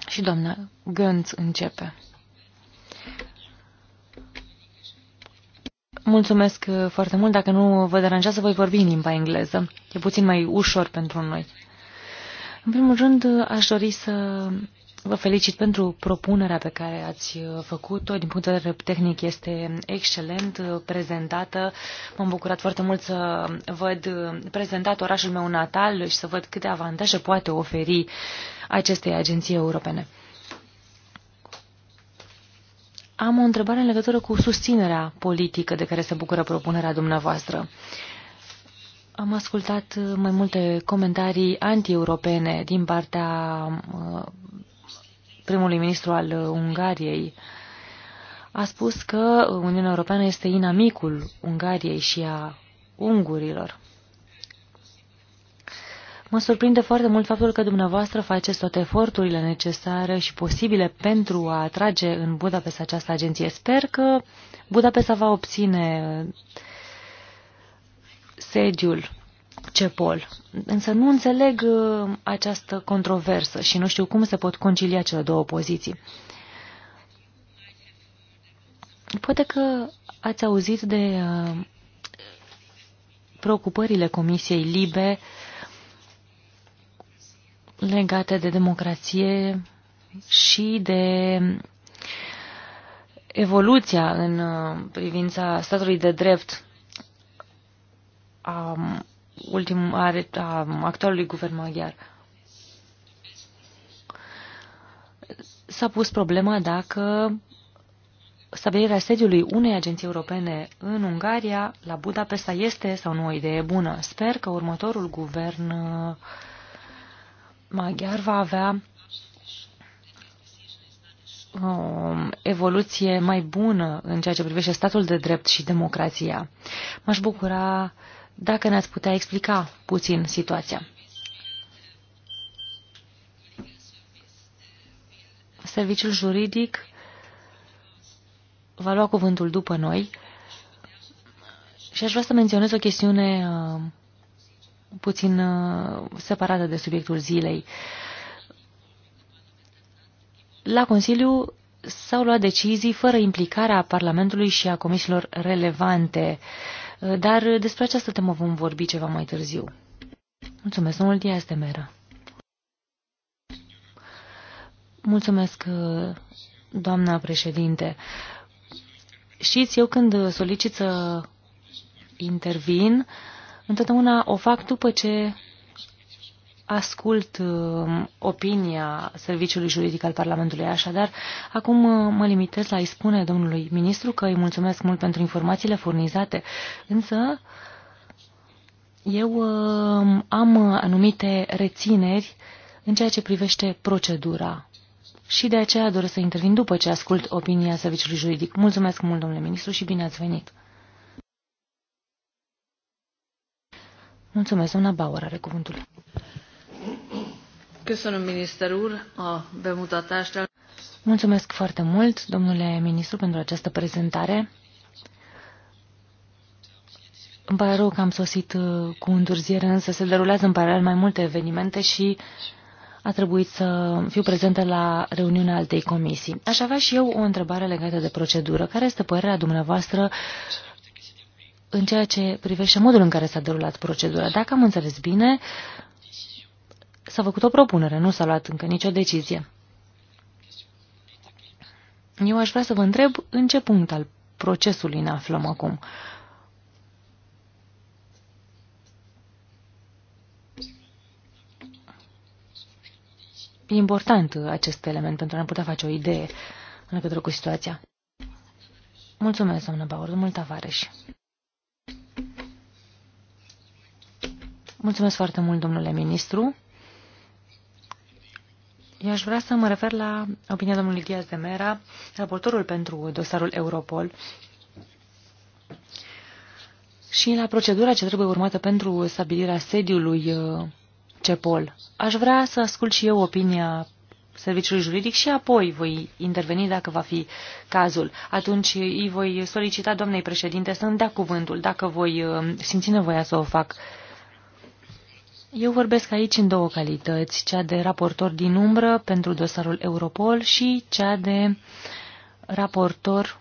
și doamna Gantz începe. Mulțumesc uh, foarte mult. Dacă nu vă deranjează, voi vorbi în limba engleză. E puțin mai ușor pentru noi. În primul rând, uh, aș dori să vă felicit pentru propunerea pe care ați uh, făcut-o. Din punct de vedere tehnic este excelent prezentată. M-am bucurat foarte mult să văd prezentat orașul meu natal și să văd câte avantaje poate oferi acestei agenții europene. Am o întrebare în legătură cu susținerea politică de care se bucură propunerea dumneavoastră. Am ascultat uh, mai multe comentarii anti-europene din partea uh, primului ministru al uh, Ungariei. A spus că Uniunea Europeană este inamicul Ungariei și a ungurilor. Mă surprinde foarte mult faptul că dumneavoastră faceți toate eforturile necesare și posibile pentru a atrage în Budapest această agenție. Sper că Budapesta va obține uh, sediul CEPOL. Însă nu înțeleg uh, această controversă și nu știu cum se pot concilia cele două poziții. Poate că ați auzit de uh, preocupările Comisiei Libe uh, legate de democrație și de evoluția în uh, privința statului de drept a, um, ultim, a, a um, actualului guvern maghiar. S-a pus problema dacă stabilirea sediului unei agenții europene în Ungaria, la Budapesta, este sau nu o idee bună. Sper că următorul guvern uh, maghiar va avea o um, evoluție mai bună în ceea ce privește statul de drept și democrația. M-aș bucura dacă ne-ați putea explica puțin situația. Serviciul juridic va lua cuvântul după noi și aș vrea să menționez o chestiune uh, puțin uh, separată de subiectul zilei. La Consiliu s-au luat decizii fără implicarea Parlamentului și a comisiilor relevante, uh, dar despre această temă vom vorbi ceva mai târziu. Mulțumesc, domnul Diaz de Mera. Mulțumesc, uh, doamna președinte. Știți, eu când solicit să intervin, uh, Întotdeauna o fac după ce ascult um, opinia Serviciului Juridic al Parlamentului. Așadar, acum uh, mă limitez la a-i spune domnului ministru că îi mulțumesc mult pentru informațiile furnizate, însă eu um, am anumite rețineri în ceea ce privește procedura și de aceea doresc să intervin după ce ascult opinia Serviciului Juridic. Mulțumesc mult, domnule ministru, și bine ați venit! Mulțumesc, doamna Bauer are cuvântul. Căsănă, ministerul, a bemutat așa. Mulțumesc foarte mult, domnule ministru, pentru această prezentare. Îmi pare rău că am sosit uh, cu întârziere, însă se derulează în paralel mai multe evenimente și a trebuit să fiu prezentă la reuniunea altei comisii. Aș avea și eu o întrebare legată de procedură. Care este părerea dumneavoastră în ceea ce privește modul în care s-a derulat procedura. Dacă am înțeles bine, s-a făcut o propunere, nu s-a luat încă nicio decizie. Eu aș vrea să vă întreb în ce punct al procesului ne aflăm acum. E important acest element pentru a ne putea face o idee în legătură cu situația. Mulțumesc, doamnă Bauer, mult avareș. Mulțumesc foarte mult, domnule ministru. Eu aș vrea să mă refer la opinia domnului Diaz de Mera, raportorul pentru dosarul Europol, și la procedura ce trebuie urmată pentru stabilirea sediului uh, CEPOL. Aș vrea să ascult și eu opinia serviciului juridic și apoi voi interveni dacă va fi cazul. Atunci îi voi solicita doamnei președinte să îmi dea cuvântul dacă voi uh, simți nevoia să o fac. Eu vorbesc aici în două calități, cea de raportor din umbră pentru dosarul Europol și cea de raportor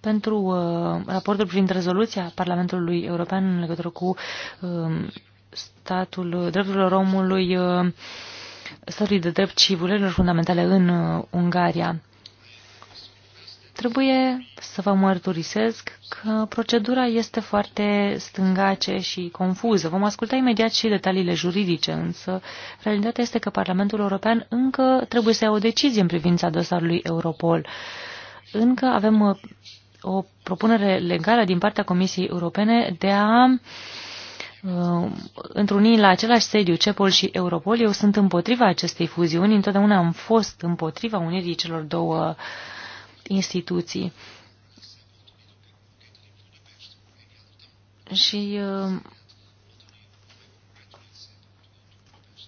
pentru uh, raportul privind rezoluția Parlamentului European în legătură cu um, uh, statul drepturilor omului, uh, statului de drept și fundamentale în uh, Ungaria. Trebuie să vă mărturisesc că procedura este foarte stângace și confuză. Vom asculta imediat și detaliile juridice, însă realitatea este că Parlamentul European încă trebuie să ia o decizie în privința dosarului Europol. Încă avem uh, o propunere legală din partea Comisiei Europene de a într uh, într-un la același sediu CEPOL și Europol. Eu sunt împotriva acestei fuziuni, întotdeauna am fost împotriva unirii celor două uh, instituții. Și uh,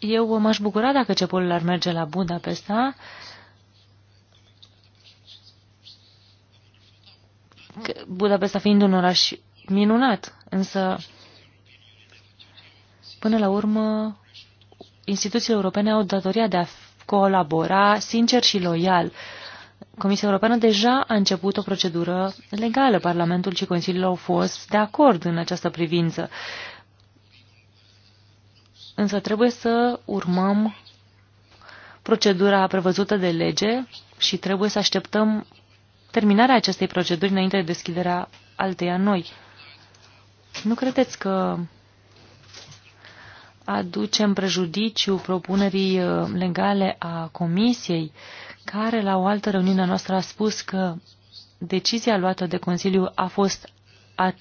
eu m-aș bucura dacă cepolul ar merge la Budapesta, Budapesta fiind un oraș minunat, însă până la urmă instituțiile europene au datoria de a colabora sincer și loial Comisia Europeană deja a început o procedură legală. Parlamentul și Consiliul au fost de acord în această privință. Însă trebuie să urmăm procedura prevăzută de lege și trebuie să așteptăm terminarea acestei proceduri înainte de deschiderea alteia noi. Nu credeți că aducem prejudiciu propunerii uh, legale a Comisiei care la o altă reuniune a noastră a spus că decizia luată de Consiliu a fost a,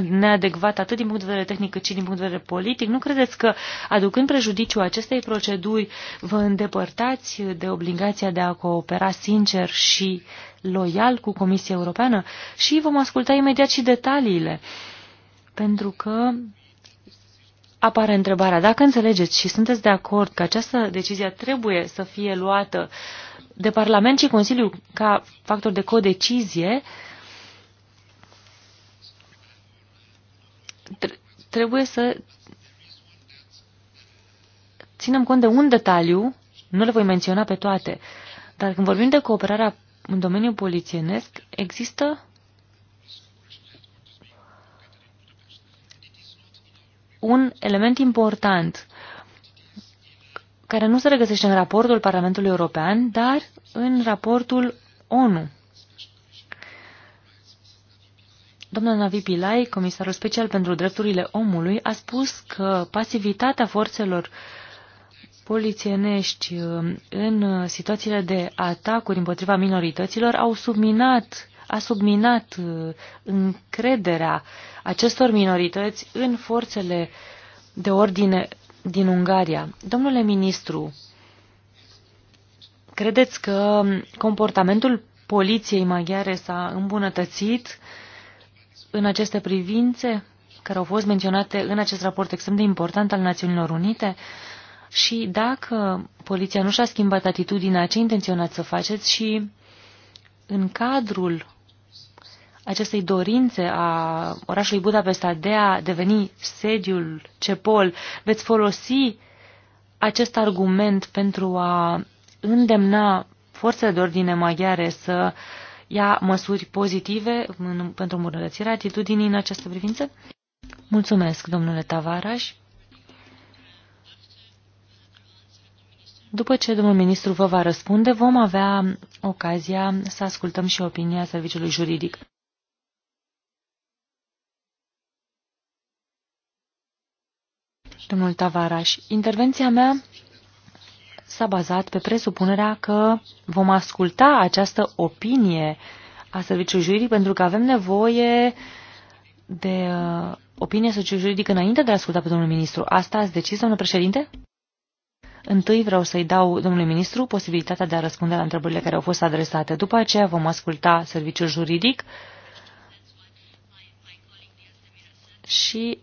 neadecvată atât din punct de vedere tehnic cât și din punct de vedere politic. Nu credeți că, aducând prejudiciu acestei proceduri, vă îndepărtați de obligația de a coopera sincer și loial cu Comisia Europeană? Și vom asculta imediat și detaliile, pentru că apare întrebarea, dacă înțelegeți și sunteți de acord că această decizie trebuie să fie luată de Parlament și Consiliu ca factor de codecizie, trebuie să ținem cont de un detaliu, nu le voi menționa pe toate, dar când vorbim de cooperarea în domeniul polițienesc, există un element important care nu se regăsește în raportul Parlamentului European, dar în raportul ONU. Domnul Navi Pillai, comisarul special pentru drepturile omului, a spus că pasivitatea forțelor polițienești uh, în uh, situațiile de atacuri împotriva minorităților au subminat a subminat uh, încrederea acestor minorități în forțele de ordine din Ungaria. Domnule ministru, credeți că comportamentul poliției maghiare s-a îmbunătățit în aceste privințe care au fost menționate în acest raport extrem de important al Națiunilor Unite? Și dacă poliția nu și-a schimbat atitudinea, ce intenționați să faceți și în cadrul acestei dorințe a orașului Budapesta de a deveni sediul CEPOL, veți folosi acest argument pentru a îndemna forțele de ordine maghiare să ia măsuri pozitive pentru îmbunătățirea atitudinii în această privință? Mulțumesc, domnule Tavaraș. După ce domnul ministru vă va răspunde, vom avea ocazia să ascultăm și opinia serviciului juridic. Domnul Tavaraș, intervenția mea s-a bazat pe presupunerea că vom asculta această opinie a serviciului juridic pentru că avem nevoie de uh, opinie serviciului juridic înainte de a asculta pe domnul ministru. Asta ați decis, domnul președinte? Întâi vreau să-i dau domnului ministru posibilitatea de a răspunde la întrebările care au fost adresate. După aceea vom asculta serviciul juridic și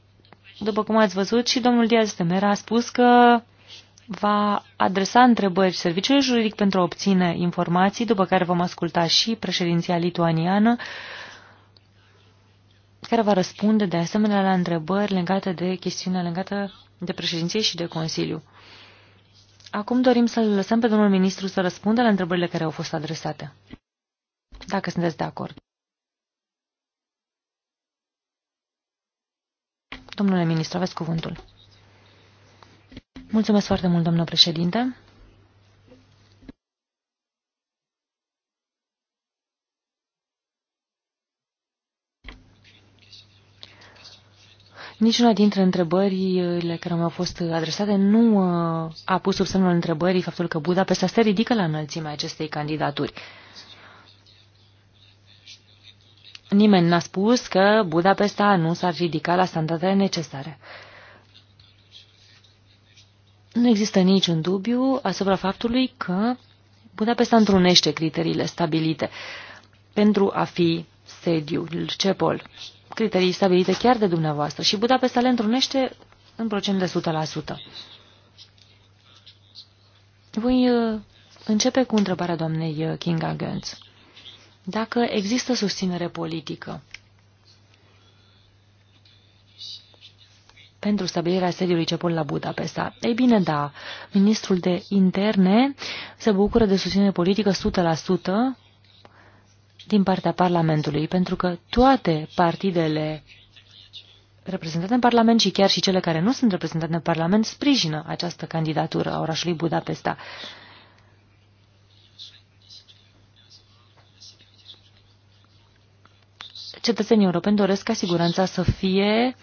după cum ați văzut, și domnul Diaz de Mera a spus că va adresa întrebări serviciului juridic pentru a obține informații, după care vom asculta și președinția lituaniană, care va răspunde de asemenea la întrebări legate de chestiunea legată de președinție și de Consiliu. Acum dorim să-l lăsăm pe domnul ministru să răspundă la întrebările care au fost adresate. Dacă sunteți de acord. Domnule ministru, aveți cuvântul. Mulțumesc foarte mult, domnule președinte. Niciuna dintre întrebările care mi-au fost adresate nu uh, a pus sub semnul întrebării faptul că Budapesta se ridică la înălțimea acestei candidaturi. Nimeni n-a spus că Budapesta nu s-ar ridica la standardele necesare. Nu există niciun dubiu asupra faptului că Budapesta întrunește criteriile stabilite pentru a fi sediul CEPOL. Criterii stabilite chiar de dumneavoastră și Budapesta le întrunește în procent de 100%. Voi uh, începe cu întrebarea doamnei uh, Kinga Gönz dacă există susținere politică pentru stabilirea sediului CEPOL la Budapesta. Ei bine, da, ministrul de interne se bucură de susținere politică 100% din partea Parlamentului, pentru că toate partidele reprezentate în Parlament și chiar și cele care nu sunt reprezentate în Parlament sprijină această candidatură a orașului Budapesta. cetățenii europeni doresc ca siguranța să fie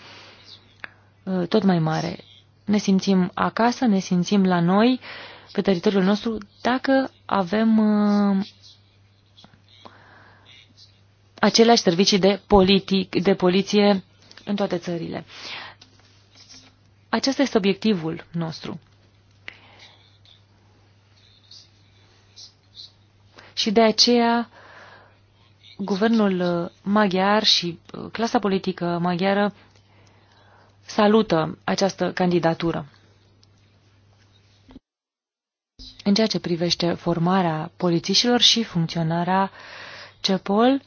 uh, tot mai mare. Ne simțim acasă, ne simțim la noi, pe teritoriul nostru, dacă avem uh, aceleași servicii de, politic, de poliție în toate țările. Acesta este obiectivul nostru. Și de aceea guvernul uh, maghiar și uh, clasa politică maghiară salută această candidatură. În ceea ce privește formarea polițiștilor și funcționarea CEPOL,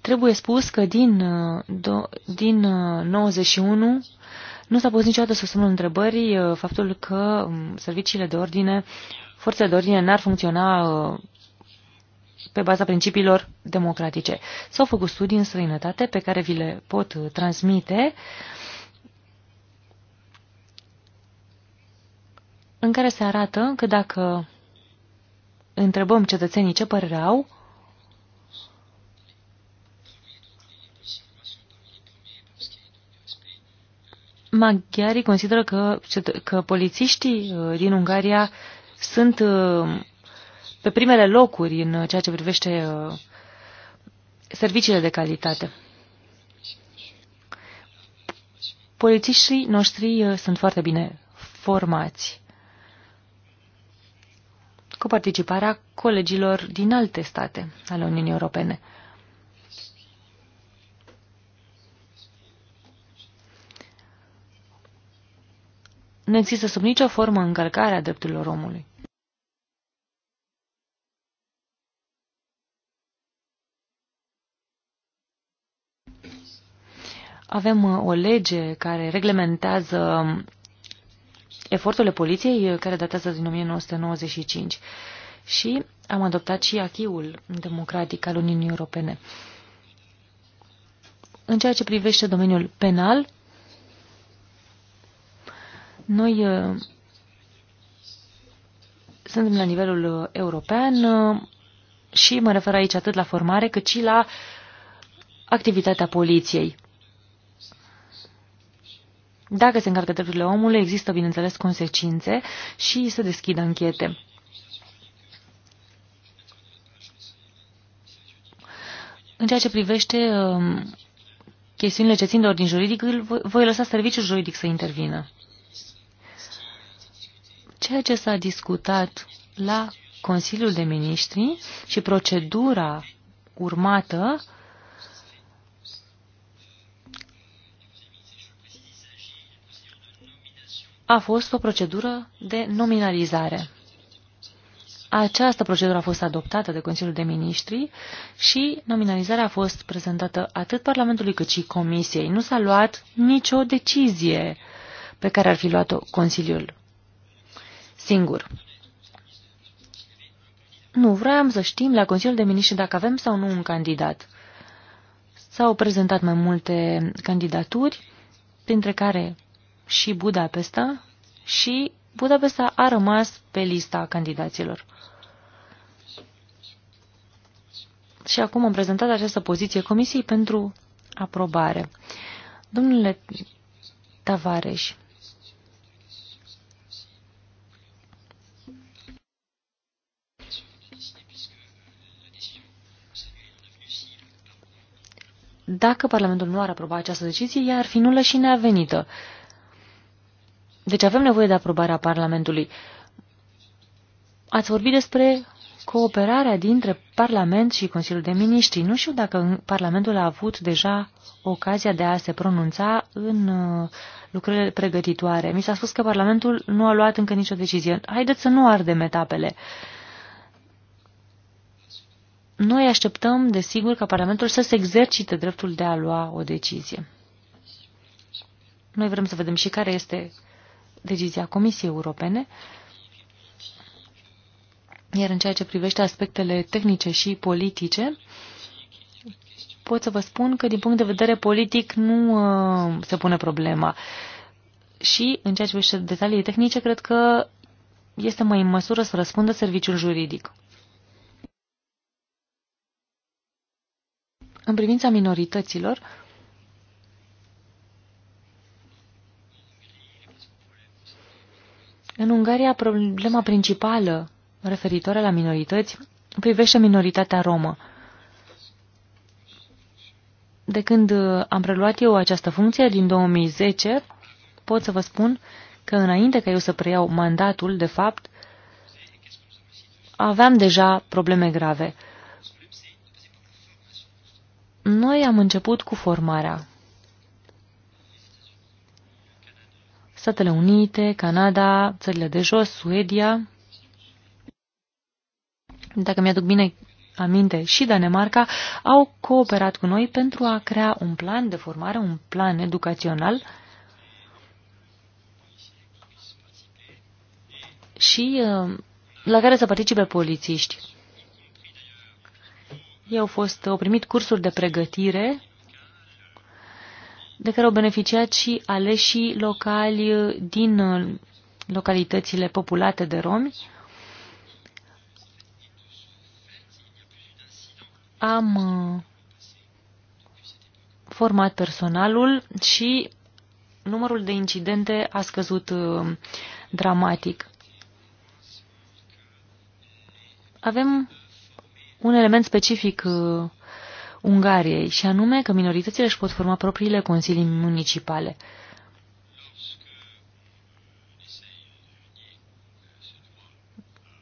trebuie spus că din, uh, din 91 nu s-a pus niciodată să semnul întrebării faptul că um, serviciile de ordine forțele de ordine n-ar funcționa uh, pe baza principiilor democratice. S-au făcut studii în străinătate pe care vi le pot uh, transmite în care se arată că dacă întrebăm cetățenii ce părere au, maghiarii consideră că, că polițiștii uh, din Ungaria sunt uh, pe primele locuri în ceea ce privește uh, serviciile de calitate. Polițiștii noștri uh, sunt foarte bine formați cu participarea colegilor din alte state ale Uniunii Europene. nu există sub nicio formă încălcare a drepturilor omului. Avem uh, o lege care reglementează um, eforturile poliției, uh, care datează din 1995 și am adoptat și achiul democratic al Uniunii Europene. În ceea ce privește domeniul penal, noi uh, suntem la nivelul uh, european uh, și mă refer aici atât la formare cât și la activitatea poliției. Dacă se încarcă drepturile omului, există, bineînțeles, consecințe și se deschid anchete. În ceea ce privește chestiunile ce țin de ordin juridic, voi lăsa serviciul juridic să intervină. Ceea ce s-a discutat la Consiliul de Ministri și procedura urmată a fost o procedură de nominalizare. Această procedură a fost adoptată de Consiliul de Ministri și nominalizarea a fost prezentată atât Parlamentului cât și Comisiei. Nu s-a luat nicio decizie pe care ar fi luat-o Consiliul singur. Nu, vreau să știm la Consiliul de Miniștri dacă avem sau nu un candidat. S-au prezentat mai multe candidaturi, printre care și Budapesta, și Budapesta a rămas pe lista candidaților. Și acum am prezentat această poziție Comisiei pentru aprobare. Domnule Tavareș, Dacă Parlamentul nu ar aproba această decizie, ea ar fi nulă și neavenită. Deci avem nevoie de aprobarea Parlamentului. Ați vorbit despre cooperarea dintre Parlament și Consiliul de Miniștri. Nu știu dacă Parlamentul a avut deja ocazia de a se pronunța în uh, lucrările pregătitoare. Mi s-a spus că Parlamentul nu a luat încă nicio decizie. Haideți să nu ardem etapele. Uh, noi așteptăm, desigur, ca Parlamentul să se exercite dreptul de a lua o decizie. Noi vrem să vedem și care este decizia Comisiei Europene, iar în ceea ce privește aspectele tehnice și politice, pot să vă spun că din punct de vedere politic nu uh, se pune problema. Și în ceea ce privește detaliile tehnice, cred că este mai în măsură să răspundă serviciul juridic. În privința minorităților, în Ungaria problema principală referitoare la minorități privește minoritatea romă. De când uh, am preluat eu această funcție, din 2010, pot să vă spun că înainte ca eu să preiau mandatul, de fapt, aveam deja probleme grave – noi am început cu formarea. Statele Unite, Canada, țările de jos, Suedia, dacă mi-aduc bine aminte, și Danemarca au cooperat cu noi pentru a crea un plan de formare, un plan educațional și uh, la care să participe polițiști. Ei au fost au primit cursuri de pregătire de care au beneficiat și aleșii locali din uh, localitățile populate de romi. Am uh, format personalul și numărul de incidente a scăzut uh, dramatic. Avem un element specific uh, Ungariei, și anume că minoritățile își pot forma propriile consilii municipale.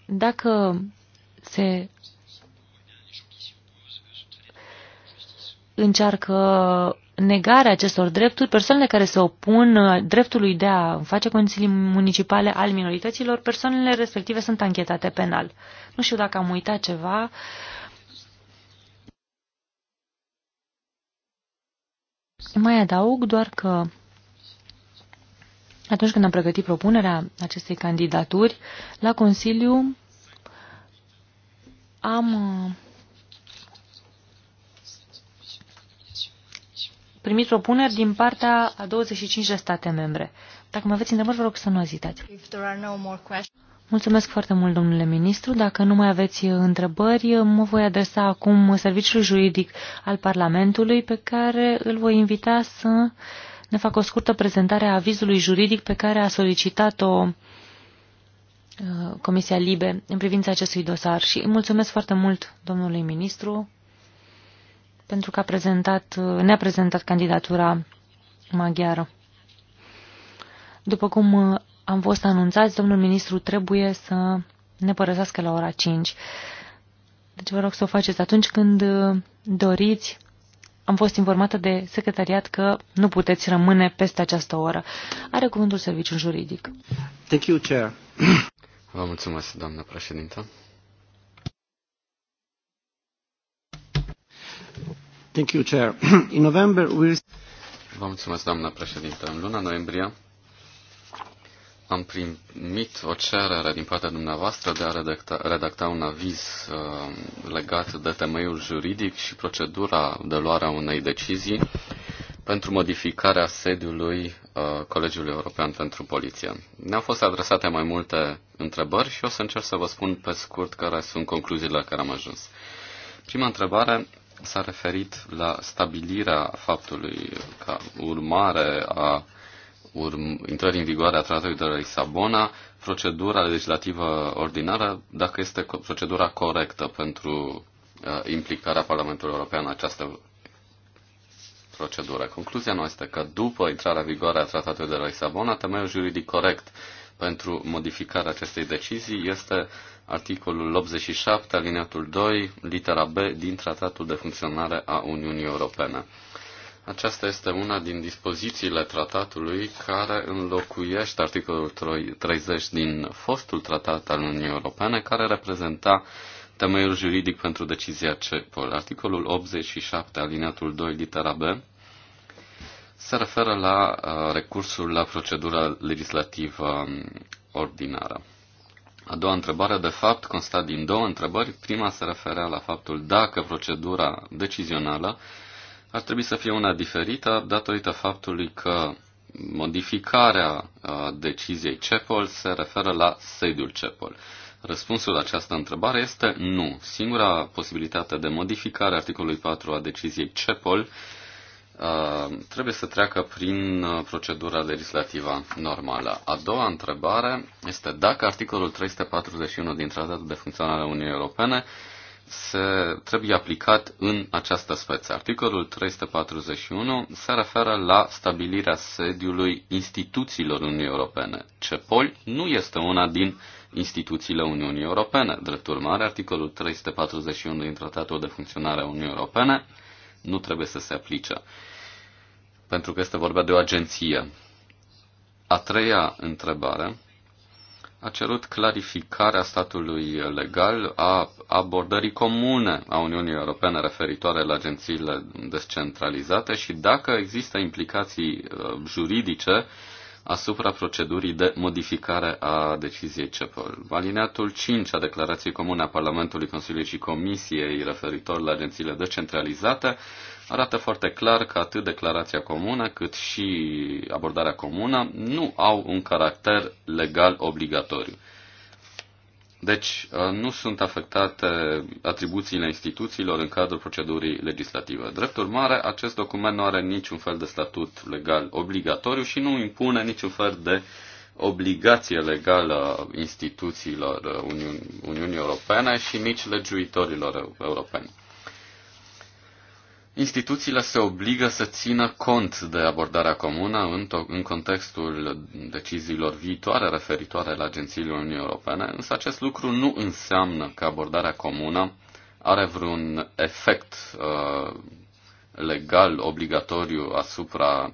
Dacă se încearcă negarea acestor drepturi persoanele care se opun uh, dreptului de a face condiții municipale al minorităților, persoanele respective sunt anchetate penal. Nu știu dacă am uitat ceva. Mai adaug doar că atunci când am pregătit propunerea acestei candidaturi, la Consiliu am uh, primit propuneri din partea a 25 de state membre. Dacă mă aveți întrebări, vă rog să nu ezitați. Mulțumesc foarte mult, domnule ministru. Dacă nu mai aveți întrebări, mă voi adresa acum serviciul juridic al Parlamentului, pe care îl voi invita să ne facă o scurtă prezentare a avizului juridic pe care a solicitat-o uh, Comisia Libe în privința acestui dosar. Și mulțumesc foarte mult, domnului ministru, pentru că a prezentat, ne-a prezentat candidatura maghiară. După cum am fost anunțați, domnul ministru trebuie să ne părăsească la ora 5. Deci vă rog să o faceți atunci când doriți. Am fost informată de secretariat că nu puteți rămâne peste această oră. Are cuvântul serviciul juridic. Thank you, Chair. Vă mulțumesc, doamnă președintă. Thank you, Chair. In November, we... Vă mulțumesc, doamnă președintă. În luna noiembrie am primit o cerere din partea dumneavoastră de a redacta, redacta un aviz uh, legat de temeiul juridic și procedura de luare a unei decizii pentru modificarea sediului uh, Colegiului European pentru Poliție. Ne-au fost adresate mai multe întrebări și o să încerc să vă spun pe scurt care sunt concluziile la care am ajuns. Prima întrebare s-a referit la stabilirea faptului ca urmare a urm- intrării în vigoare a Tratatului de la Lisabona, procedura legislativă ordinară, dacă este procedura corectă pentru uh, implicarea Parlamentului European în această procedură. Concluzia noastră este că după intrarea în vigoare a Tratatului de la Lisabona, temeiul juridic corect pentru modificarea acestei decizii este articolul 87, alineatul 2, litera B din Tratatul de Funcționare a Uniunii Europene. Aceasta este una din dispozițiile tratatului care înlocuiește articolul 30 din fostul tratat al Uniunii Europene, care reprezenta temeiul juridic pentru decizia CEPOL. Articolul 87, alineatul 2, litera B, se referă la uh, recursul la procedura legislativă um, ordinară. A doua întrebare, de fapt, consta din două întrebări. Prima se referea la faptul dacă procedura decizională ar trebui să fie una diferită datorită faptului că modificarea uh, deciziei CEPOL se referă la sediul CEPOL. Răspunsul la această întrebare este nu. Singura posibilitate de modificare articolului 4 a deciziei CEPOL Uh, trebuie să treacă prin uh, procedura legislativă normală. A doua întrebare este dacă articolul 341 din Tratatul de Funcționare a Uniunii Europene se trebuie aplicat în această speță. Articolul 341 se referă la stabilirea sediului instituțiilor Uniunii Europene. CEPOL nu este una din instituțiile Uniunii Europene. Drept urmare, articolul 341 din Tratatul de Funcționare a Uniunii Europene nu trebuie să se aplice, pentru că este vorba de o agenție. A treia întrebare a cerut clarificarea statului legal a abordării comune a Uniunii Europene referitoare la agențiile descentralizate și dacă există implicații uh, juridice asupra procedurii de modificare a deciziei CEPOL. Alineatul 5 a declarației comune a Parlamentului, Consiliului și Comisiei referitor la agențiile decentralizate arată foarte clar că atât declarația comună cât și abordarea comună nu au un caracter legal obligatoriu. Deci uh, nu sunt afectate atribuțiile instituțiilor în cadrul procedurii legislative. Drept urmare, acest document nu are niciun fel de statut legal obligatoriu și nu impune niciun fel de obligație legală instituțiilor uh, Uniunii Europene și nici legiuitorilor europeni. Instituțiile se obligă să țină cont de abordarea comună în, în contextul deciziilor viitoare referitoare la agențiile Uniunii Europene, însă acest lucru nu înseamnă că abordarea comună are vreun efect uh, legal obligatoriu asupra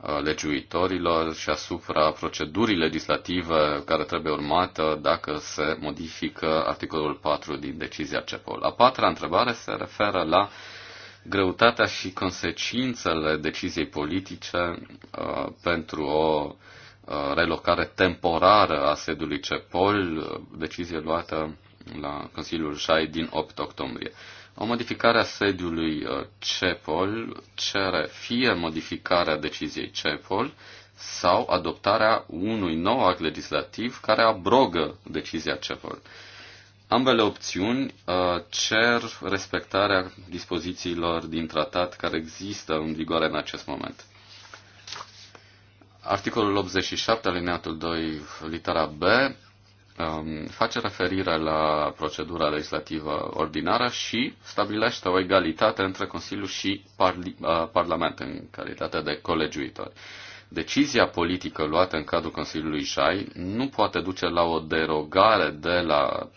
uh, legiuitorilor și asupra procedurii legislative care trebuie urmată dacă se modifică articolul 4 din decizia CEPOL. A patra întrebare se referă la uh, greutatea și consecințele deciziei politice uh, pentru o uh, relocare temporară a sediului CEPOL, uh, decizie luată la Consiliul JAI din 8 octombrie. O modificare a sediului uh, CEPOL cere fie modificarea deciziei CEPOL sau adoptarea unui nou act legislativ care abrogă decizia CEPOL. Ambele opțiuni uh, cer respectarea dispozițiilor din tratat care există în vigoare în acest moment. Articolul 87, alineatul 2, litera B, um, face referire la procedura legislativă ordinară și stabilește o egalitate între Consiliu și Parli- uh, Parlament în calitate de colegiuitori. Decizia politică luată în cadrul Consiliului Jai nu poate duce la o derogare de la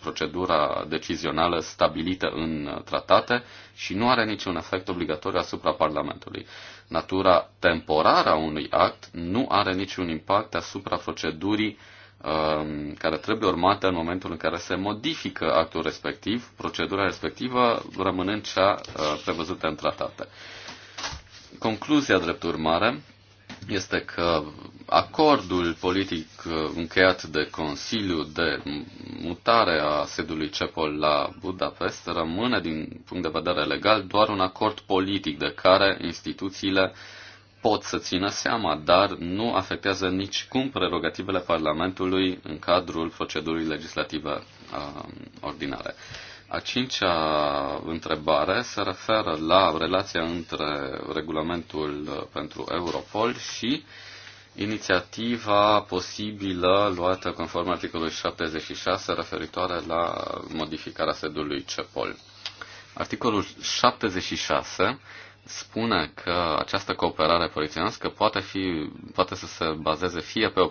procedura decizională stabilită în tratate și nu are niciun efect obligatoriu asupra Parlamentului. Natura temporară a unui act nu are niciun impact asupra procedurii um, care trebuie urmată în momentul în care se modifică actul respectiv, procedura respectivă rămânând cea uh, prevăzută în tratate. Concluzia drept urmare este că acordul politic uh, încheiat de Consiliu de mutare a sedului CEPOL la Budapest rămâne, din punct de vedere legal, doar un acord politic de care instituțiile pot să țină seama, dar nu afectează nici cum prerogativele Parlamentului în cadrul procedurii legislative uh, ordinare. A cincea întrebare se referă la relația între regulamentul pentru Europol și inițiativa posibilă luată conform articolului 76 referitoare la modificarea sedului CEPOL. Articolul 76 spune că această cooperare polițienească poate, fi, poate să se bazeze fie pe o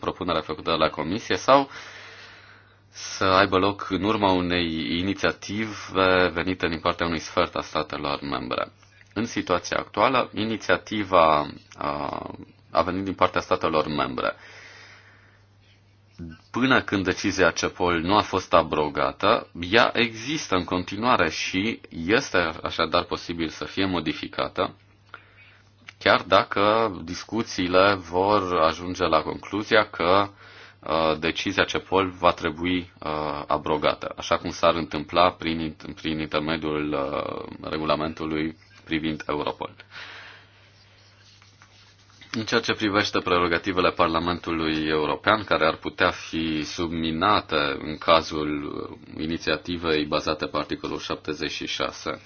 propunere făcută de la Comisie sau uh, să aibă loc în urma unei inițiative venite din partea unui sfert a statelor membre. În situația actuală, inițiativa a venit din partea statelor membre. Până când decizia CEPOL nu a fost abrogată, ea există în continuare și este așadar posibil să fie modificată, chiar dacă discuțiile vor ajunge la concluzia că uh, Uh, decizia CEPOL va trebui uh, abrogată, așa cum s-ar întâmpla prin, prin intermediul uh, regulamentului privind Europol. În ceea ce privește prerogativele Parlamentului European, care ar putea fi subminate în cazul inițiativei bazate pe articolul 76,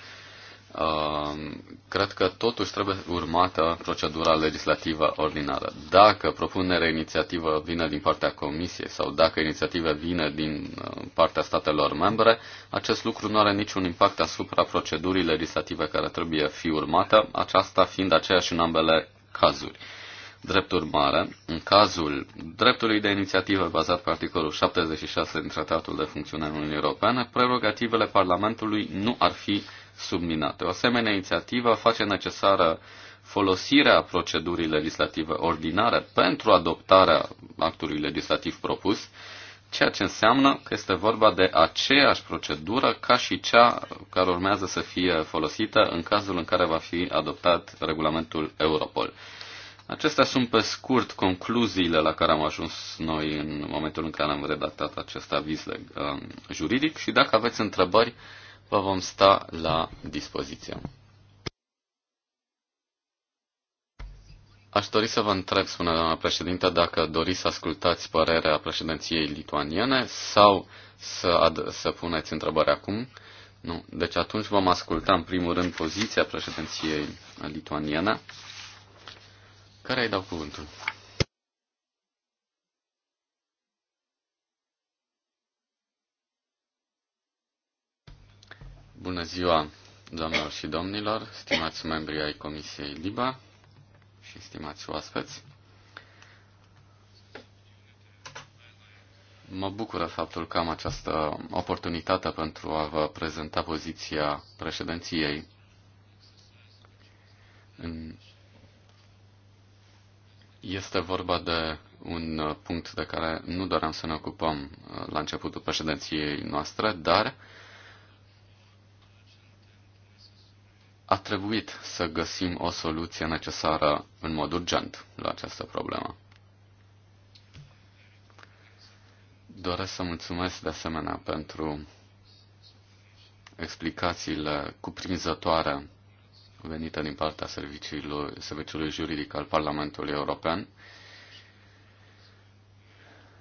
Um, cred că totuși trebuie urmată procedura legislativă ordinară. Dacă propunerea inițiativă vine din partea Comisiei sau dacă inițiativa vine din uh, partea statelor membre, acest lucru nu are niciun impact asupra procedurii legislative care trebuie fi urmată, aceasta fiind aceeași în ambele cazuri. Drept urmare, în cazul dreptului de inițiativă bazat pe articolul 76 din Tratatul de Funcționare Uniunii Europene, prerogativele Parlamentului nu ar fi subminate. O asemenea inițiativă face necesară folosirea procedurii legislative ordinare pentru adoptarea actului legislativ propus, ceea ce înseamnă că este vorba de aceeași procedură ca și cea care urmează să fie folosită în cazul în care va fi adoptat regulamentul Europol. Acestea sunt pe scurt concluziile la care am ajuns noi în momentul în care am redactat acest aviz um, juridic și dacă aveți întrebări, vă vom sta la dispoziție. Aș dori să vă întreb, spune doamna președinte, dacă doriți să ascultați părerea președinției lituaniene sau să, ad- să puneți întrebări acum. Nu. Deci atunci vom asculta în primul rând poziția președinției lituaniene. Care îi dau cuvântul? Bună ziua, doamnelor și domnilor, stimați membri ai Comisiei LIBA și stimați oaspeți. Mă bucură faptul că am această oportunitate pentru a vă prezenta poziția președinției în este vorba de un punct de care nu doream să ne ocupăm uh, la începutul președinției noastre, dar a trebuit să găsim o soluție necesară în mod urgent la această problemă. Doresc să mulțumesc de asemenea pentru explicațiile cuprinzătoare venite din partea serviciului, serviciului juridic al Parlamentului European.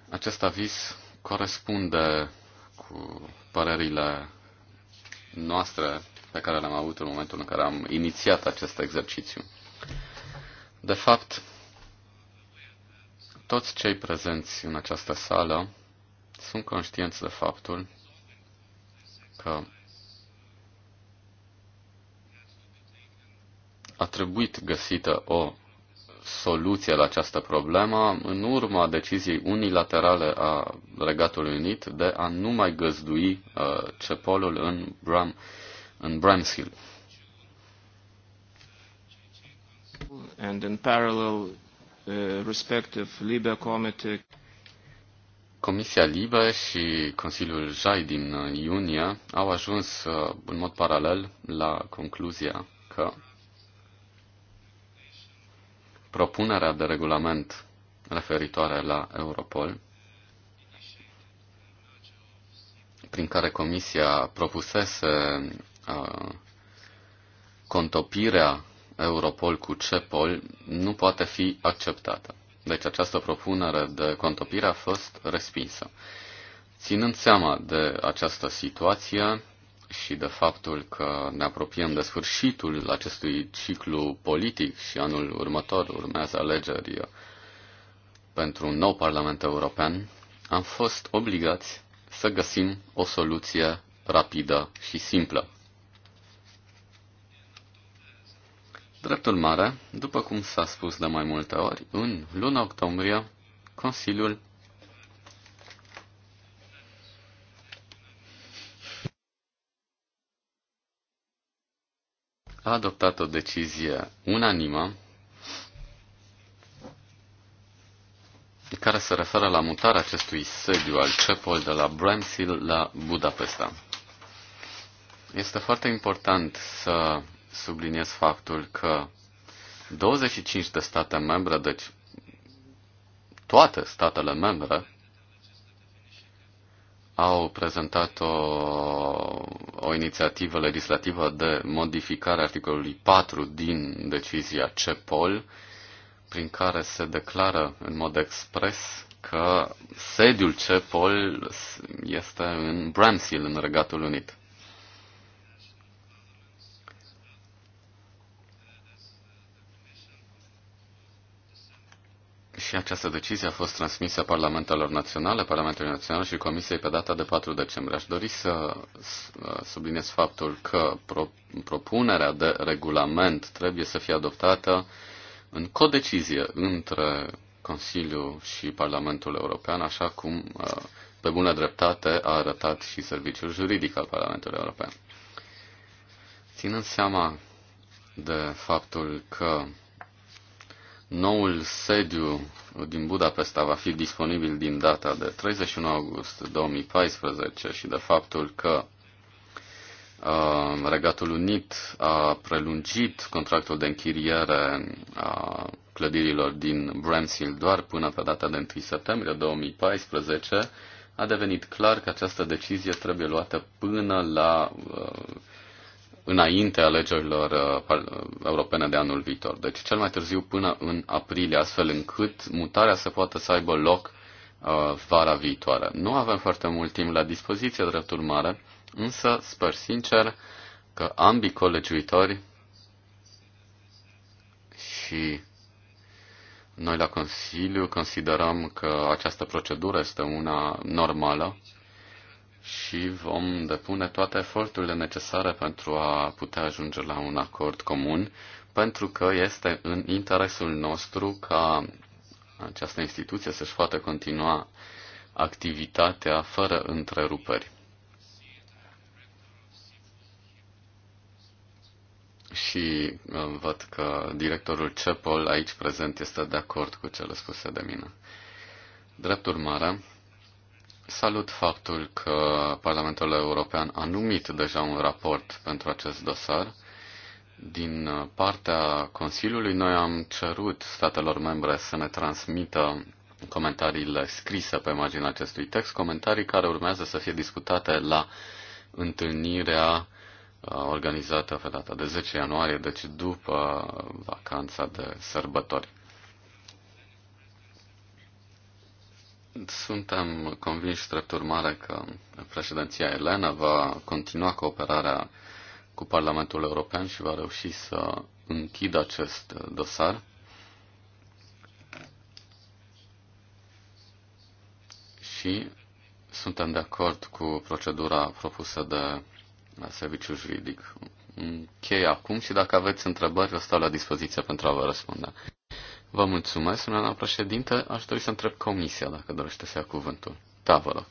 Acest aviz corespunde cu părerile noastre pe care le-am avut în momentul în care am inițiat acest exercițiu. De fapt, toți cei prezenți în această sală sunt conștienți de faptul că a trebuit găsită o soluție la această problemă în urma deciziei unilaterale a Regatului Unit de a nu mai găzdui uh, cepolul în Bram în Bramshill. And in parallel, uh, respective Libe Committee. Comisia Libe și Consiliul JAI din uh, iunie au ajuns uh, în mod paralel la concluzia că propunerea de regulament referitoare la Europol, prin care Comisia propusese contopirea Europol cu CEPOL nu poate fi acceptată. Deci această propunere de contopire a fost respinsă. Ținând seama de această situație și de faptul că ne apropiem de sfârșitul acestui ciclu politic și anul următor urmează alegeri pentru un nou Parlament European, am fost obligați să găsim o soluție rapidă și simplă Drept urmare, după cum s-a spus de mai multe ori, în luna octombrie, Consiliul a adoptat o decizie unanimă care se referă la mutarea acestui sediu al CEPOL de la Bramsil la Budapesta. Este foarte important să subliniez faptul că 25 de state membre, deci toate statele membre, au prezentat o, o inițiativă legislativă de modificare articolului 4 din decizia CEPOL, prin care se declară în mod expres că sediul CEPOL este în Bramsil, în Regatul Unit. și această decizie a fost transmisă Parlamentelor Naționale, Parlamentului Național și Comisiei pe data de 4 decembrie. Aș dori să subliniez faptul că pro, propunerea de regulament trebuie să fie adoptată în codecizie între Consiliu și Parlamentul European, așa cum uh, pe bună dreptate a arătat și serviciul juridic al Parlamentului European. Ținând seama de faptul că Noul sediu din Budapesta va fi disponibil din data de 31 august 2014 și de faptul că uh, Regatul Unit a prelungit contractul de închiriere a clădirilor din Bramsil doar până pe data de 1 septembrie 2014, a devenit clar că această decizie trebuie luată până la uh, înainte alegerilor uh, uh, europene de anul viitor. Deci cel mai târziu până în aprilie, astfel încât mutarea să poată să aibă loc uh, vara viitoare. Nu avem foarte mult timp la dispoziție, drept urmare, însă sper sincer că ambii colegiuitori și noi la Consiliu considerăm că această procedură este una normală și vom depune toate eforturile necesare pentru a putea ajunge la un acord comun, pentru că este în interesul nostru ca această instituție să-și poată continua activitatea fără întreruperi. Și uh, văd că directorul CEPOL aici prezent este de acord cu cele spuse de mine. Drept urmare, Salut faptul că Parlamentul European a numit deja un raport pentru acest dosar. Din partea Consiliului, noi am cerut statelor membre să ne transmită comentariile scrise pe marginea acestui text, comentarii care urmează să fie discutate la întâlnirea uh, organizată pe data de 10 ianuarie, deci după vacanța de sărbători. Suntem convinși, drept urmare, că președinția Elena va continua cooperarea cu Parlamentul European și va reuși să închidă acest dosar. Și suntem de acord cu procedura propusă de serviciul juridic. Închei acum și dacă aveți întrebări, o stau la dispoziție pentru a vă răspunde. Vă mulțumesc, doamna președinte. Aș dori să întreb comisia dacă dorește să ia cuvântul. Da, vă rog.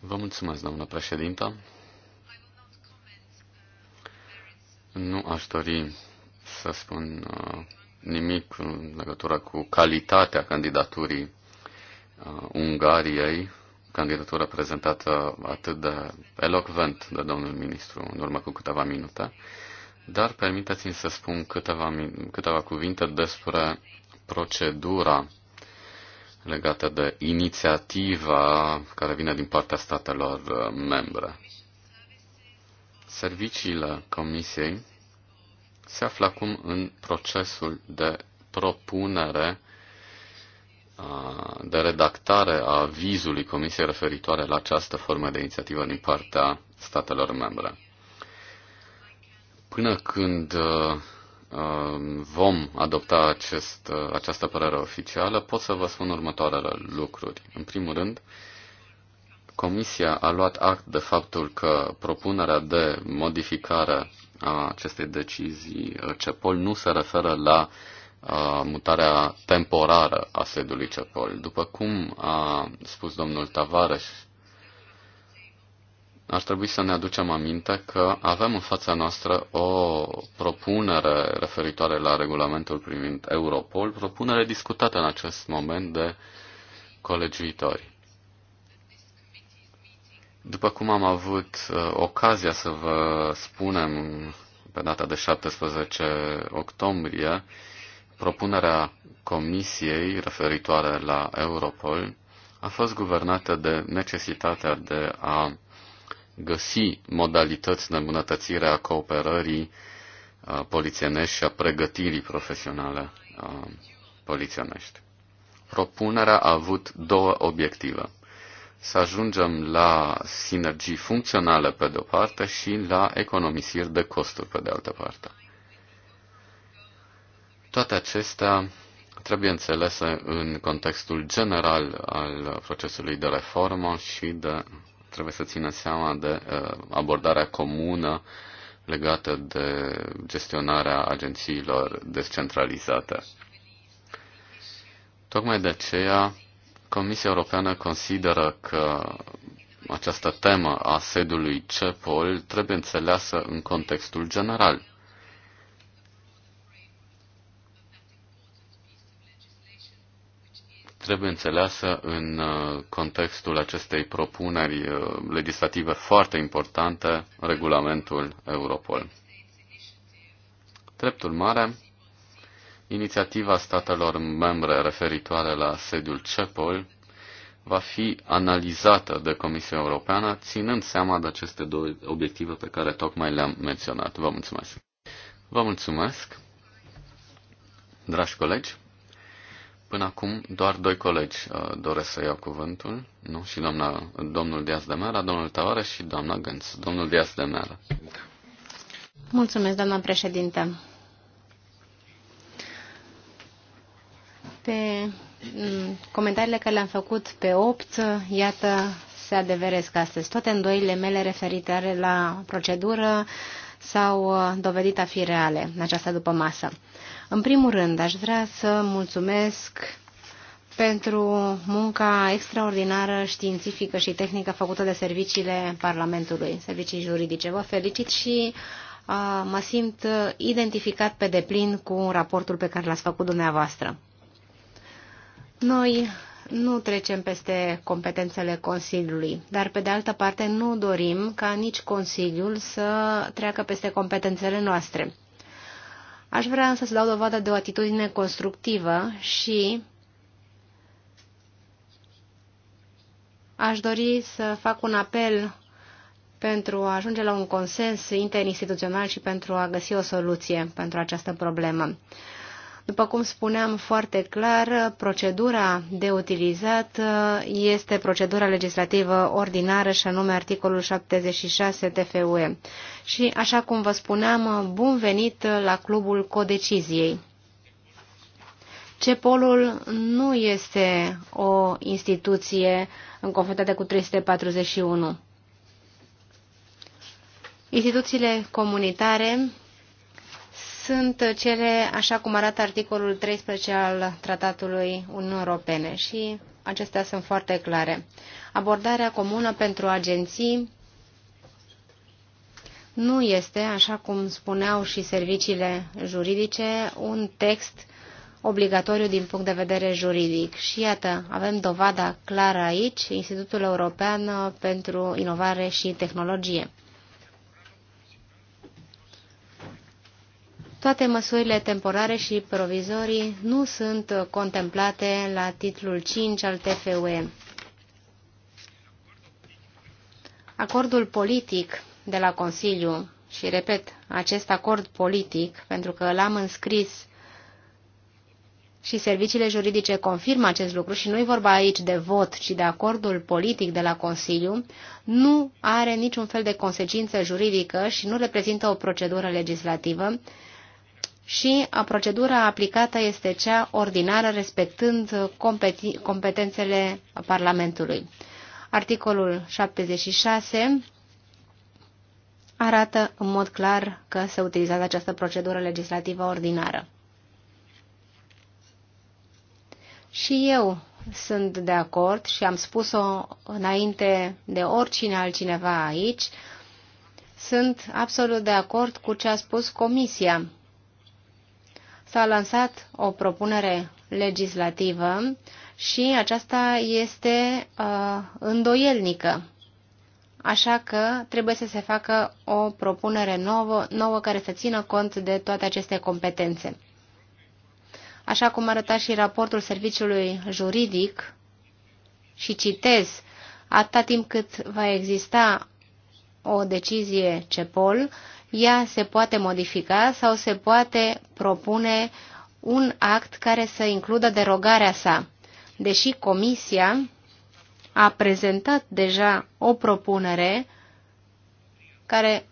Vă mulțumesc, doamna președintă. Nu aș dori să spun uh, nimic în legătură cu calitatea candidaturii uh, Ungariei candidatură prezentată atât de elocvent de domnul ministru în urmă cu câteva minute, dar permiteți-mi să spun câteva, câteva cuvinte despre procedura legată de inițiativa care vine din partea statelor uh, membre. Serviciile Comisiei se află acum în procesul de propunere de redactare a avizului Comisiei referitoare la această formă de inițiativă din partea statelor membre. Până când vom adopta acest, această părere oficială, pot să vă spun următoarele lucruri. În primul rând, Comisia a luat act de faptul că propunerea de modificare a acestei decizii CEPOL nu se referă la uh, mutarea temporară a sediului CEPOL. După cum a spus domnul Tavares, ar trebui să ne aducem aminte că avem în fața noastră o propunere referitoare la regulamentul privind Europol, propunere discutată în acest moment de colegiuitori. După cum am avut uh, ocazia să vă spunem pe data de 17 octombrie, propunerea Comisiei referitoare la Europol a fost guvernată de necesitatea de a găsi modalități de îmbunătățire a cooperării uh, polițienești și a pregătirii profesionale uh, polițienești. Propunerea a avut două obiective. Să ajungem la sinergii funcționale pe de o parte și la economisiri de costuri pe de altă parte. Toate acestea trebuie înțelese în contextul general al procesului de reformă și de, trebuie să țină seama de uh, abordarea comună legată de gestionarea agențiilor descentralizate. Tocmai de aceea, Comisia Europeană consideră că această temă a sedului CEPOL trebuie înțeleasă în contextul general trebuie înțeleasă în uh, contextul acestei propuneri uh, legislative foarte importante, regulamentul Europol. Drept urmare, inițiativa statelor membre referitoare la sediul CEPOL va fi analizată de Comisia Europeană, ținând seama de aceste două obiective pe care tocmai le-am menționat. Vă mulțumesc! Vă mulțumesc, dragi colegi! Până acum doar doi colegi uh, doresc să iau cuvântul, nu? Și doamna, domnul Diaz de Mera, domnul Tavare și doamna Gânț. Domnul Diaz de Mera. Mulțumesc, doamna președinte. Pe mm, comentariile care le-am făcut pe 8, iată, se adeveresc astăzi. Toate îndoile mele referitoare la procedură s-au uh, dovedit a fi reale în această după masă. În primul rând, aș vrea să mulțumesc pentru munca extraordinară, științifică și tehnică făcută de serviciile Parlamentului, servicii juridice. Vă felicit și a, mă simt identificat pe deplin cu raportul pe care l-ați făcut dumneavoastră. Noi nu trecem peste competențele Consiliului, dar pe de altă parte nu dorim ca nici Consiliul să treacă peste competențele noastre. Aș vrea însă să dau dovadă de o atitudine constructivă și aș dori să fac un apel pentru a ajunge la un consens interinstituțional și pentru a găsi o soluție pentru această problemă. După cum spuneam foarte clar, procedura de utilizat uh, este procedura legislativă ordinară și anume articolul 76 TFUE. Și, așa cum vă spuneam, uh, bun venit la clubul codeciziei. CEPOL-ul nu este o instituție în confruntate cu 341. Instituțiile comunitare sunt cele așa cum arată articolul 13 al Tratatului Uniunii Europene și acestea sunt foarte clare. Abordarea comună pentru agenții nu este, așa cum spuneau și serviciile juridice, un text obligatoriu din punct de vedere juridic. Și iată, avem dovada clară aici, Institutul European pentru Inovare și Tehnologie. Toate măsurile temporare și provizorii nu sunt contemplate la titlul 5 al TFUE. Acordul politic de la Consiliu, și repet, acest acord politic, pentru că l-am înscris și serviciile juridice confirmă acest lucru și nu e vorba aici de vot, ci de acordul politic de la Consiliu, nu are niciun fel de consecință juridică și nu reprezintă o procedură legislativă și a procedura aplicată este cea ordinară, respectând competențele Parlamentului. Articolul 76 arată în mod clar că se utilizează această procedură legislativă ordinară. Și eu sunt de acord și am spus-o înainte de oricine altcineva aici, sunt absolut de acord cu ce a spus Comisia s-a lansat o propunere legislativă și aceasta este uh, îndoielnică. Așa că trebuie să se facă o propunere nouă, nouă care să țină cont de toate aceste competențe. Așa cum arăta și raportul serviciului juridic, și citez, atâta timp cât va exista o decizie CEPOL, ea se poate modifica sau se poate propune un act care să includă derogarea sa. Deși Comisia a prezentat deja o propunere care,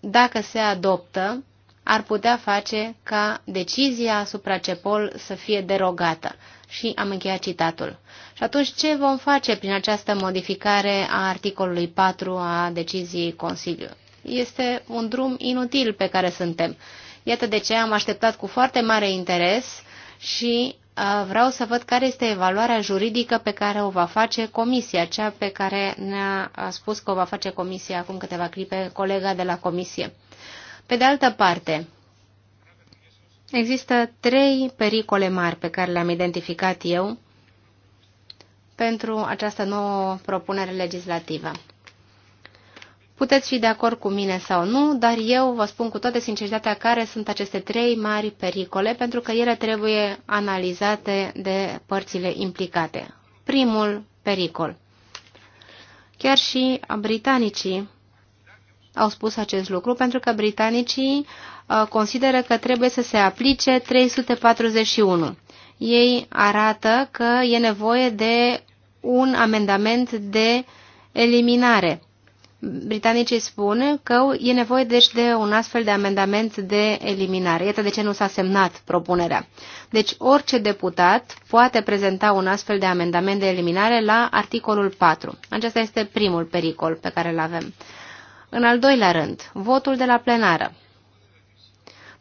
dacă se adoptă, ar putea face ca decizia asupra CEPOL să fie derogată. Și am încheiat citatul. Și atunci ce vom face prin această modificare a articolului 4 a deciziei Consiliului? este un drum inutil pe care suntem. Iată de ce am așteptat cu foarte mare interes și uh, vreau să văd care este evaluarea juridică pe care o va face comisia, cea pe care ne-a spus că o va face comisia acum câteva clipe, colega de la comisie. Pe de altă parte, există trei pericole mari pe care le-am identificat eu pentru această nouă propunere legislativă. Puteți fi de acord cu mine sau nu, dar eu vă spun cu toată sinceritatea care sunt aceste trei mari pericole, pentru că ele trebuie analizate de părțile implicate. Primul pericol. Chiar și britanicii au spus acest lucru, pentru că britanicii uh, consideră că trebuie să se aplice 341. Ei arată că e nevoie de un amendament de eliminare britanicii spune că e nevoie deci de un astfel de amendament de eliminare. Iată de ce nu s-a semnat propunerea. Deci orice deputat poate prezenta un astfel de amendament de eliminare la articolul 4. Acesta este primul pericol pe care îl avem. În al doilea rând, votul de la plenară.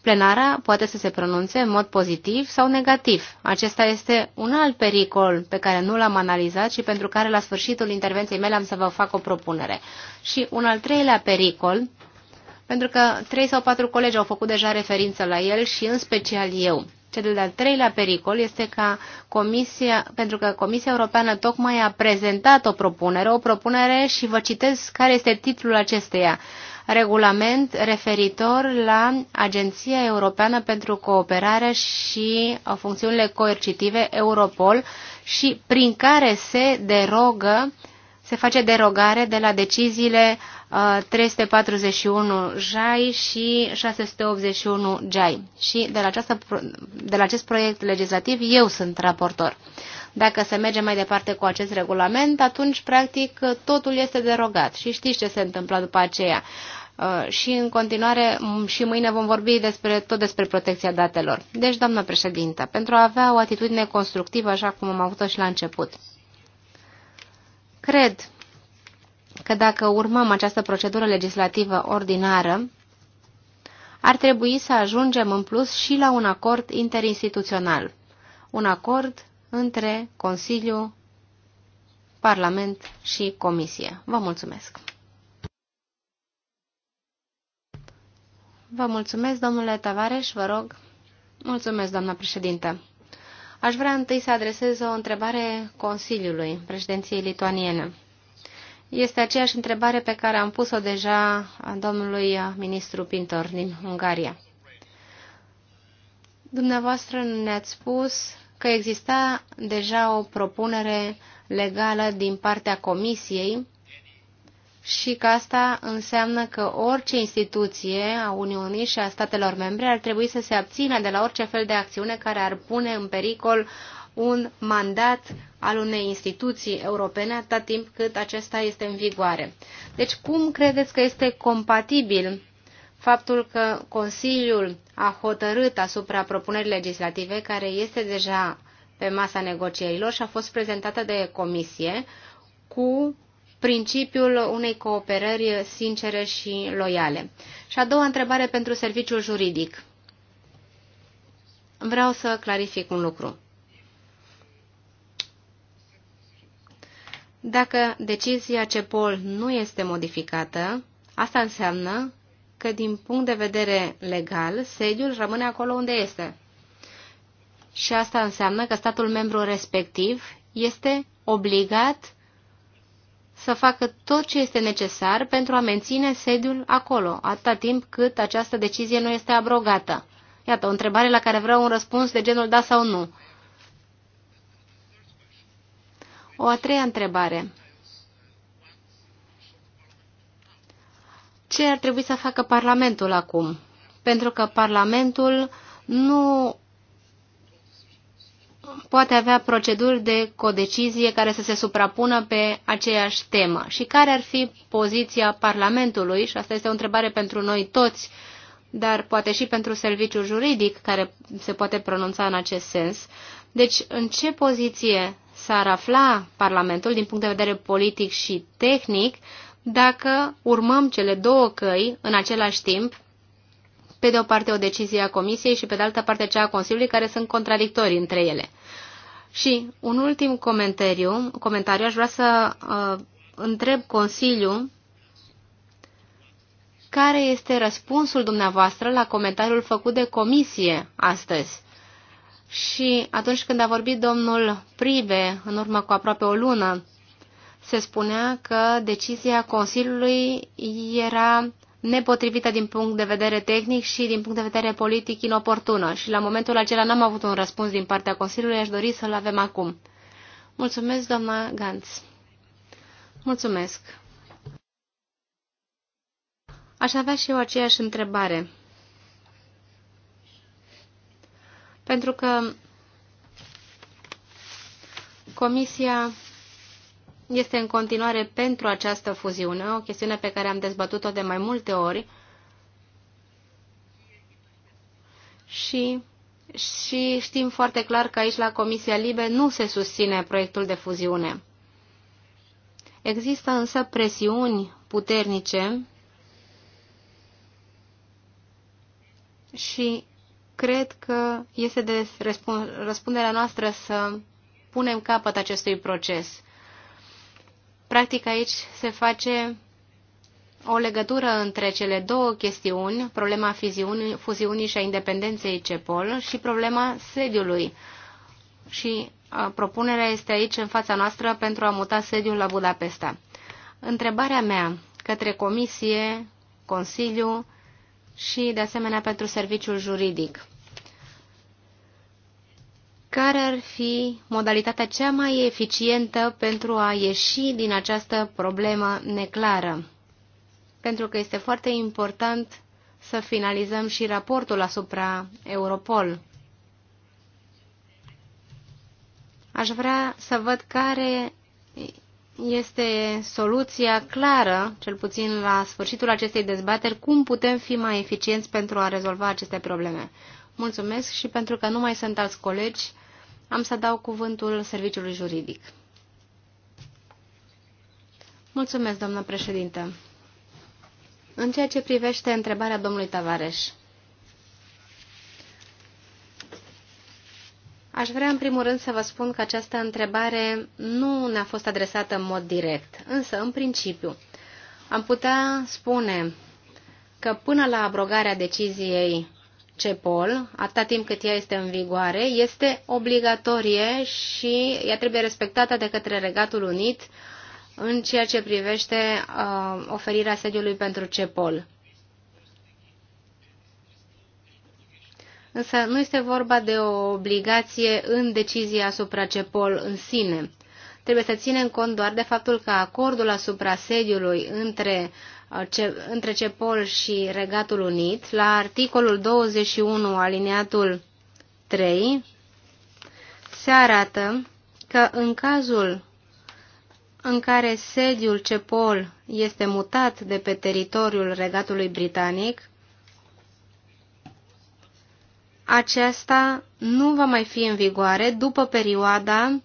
Plenara poate să se pronunțe în mod pozitiv sau negativ. Acesta este un alt pericol pe care nu l-am analizat și pentru care la sfârșitul intervenției mele am să vă fac o propunere. Și un al treilea pericol, pentru că trei sau patru colegi au făcut deja referință la el și în special eu. Cel de-al treilea pericol este ca Comisia, pentru că Comisia Europeană tocmai a prezentat o propunere, o propunere și vă citesc care este titlul acesteia regulament referitor la Agenția Europeană pentru Cooperare și uh, funcțiunile coercitive Europol și prin care se derogă se face derogare de la deciziile 341 uh, JAI și 681 JAI. Și de la, această, de la acest proiect legislativ eu sunt raportor. Dacă se merge mai departe cu acest regulament, atunci, practic, totul este derogat și știți ce se întâmplă după aceea. Uh, și în continuare, și mâine vom vorbi despre, tot despre protecția datelor. Deci, doamnă președintă, pentru a avea o atitudine constructivă, așa cum am avut-o și la început, cred că dacă urmăm această procedură legislativă ordinară, ar trebui să ajungem în plus și la un acord interinstituțional. Un acord între Consiliu, Parlament și Comisie. Vă mulțumesc! Vă mulțumesc, domnule Tavares, vă rog. Mulțumesc, doamna Președinte. Aș vrea întâi să adresez o întrebare Consiliului, președinției lituaniene. Este aceeași întrebare pe care am pus-o deja domnului ministru Pintor din Ungaria. Dumneavoastră ne-ați spus că exista deja o propunere legală din partea Comisiei și că asta înseamnă că orice instituție a Uniunii și a statelor membre ar trebui să se abțină de la orice fel de acțiune care ar pune în pericol un mandat al unei instituții europene atât timp cât acesta este în vigoare. Deci cum credeți că este compatibil faptul că Consiliul a hotărât asupra propunerii legislative care este deja pe masa negocierilor și a fost prezentată de comisie cu principiul unei cooperări sincere și loiale. Și a doua întrebare pentru serviciul juridic. Vreau să clarific un lucru. Dacă decizia CEPOL nu este modificată, asta înseamnă că din punct de vedere legal, sediul rămâne acolo unde este. Și asta înseamnă că statul membru respectiv este obligat să facă tot ce este necesar pentru a menține sediul acolo, atâta timp cât această decizie nu este abrogată. Iată, o întrebare la care vreau un răspuns de genul da sau nu. O a treia întrebare. ce ar trebui să facă Parlamentul acum? Pentru că Parlamentul nu poate avea proceduri de codecizie care să se suprapună pe aceeași temă. Și care ar fi poziția Parlamentului? Și asta este o întrebare pentru noi toți, dar poate și pentru serviciul juridic care se poate pronunța în acest sens. Deci, în ce poziție s-ar afla Parlamentul din punct de vedere politic și tehnic dacă urmăm cele două căi în același timp, pe de o parte o decizie a Comisiei și pe de altă parte cea a Consiliului, care sunt contradictorii între ele. Și un ultim comentariu, comentariu aș vrea să uh, întreb Consiliul care este răspunsul dumneavoastră la comentariul făcut de Comisie astăzi. Și atunci când a vorbit domnul Prive, în urmă cu aproape o lună, se spunea că decizia Consiliului era nepotrivită din punct de vedere tehnic și din punct de vedere politic inoportună și la momentul acela n-am avut un răspuns din partea Consiliului, aș dori să-l avem acum. Mulțumesc, doamna Ganț. Mulțumesc. Aș avea și eu aceeași întrebare. Pentru că Comisia este în continuare pentru această fuziune, o chestiune pe care am dezbătut-o de mai multe ori și, și știm foarte clar că aici la Comisia Libe nu se susține proiectul de fuziune. Există însă presiuni puternice și cred că este de răspunderea noastră să punem capăt acestui proces. Practic aici se face o legătură între cele două chestiuni, problema fuziunii și a independenței CEPOL și problema sediului. Și a, propunerea este aici în fața noastră pentru a muta sediul la Budapesta. Întrebarea mea către Comisie, Consiliu și de asemenea pentru Serviciul Juridic care ar fi modalitatea cea mai eficientă pentru a ieși din această problemă neclară. Pentru că este foarte important să finalizăm și raportul asupra Europol. Aș vrea să văd care este soluția clară, cel puțin la sfârșitul acestei dezbateri, cum putem fi mai eficienți pentru a rezolva aceste probleme. Mulțumesc și pentru că nu mai sunt alți colegi, am să dau cuvântul serviciului juridic. Mulțumesc, doamnă președintă. În ceea ce privește întrebarea domnului Tavares, Aș vrea în primul rând să vă spun că această întrebare nu ne-a fost adresată în mod direct, însă în principiu am putea spune că până la abrogarea deciziei CEPOL, atâta timp cât ea este în vigoare, este obligatorie și ea trebuie respectată de către Regatul Unit în ceea ce privește uh, oferirea sediului pentru CEPOL. Însă nu este vorba de o obligație în decizia asupra CEPOL în sine. Trebuie să ținem cont doar de faptul că acordul asupra sediului între Uh, ce, între CEPOL și Regatul Unit, la articolul 21, aliniatul 3, se arată că în cazul în care sediul CEPOL este mutat de pe teritoriul Regatului Britanic, aceasta nu va mai fi în vigoare după perioada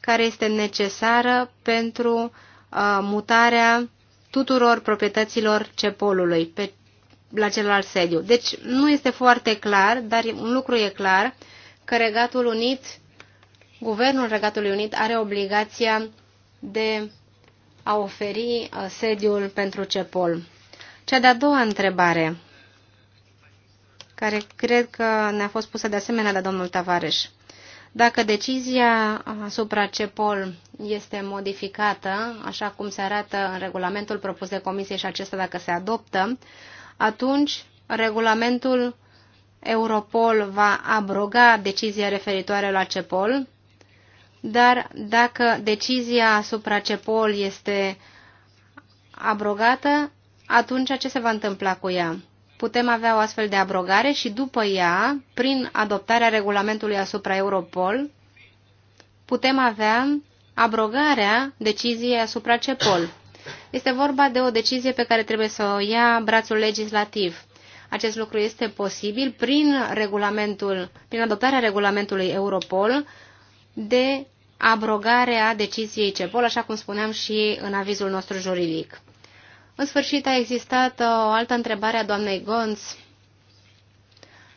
care este necesară pentru uh, mutarea tuturor proprietăților cepolului pe, la celălalt sediu. Deci nu este foarte clar, dar un lucru e clar, că Regatul Unit, Guvernul Regatului Unit are obligația de a oferi uh, sediul pentru CEPOL. Cea de-a doua întrebare, care cred că ne-a fost pusă de asemenea de domnul Tavares. Dacă decizia asupra CEPOL este modificată, așa cum se arată în regulamentul propus de comisie și acesta dacă se adoptă, atunci regulamentul Europol va abroga decizia referitoare la CEPOL, dar dacă decizia asupra CEPOL este abrogată, atunci ce se va întâmpla cu ea? putem avea o astfel de abrogare și după ea, prin adoptarea regulamentului asupra Europol, putem avea abrogarea deciziei asupra CEPOL. Este vorba de o decizie pe care trebuie să o ia brațul legislativ. Acest lucru este posibil prin, regulamentul, prin adoptarea regulamentului Europol de abrogarea deciziei CEPOL, așa cum spuneam și în avizul nostru juridic. În sfârșit a existat uh, o altă întrebare a doamnei Gonț,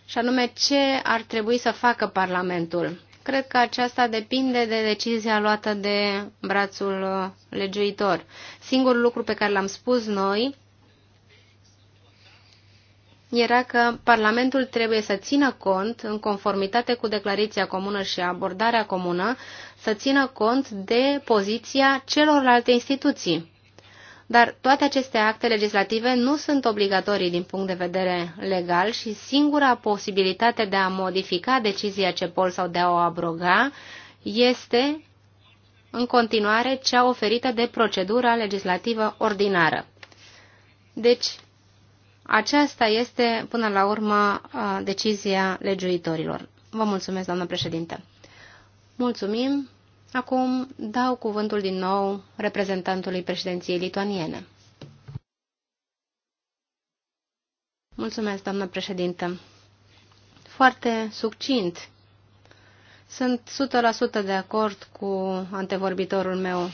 și anume ce ar trebui să facă Parlamentul. Cred că aceasta depinde de decizia luată de brațul uh, legiuitor. Singurul lucru pe care l-am spus noi era că Parlamentul trebuie să țină cont, în conformitate cu declarația comună și abordarea comună, să țină cont de poziția celorlalte instituții. Dar toate aceste acte legislative nu sunt obligatorii din punct de vedere legal și singura posibilitate de a modifica decizia CEPOL sau de a o abroga este în continuare cea oferită de procedura legislativă ordinară. Deci, aceasta este, până la urmă, decizia legiuitorilor. Vă mulțumesc, doamnă președinte. Mulțumim. Acum dau cuvântul din nou reprezentantului președinției lituaniene. Mulțumesc, doamnă președintă. Foarte succint. Sunt 100% de acord cu antevorbitorul meu,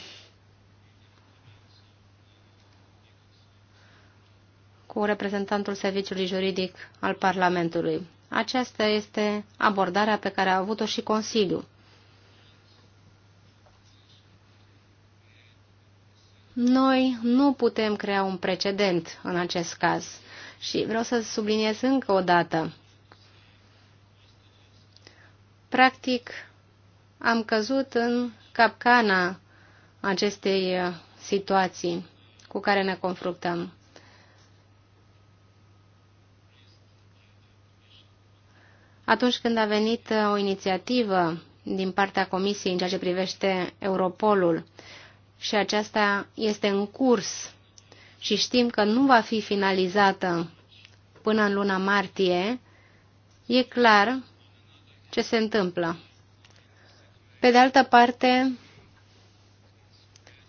cu reprezentantul Serviciului Juridic al Parlamentului. Aceasta este abordarea pe care a avut-o și Consiliul. Noi nu putem crea un precedent în acest caz. Și vreau să subliniez încă o dată. Practic, am căzut în capcana acestei uh, situații cu care ne confruntăm. Atunci când a venit uh, o inițiativă din partea Comisiei în ceea ce privește Europolul și aceasta este în curs și știm că nu va fi finalizată până în luna martie, e clar ce se întâmplă. Pe de altă parte,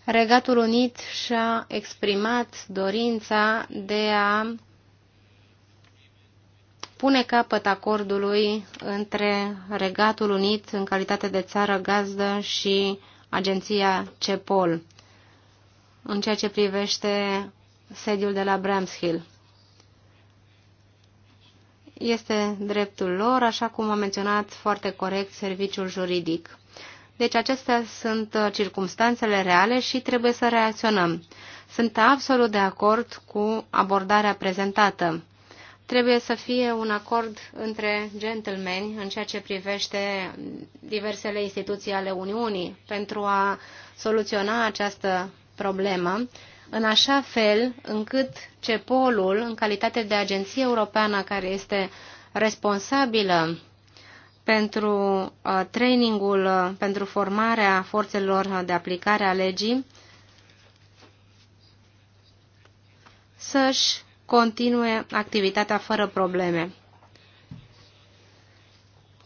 Regatul Unit și-a exprimat dorința de a pune capăt acordului între Regatul Unit în calitate de țară gazdă și agenția CEPOL în ceea ce privește sediul de la Bramshill. Este dreptul lor, așa cum a menționat foarte corect serviciul juridic. Deci acestea sunt uh, circumstanțele reale și trebuie să reacționăm. Sunt absolut de acord cu abordarea prezentată trebuie să fie un acord între gentlemen în ceea ce privește diversele instituții ale Uniunii pentru a soluționa această problemă, în așa fel încât CEPOL-ul, în calitate de agenție europeană care este responsabilă pentru uh, trainingul, uh, pentru formarea forțelor de aplicare a legii, să-și continue activitatea fără probleme.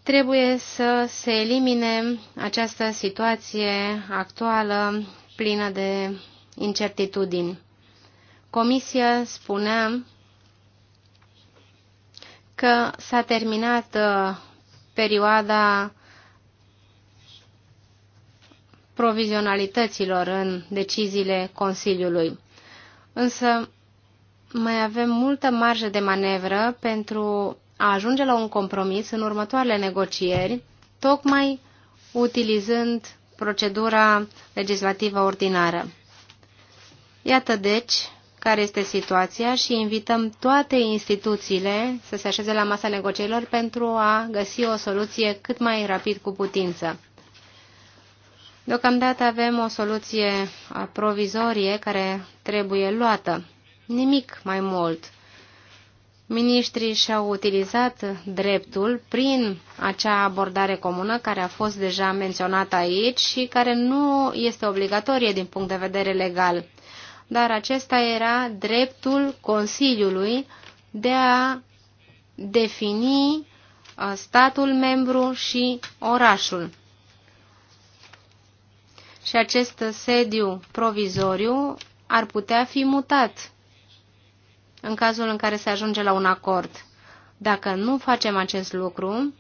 Trebuie să se elimine această situație actuală plină de incertitudini. Comisia spunea că s-a terminat uh, perioada provizionalităților în deciziile Consiliului. Însă mai avem multă marjă de manevră pentru a ajunge la un compromis în următoarele negocieri, tocmai utilizând procedura legislativă ordinară. Iată deci care este situația și invităm toate instituțiile să se așeze la masa negocierilor pentru a găsi o soluție cât mai rapid cu putință. Deocamdată avem o soluție provizorie care trebuie luată nimic mai mult. Ministrii și-au utilizat dreptul prin acea abordare comună care a fost deja menționată aici și care nu este obligatorie din punct de vedere legal. Dar acesta era dreptul Consiliului de a defini statul membru și orașul. Și acest sediu provizoriu ar putea fi mutat în cazul în care se ajunge la un acord. Dacă nu facem acest lucru,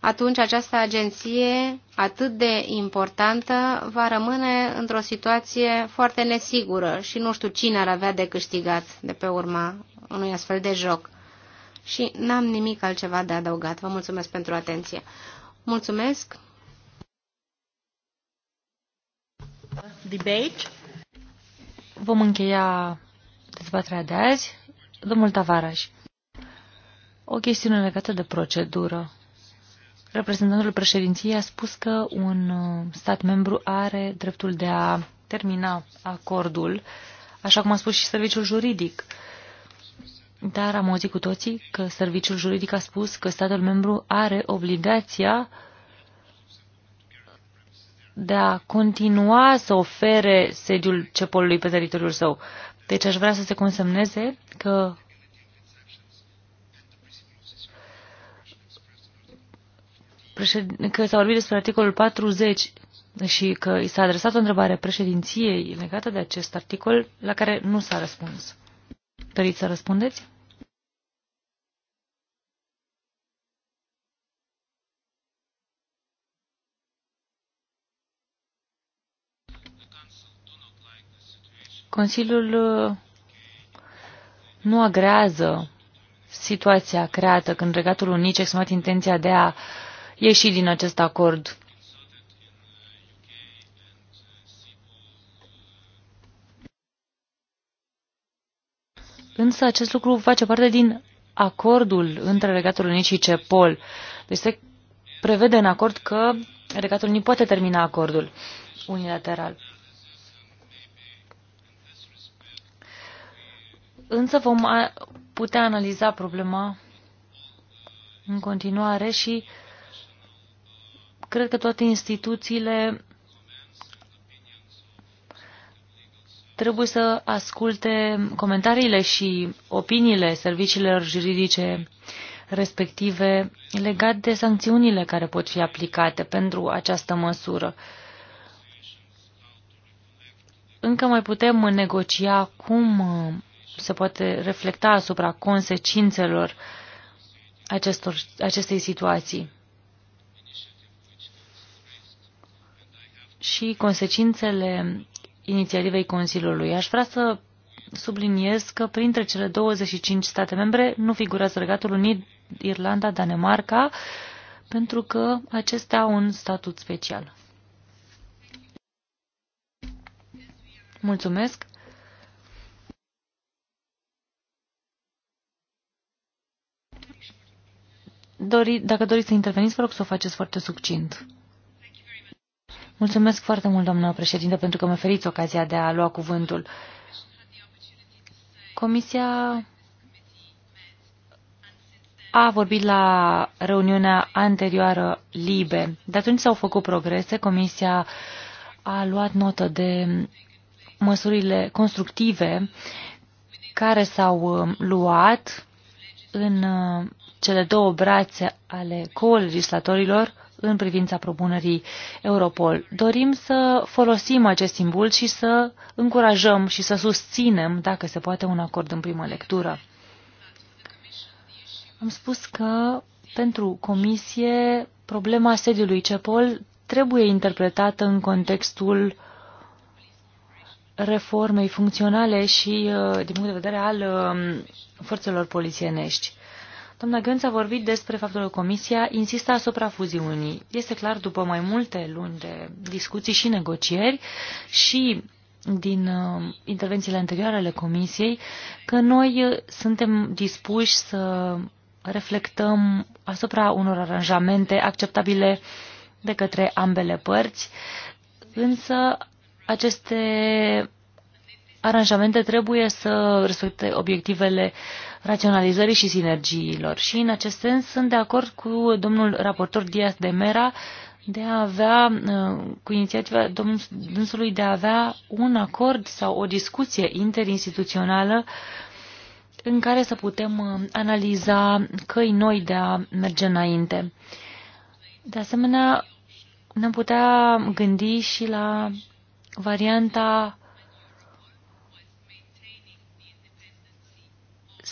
atunci această agenție atât de importantă va rămâne într-o situație foarte nesigură și nu știu cine ar avea de câștigat de pe urma unui astfel de joc. Și n-am nimic altceva de adăugat. Vă mulțumesc pentru atenție. Mulțumesc! Debate. Vom încheia dezbaterea de azi. Domnul Tavaraș, o chestiune legată de procedură. Reprezentantul președinției a spus că un uh, stat membru are dreptul de a termina acordul, așa cum a spus și serviciul juridic. Dar am auzit cu toții că serviciul juridic a spus că statul membru are obligația de a continua să ofere sediul cepolului pe teritoriul său. Deci aș vrea să se consemneze că că s-a vorbit despre articolul 40 și că i s-a adresat o întrebare președinției legată de acest articol la care nu s-a răspuns. Doriți să răspundeți? Consiliul uh, nu agrează situația creată când Regatul Unic a exprimat intenția de a ieși din acest acord. Însă acest lucru face parte din acordul între Regatul Unic și CEPOL. Deci se prevede în acord că Regatul Unic poate termina acordul unilateral. Însă vom putea analiza problema în continuare și cred că toate instituțiile trebuie să asculte comentariile și opiniile serviciilor juridice respective legat de sancțiunile care pot fi aplicate pentru această măsură. Încă mai putem negocia cum se poate reflecta asupra consecințelor acestor, acestei situații și consecințele inițiativei Consiliului. Aș vrea să subliniez că printre cele 25 state membre nu figurează Regatul Unit, Irlanda, Danemarca, pentru că acestea au un statut special. Mulțumesc! Dori, dacă doriți să interveniți, vă rog să o faceți foarte succint. Mulțumesc foarte mult, doamnă președinte, pentru că mă oferiți ocazia de a lua cuvântul. Comisia a vorbit la reuniunea anterioară LIBE. De atunci s-au făcut progrese. Comisia a luat notă de măsurile constructive care s-au uh, luat în uh, cele două brațe ale co-legislatorilor în privința propunerii Europol. Dorim să folosim acest simbol și să încurajăm și să susținem, dacă se poate, un acord în primă lectură. Am spus că pentru comisie problema sediului CEPOL trebuie interpretată în contextul reformei funcționale și uh, din punct de vedere al um, forțelor polițienești. Doamna Gânț a vorbit despre faptul că Comisia insistă asupra fuziunii. Este clar, după mai multe luni de discuții și negocieri și din uh, intervențiile anterioare ale Comisiei, că noi uh, suntem dispuși să reflectăm asupra unor aranjamente acceptabile de către ambele părți, însă aceste aranjamente trebuie să respecte obiectivele uh, raționalizării și sinergiilor. Și în acest sens sunt de acord cu domnul raportor Diaz de Mera de a avea, uh, cu inițiativa dânsului de a avea un acord sau o discuție interinstituțională în care să putem uh, analiza căi noi de a merge înainte. De asemenea, ne-am putea gândi și la varianta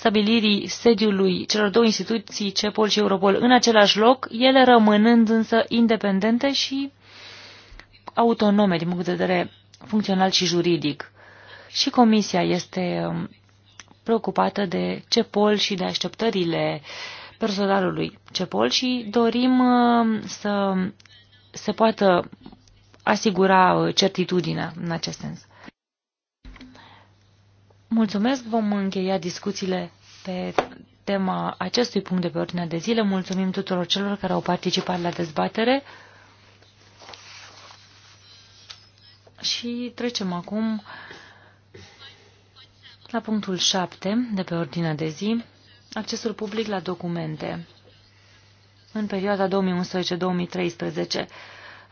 stabilirii sediului celor două instituții, CEPOL și Europol, în același loc, ele rămânând însă independente și autonome din punct de vedere funcțional și juridic. Și Comisia este um, preocupată de CEPOL și de așteptările personalului CEPOL și dorim um, să se poată asigura uh, certitudinea în acest sens. Mulțumesc, vom încheia discuțiile pe tema acestui punct de pe ordinea de zi. mulțumim tuturor celor care au participat la dezbatere. Și trecem acum la punctul 7 de pe ordinea de zi, accesul public la documente. În perioada 2011-2013,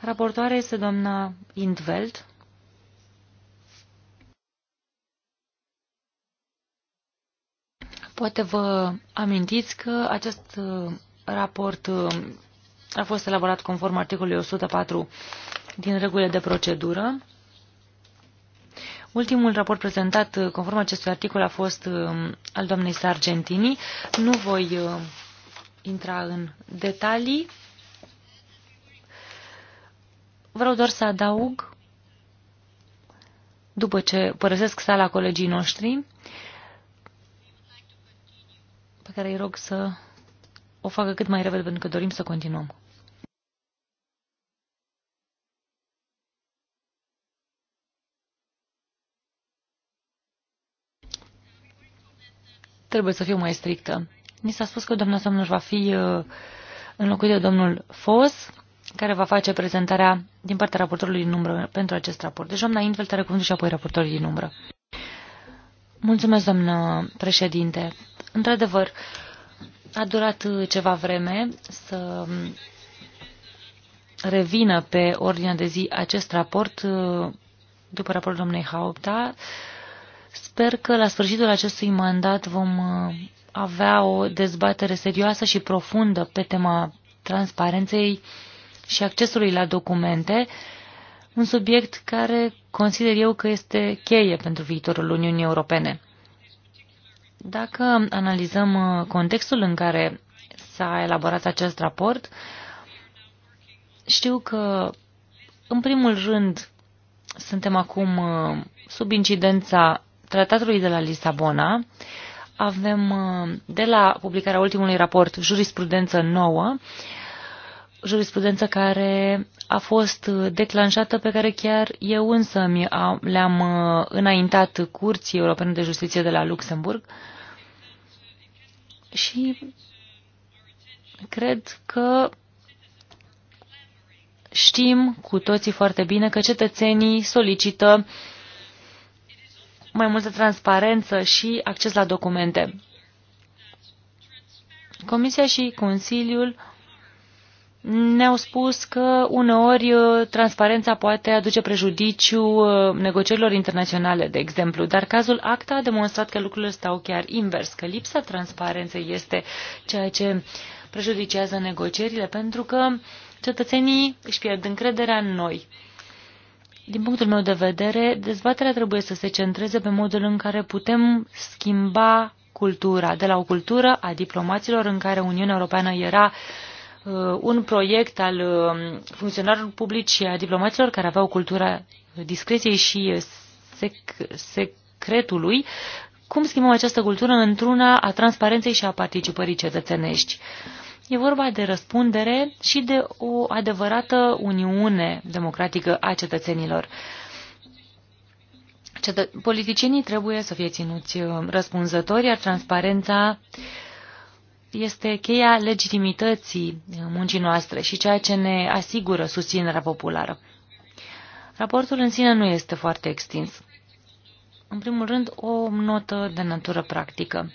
raportoarea este doamna Intveld. Poate vă amintiți că acest uh, raport uh, a fost elaborat conform articolului 104 din regulile de procedură. Ultimul raport prezentat uh, conform acestui articol a fost al doamnei Sargentini. Nu voi intra în detalii. Vreau doar să adaug, după ce părăsesc sala colegii noștri, pe care îi rog să o facă cât mai repede, pentru că dorim să continuăm. Trebuie să fiu mai strictă. Ni s-a spus că doamna Somnuș va fi uh, înlocuit de domnul Fos, care va face prezentarea din partea raportorului din umbră pentru acest raport. Deci, doamna Invel, tare cuvântul și apoi raportorul din umbră. Mulțumesc, doamnă președinte. Într-adevăr, a durat uh, ceva vreme să um, revină pe ordinea de zi acest raport uh, după raportul domnului Haupta. Sper că la sfârșitul acestui mandat vom uh, avea o dezbatere serioasă și profundă pe tema transparenței și accesului la documente, un subiect care consider eu că este cheie pentru viitorul Uniunii Europene. Dacă analizăm uh, contextul în care s-a elaborat acest raport, știu că, în primul rând, suntem acum uh, sub incidența Tratatului de la Lisabona. Avem, uh, de la publicarea ultimului raport, jurisprudență nouă jurisprudență care a fost declanșată, pe care chiar eu însă le-am uh, înaintat Curții Europene de Justiție de la Luxemburg. Și cred că știm cu toții foarte bine că cetățenii solicită mai multă transparență și acces la documente. Comisia și Consiliul ne-au spus că uneori uh, transparența poate aduce prejudiciu uh, negocierilor internaționale, de exemplu, dar cazul ACTA a demonstrat că lucrurile stau chiar invers, că lipsa transparenței este ceea ce prejudicează negocierile, pentru că cetățenii își pierd încrederea în noi. Din punctul meu de vedere, dezbaterea trebuie să se centreze pe modul în care putem schimba cultura, de la o cultură a diplomaților în care Uniunea Europeană era uh, Uh, un proiect al um, funcționarilor publici și a diplomaților care aveau cultura discreției și sec- secretului, cum schimbăm această cultură într-una a transparenței și a participării cetățenești. E vorba de răspundere și de o adevărată uniune democratică a cetățenilor. Cetă politicienii trebuie să fie ținuți uh, răspunzători, iar transparența uh, este cheia legitimității muncii noastre și ceea ce ne asigură susținerea populară. Raportul în sine nu este foarte extins. În primul rând, o notă de natură practică.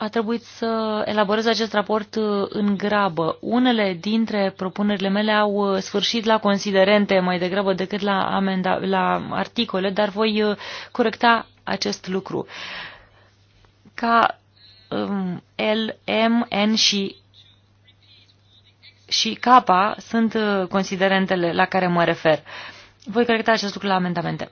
a trebuit să elaborez acest raport în grabă. Unele dintre propunerile mele au sfârșit la considerente mai degrabă decât la, amenda, la articole, dar voi corecta acest lucru. Ca um, L, M, N și și K sunt uh, considerentele la care mă refer. Voi corecta acest lucru la amendamente.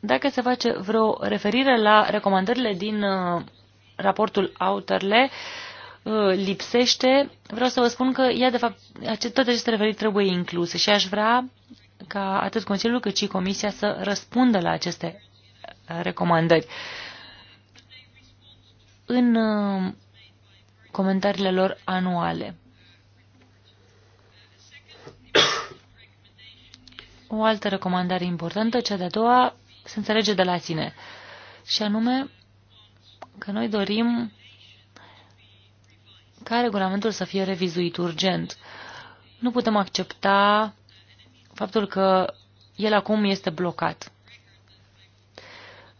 Dacă se face vreo referire la recomandările din uh, raportul Autorle, uh, lipsește, vreau să vă spun că ea, de fapt, toate aceste referiri trebuie incluse și aș vrea ca atât Consiliul cât și Comisia să răspundă la aceste recomandări. În uh, comentariile lor anuale. O altă recomandare importantă, cea de-a doua, se înțelege de la sine. Și anume că noi dorim ca regulamentul să fie revizuit urgent. Nu putem accepta faptul că el acum este blocat.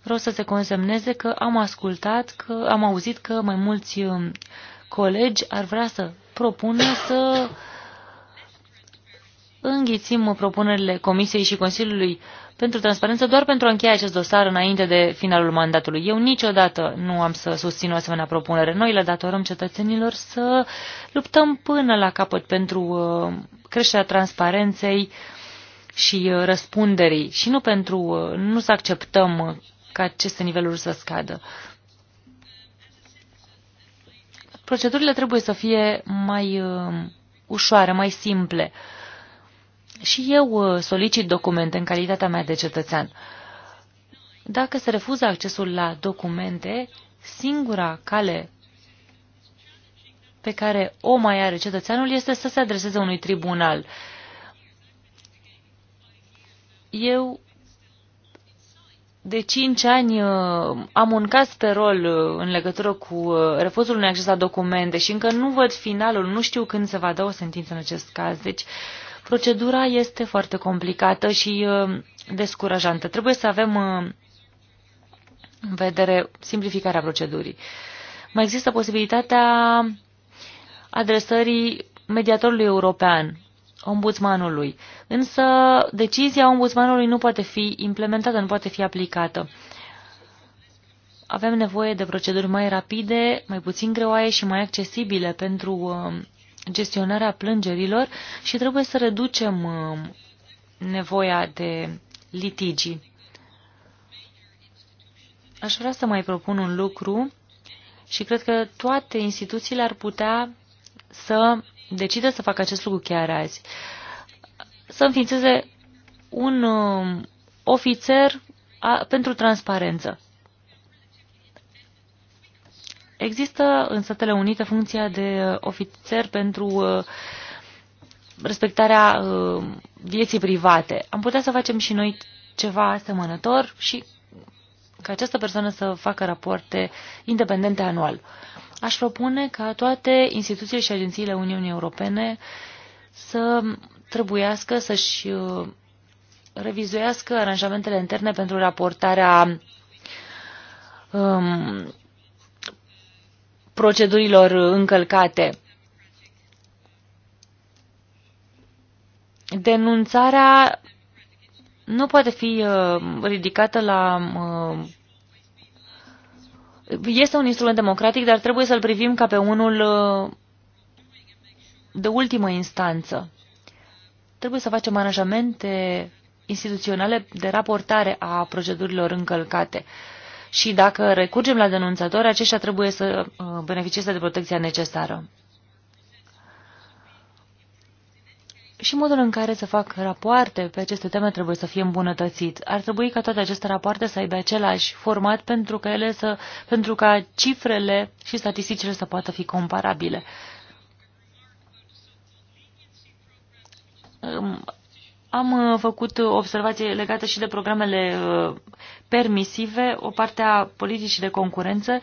Vreau să se consemneze că am ascultat, că am auzit că mai mulți um, colegi ar vrea să propună să înghițim propunerile Comisiei și Consiliului pentru transparență doar pentru a încheia acest dosar înainte de finalul mandatului. Eu niciodată nu am să susțin o asemenea propunere. Noi le datorăm cetățenilor să luptăm până la capăt pentru uh, creșterea transparenței și uh, răspunderii și nu pentru, uh, nu să acceptăm uh, ca aceste niveluri să scadă. Procedurile trebuie să fie mai ușoare, mai simple. Și eu solicit documente în calitatea mea de cetățean. Dacă se refuză accesul la documente, singura cale pe care o mai are cetățeanul este să se adreseze unui tribunal. Eu de 5 ani uh, am un caz pe rol uh, în legătură cu uh, refuzul unui acces la documente și încă nu văd finalul, nu știu când se va da o sentință în acest caz. Deci, procedura este foarte complicată și descurajantă. Trebuie să avem în vedere simplificarea procedurii. Mai există posibilitatea adresării mediatorului european ombudsmanului. Însă decizia ombudsmanului nu poate fi implementată, nu poate fi aplicată. Avem nevoie de proceduri mai rapide, mai puțin greoaie și mai accesibile pentru um, gestionarea plângerilor și trebuie să reducem um, nevoia de litigii. Aș vrea să mai propun un lucru și cred că toate instituțiile ar putea să decide să facă acest lucru chiar azi, să înființeze un uh, ofițer a, pentru transparență. Există în Statele Unite funcția de uh, ofițer pentru uh, respectarea uh, vieții private. Am putea să facem și noi ceva asemănător și ca această persoană să facă rapoarte independente anual. Uh, Aș propune ca toate instituțiile și agențiile Uniunii Europene să trebuiască să-și uh, revizuiască aranjamentele interne pentru raportarea um, procedurilor încălcate. Denunțarea nu poate fi uh, ridicată la uh, este un instrument democratic, dar trebuie să-l privim ca pe unul uh, de ultimă instanță. Trebuie să facem aranjamente instituționale de raportare a procedurilor încălcate. Și dacă recurgem la denunțători, aceștia trebuie să uh, beneficieze de protecția necesară. și modul în care se fac rapoarte pe aceste teme trebuie să fie îmbunătățit. Ar trebui ca toate aceste rapoarte să aibă același format pentru că ele să, pentru ca cifrele și statisticile să poată fi comparabile. Am uh, făcut observații legate și de programele uh, permisive, o parte a politicii de concurență.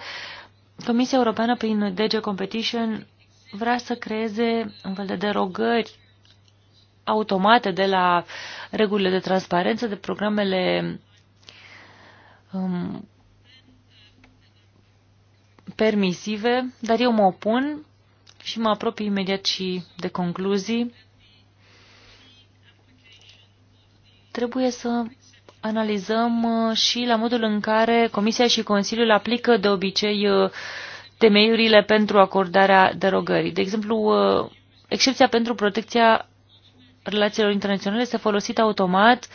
Comisia Europeană, prin DG Competition, vrea să creeze un fel de derogări automate de la regulile de transparență, de programele um, permisive, dar eu mă opun și mă apropii imediat și de concluzii. Trebuie să analizăm uh, și la modul în care Comisia și Consiliul aplică de obicei uh, temeiurile pentru acordarea derogării. De exemplu, uh, excepția pentru protecția relațiilor internaționale este folosit automat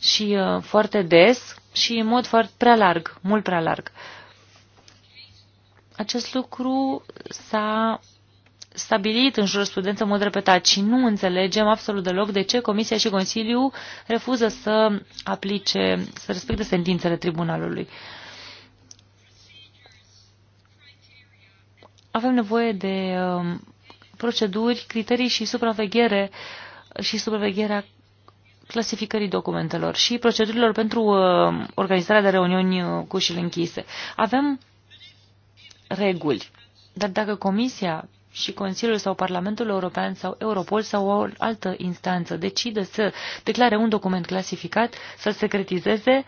și uh, foarte des și în mod foarte prea larg, mult prea larg. Acest lucru s-a stabilit în jurisprudență în mod repetat și nu înțelegem absolut deloc de ce Comisia și Consiliul refuză să aplice, să respecte sentințele tribunalului. Avem nevoie de uh, proceduri, criterii și supraveghere uh, și supravegherea clasificării documentelor și procedurilor pentru uh, organizarea de reuniuni uh, cu ușile închise. Avem reguli, dar dacă Comisia și Consiliul sau Parlamentul European sau Europol sau o altă instanță decide să declare un document clasificat, să-l secretizeze,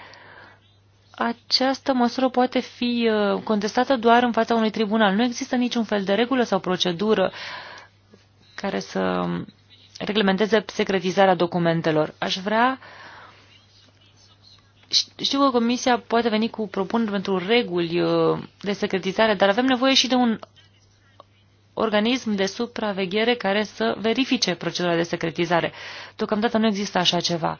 această măsură poate fi uh, contestată doar în fața unui tribunal. Nu există niciun fel de regulă sau procedură care să reglementeze secretizarea documentelor. Aș vrea știu că Comisia poate veni cu propuneri pentru reguli uh, de secretizare, dar avem nevoie și de un organism de supraveghere care să verifice procedura de secretizare. Deocamdată nu există așa ceva.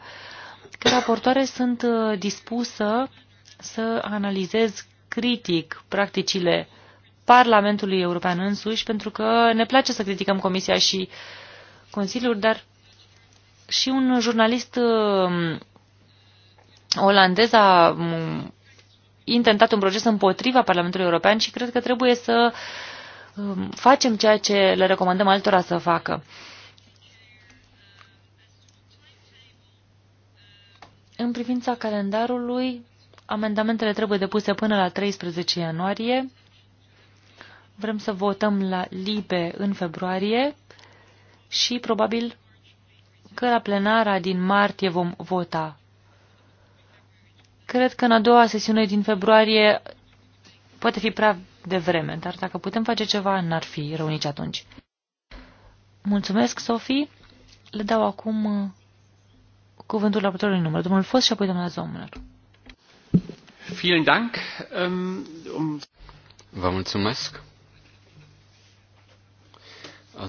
Că raportoare sunt uh, dispusă să analizez critic practicile Parlamentului European însuși, pentru că ne place să criticăm Comisia și uh, consiliuri, dar și un jurnalist um, olandez a um, intentat un proces împotriva Parlamentului European și cred că trebuie să um, facem ceea ce le recomandăm altora să facă. În privința calendarului, amendamentele trebuie depuse până la 13 ianuarie. Vrem să votăm la LIBE în februarie și probabil că la plenara din martie vom vota. Cred că în a doua sesiune din februarie poate fi prea devreme, dar dacă putem face ceva, n-ar fi rău nici atunci. Mulțumesc, Sofie. Le dau acum uh, cuvântul raportorului număr, domnul Fost și apoi domnul Zomner. Vielen Dank. Ähm, um- Vă mulțumesc.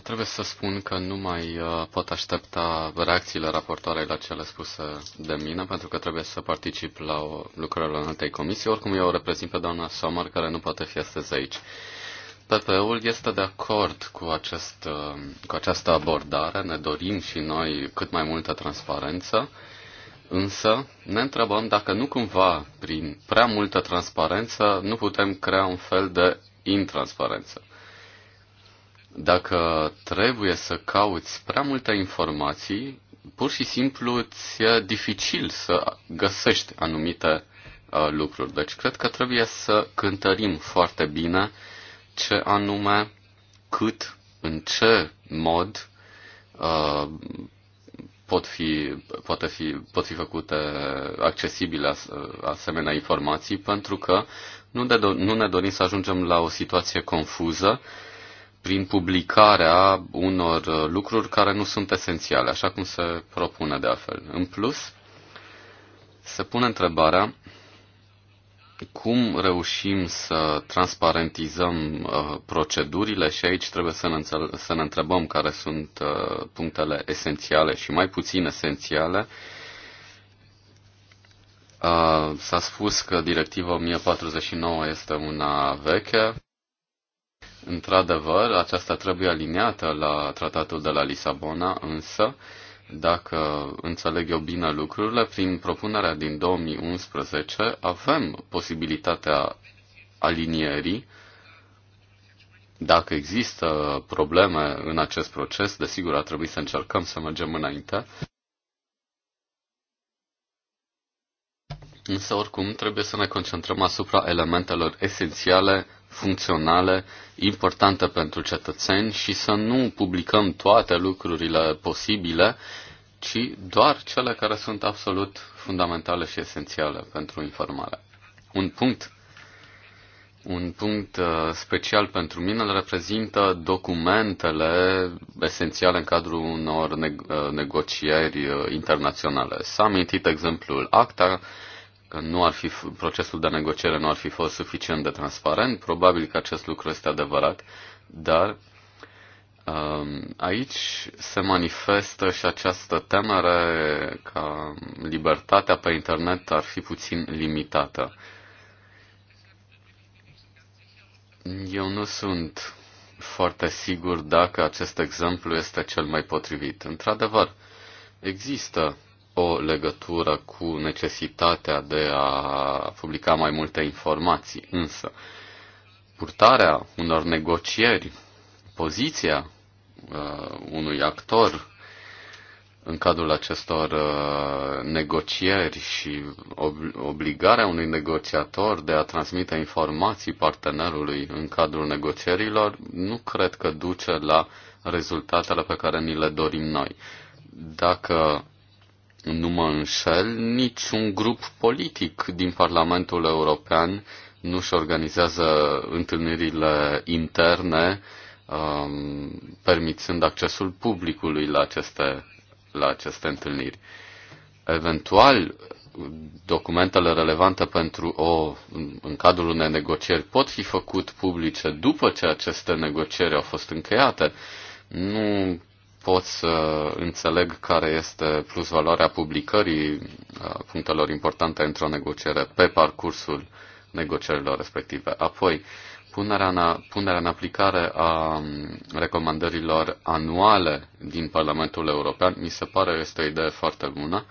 Trebuie să spun că nu mai uh, pot aștepta reacțiile raportoarei la cele spuse de mine, pentru că trebuie să particip la o, lucrările în altei comisii. Oricum, eu o reprezint pe doamna Sommer, care nu poate fi astăzi aici. PPE-ul este de acord cu, acest, uh, cu această abordare, ne dorim și noi cât mai multă transparență, însă ne întrebăm dacă nu cumva, prin prea multă transparență, nu putem crea un fel de intransparență. Dacă trebuie să cauți prea multe informații, pur și simplu ți-e dificil să găsești anumite uh, lucruri. Deci cred că trebuie să cântărim foarte bine ce anume, cât, în ce mod uh, pot fi, poate fi, pot fi făcute accesibile uh, asemenea informații, pentru că nu, de, nu ne dorim să ajungem la o situație confuză uh, prin publicarea unor uh, lucruri care nu sunt esențiale, așa cum se propune de altfel. În plus, se pune întrebarea cum reușim să transparentizăm uh, procedurile și aici trebuie să ne, înțel- să ne întrebăm care sunt uh, punctele esențiale și mai puțin esențiale. Uh, s-a spus că directiva 1049 este una veche. Într-adevăr, aceasta trebuie aliniată la tratatul de la Lisabona, însă, dacă înțeleg eu bine lucrurile, prin propunerea din 2011 avem posibilitatea alinierii. Dacă există probleme în acest proces, desigur ar trebui să încercăm să mergem înainte. Însă, oricum, trebuie să ne concentrăm asupra elementelor esențiale funcționale importante pentru cetățeni și să nu publicăm toate lucrurile posibile, ci doar cele care sunt absolut fundamentale și esențiale pentru informare. Un punct un punct uh, special pentru mine îl reprezintă documentele esențiale în cadrul unor uh, negocieri uh, internaționale. S-a amintit exemplul ACTA, nu ar fi, procesul de negociere nu ar fi fost suficient de transparent. Probabil că acest lucru este adevărat, dar um, Aici se manifestă și această temere că libertatea pe internet ar fi puțin limitată. Eu nu sunt foarte sigur dacă acest exemplu este cel mai potrivit. Într-adevăr, există o legătură cu necesitatea de a publica mai multe informații, însă purtarea unor negocieri, poziția uh, unui actor în cadrul acestor uh, negocieri și ob- obligarea unui negociator de a transmite informații partenerului în cadrul negocierilor, nu cred că duce la rezultatele pe care ni le dorim noi. Dacă nu mă înșel, niciun grup politic din Parlamentul European nu își organizează întâlnirile interne, um, permițând accesul publicului la aceste, la aceste întâlniri. Eventual, documentele relevante pentru o, în cadrul unei negocieri pot fi făcut publice după ce aceste negocieri au fost încheiate. Nu pot să înțeleg care este plus valoarea publicării uh, punctelor importante într-o negociere pe parcursul negocierilor respective. Apoi, punerea în, punerea în aplicare a um, recomandărilor anuale din Parlamentul European mi se pare este o idee foarte bună.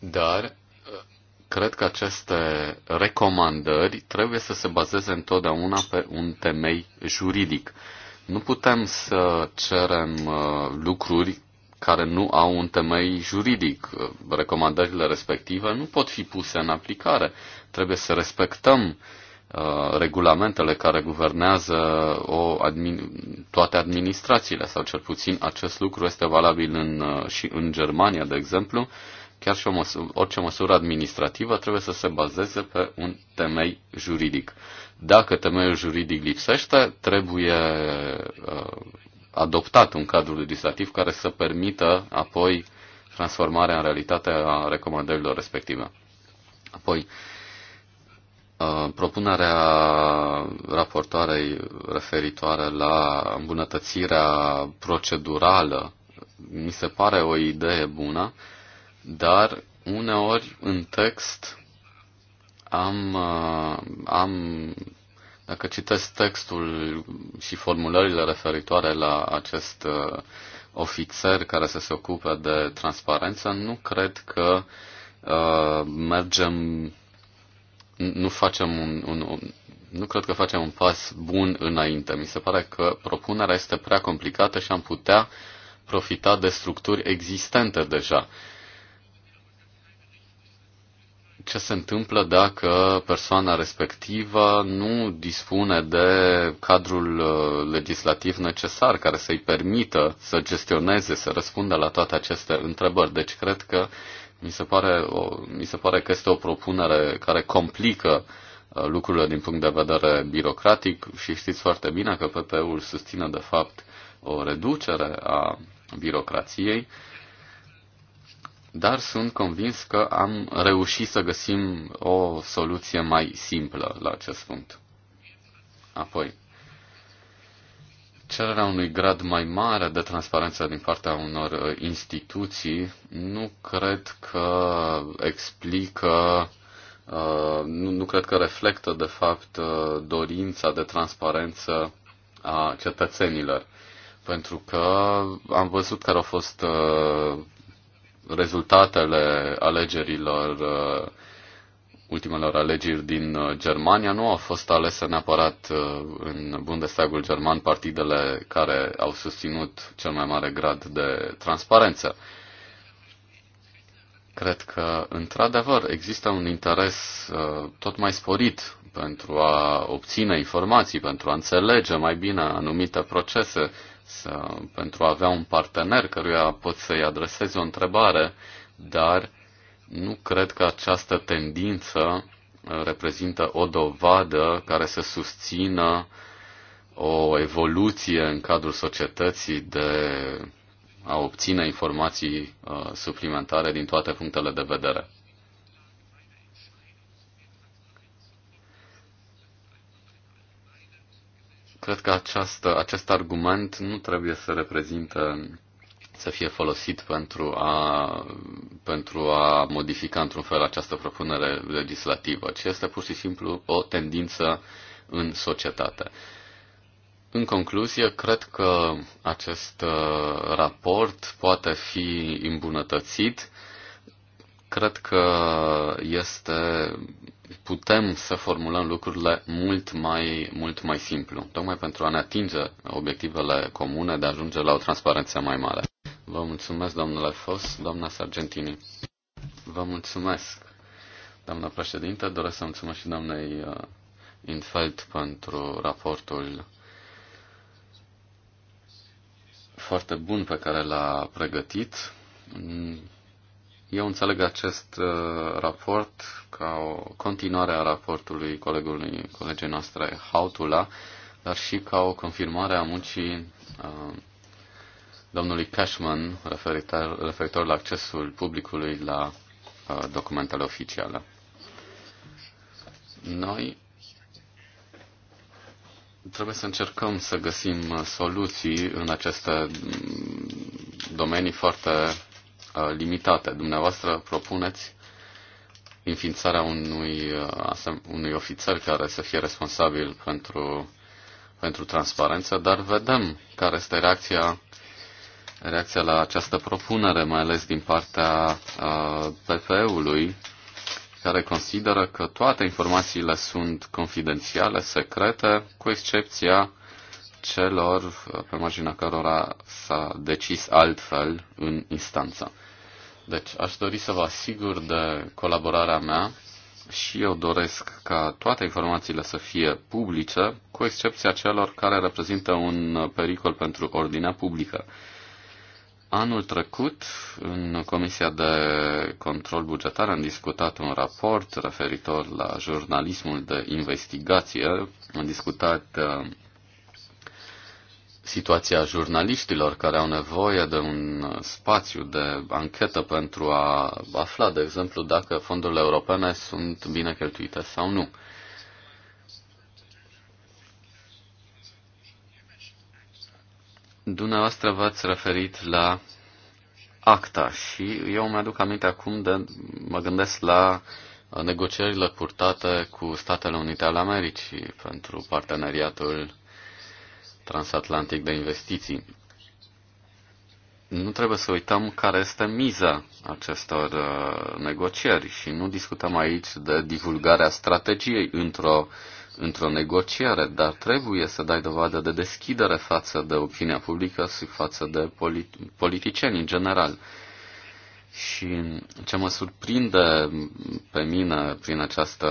Dar cred că aceste recomandări trebuie să se bazeze întotdeauna pe un temei juridic. Nu putem să cerem uh, lucruri care nu au un temei juridic. Uh, recomandările respective nu pot fi puse în aplicare. Trebuie să respectăm uh, regulamentele care guvernează o admin, toate administrațiile, sau cel puțin acest lucru este valabil în, și în Germania, de exemplu, uh, chiar și o măsură, orice măsură administrativă trebuie să se bazeze pe un temei juridic. Dacă temeiul juridic lipsește, trebuie uh, adoptat un cadru legislativ care să permită apoi transformarea în realitate a recomandărilor respective. Apoi, uh, propunerea raportoarei referitoare la îmbunătățirea procedurală mi se pare o idee bună, dar uneori în text am, uh, am dacă citesc textul și formulările referitoare la acest uh, ofițer care să se ocupe de transparență, nu cred că uh, mergem, nu facem un, un, un, nu cred că facem un pas bun înainte. Mi se pare că propunerea este prea complicată și am putea profita de structuri existente deja. Uh, ce se întâmplă dacă persoana respectivă nu dispune de cadrul uh, legislativ necesar care să-i permită să gestioneze, să răspundă la toate aceste întrebări. Deci cred că mi se pare, o, mi se pare că este o propunere care complică uh, lucrurile din punct de vedere birocratic și știți foarte bine că PP-ul susține de fapt o reducere a birocrației dar sunt convins că am reușit să găsim o soluție mai simplă la acest punct. Apoi, cererea unui grad mai mare de transparență din partea unor uh, instituții nu cred că explică, uh, nu, nu cred că reflectă, de fapt, uh, dorința de transparență a cetățenilor. Pentru că am văzut care au fost rezultatele alegerilor, uh, ultimelor alegeri din uh, Germania nu au fost alese neapărat uh, în Bundestagul german partidele care au susținut cel mai mare grad de transparență. Cred că, într-adevăr, există un interes tot mai sporit pentru a obține informații, pentru a înțelege mai bine anumite procese să, uh, pentru a avea un partener căruia poți să-i adresezi o întrebare, dar nu cred că această tendință uh, reprezintă o dovadă care să susțină o evoluție în cadrul societății de a obține informații uh, suplimentare din toate punctele de vedere. Cred că această, acest argument nu trebuie să reprezintă să fie folosit pentru a, pentru a modifica într-un fel această propunere legislativă, ci este pur și simplu o tendință în societate. În concluzie, cred că acest uh, raport poate fi îmbunătățit. Cred că este putem să formulăm lucrurile mult mai, mult mai simplu, tocmai pentru a ne atinge obiectivele comune de a ajunge la o transparență mai mare. Vă mulțumesc, domnule Fos, doamna Sargentini. Vă mulțumesc, doamna președinte. Doresc să mulțumesc și doamnei uh, Infeld pentru raportul foarte bun pe care l-a pregătit eu înțeleg acest uh, raport ca o continuare a raportului colegului, colegii noastre Hautula, dar și ca o confirmare a muncii uh, domnului Cashman referitor, referitor la accesul publicului la uh, documentele oficiale. Noi trebuie să încercăm să găsim uh, soluții în aceste mm, domenii foarte Uh, limitate. Dumneavoastră propuneți înființarea unui, uh, unui ofițer care să fie responsabil pentru, pentru transparență, dar vedem care este reacția, reacția la această propunere, mai ales din partea uh, PPE-ului, care consideră că toate informațiile sunt confidențiale, secrete, cu excepția celor pe marginea cărora s-a decis altfel în instanță. Deci, aș dori să vă asigur de colaborarea mea și eu doresc ca toate informațiile să fie publice, cu excepția celor care reprezintă un pericol pentru ordinea publică. Anul trecut, în Comisia de Control Bugetar, am discutat un raport referitor la jurnalismul de investigație. Am discutat uh, situația jurnaliștilor care au nevoie de un spațiu de anchetă pentru a afla, de exemplu, dacă fondurile europene sunt bine cheltuite sau nu. Dumneavoastră v-ați referit la acta și eu mă aduc aminte acum de, mă gândesc la negocierile purtate cu Statele Unite ale Americii pentru parteneriatul transatlantic de investiții. Nu trebuie să uităm care este miza acestor uh, negocieri și nu discutăm aici de divulgarea strategiei într-o într-o negociere, dar trebuie să dai dovadă de deschidere față de opinia publică și față de polit- politicieni în general. Și ce mă surprinde pe mine prin această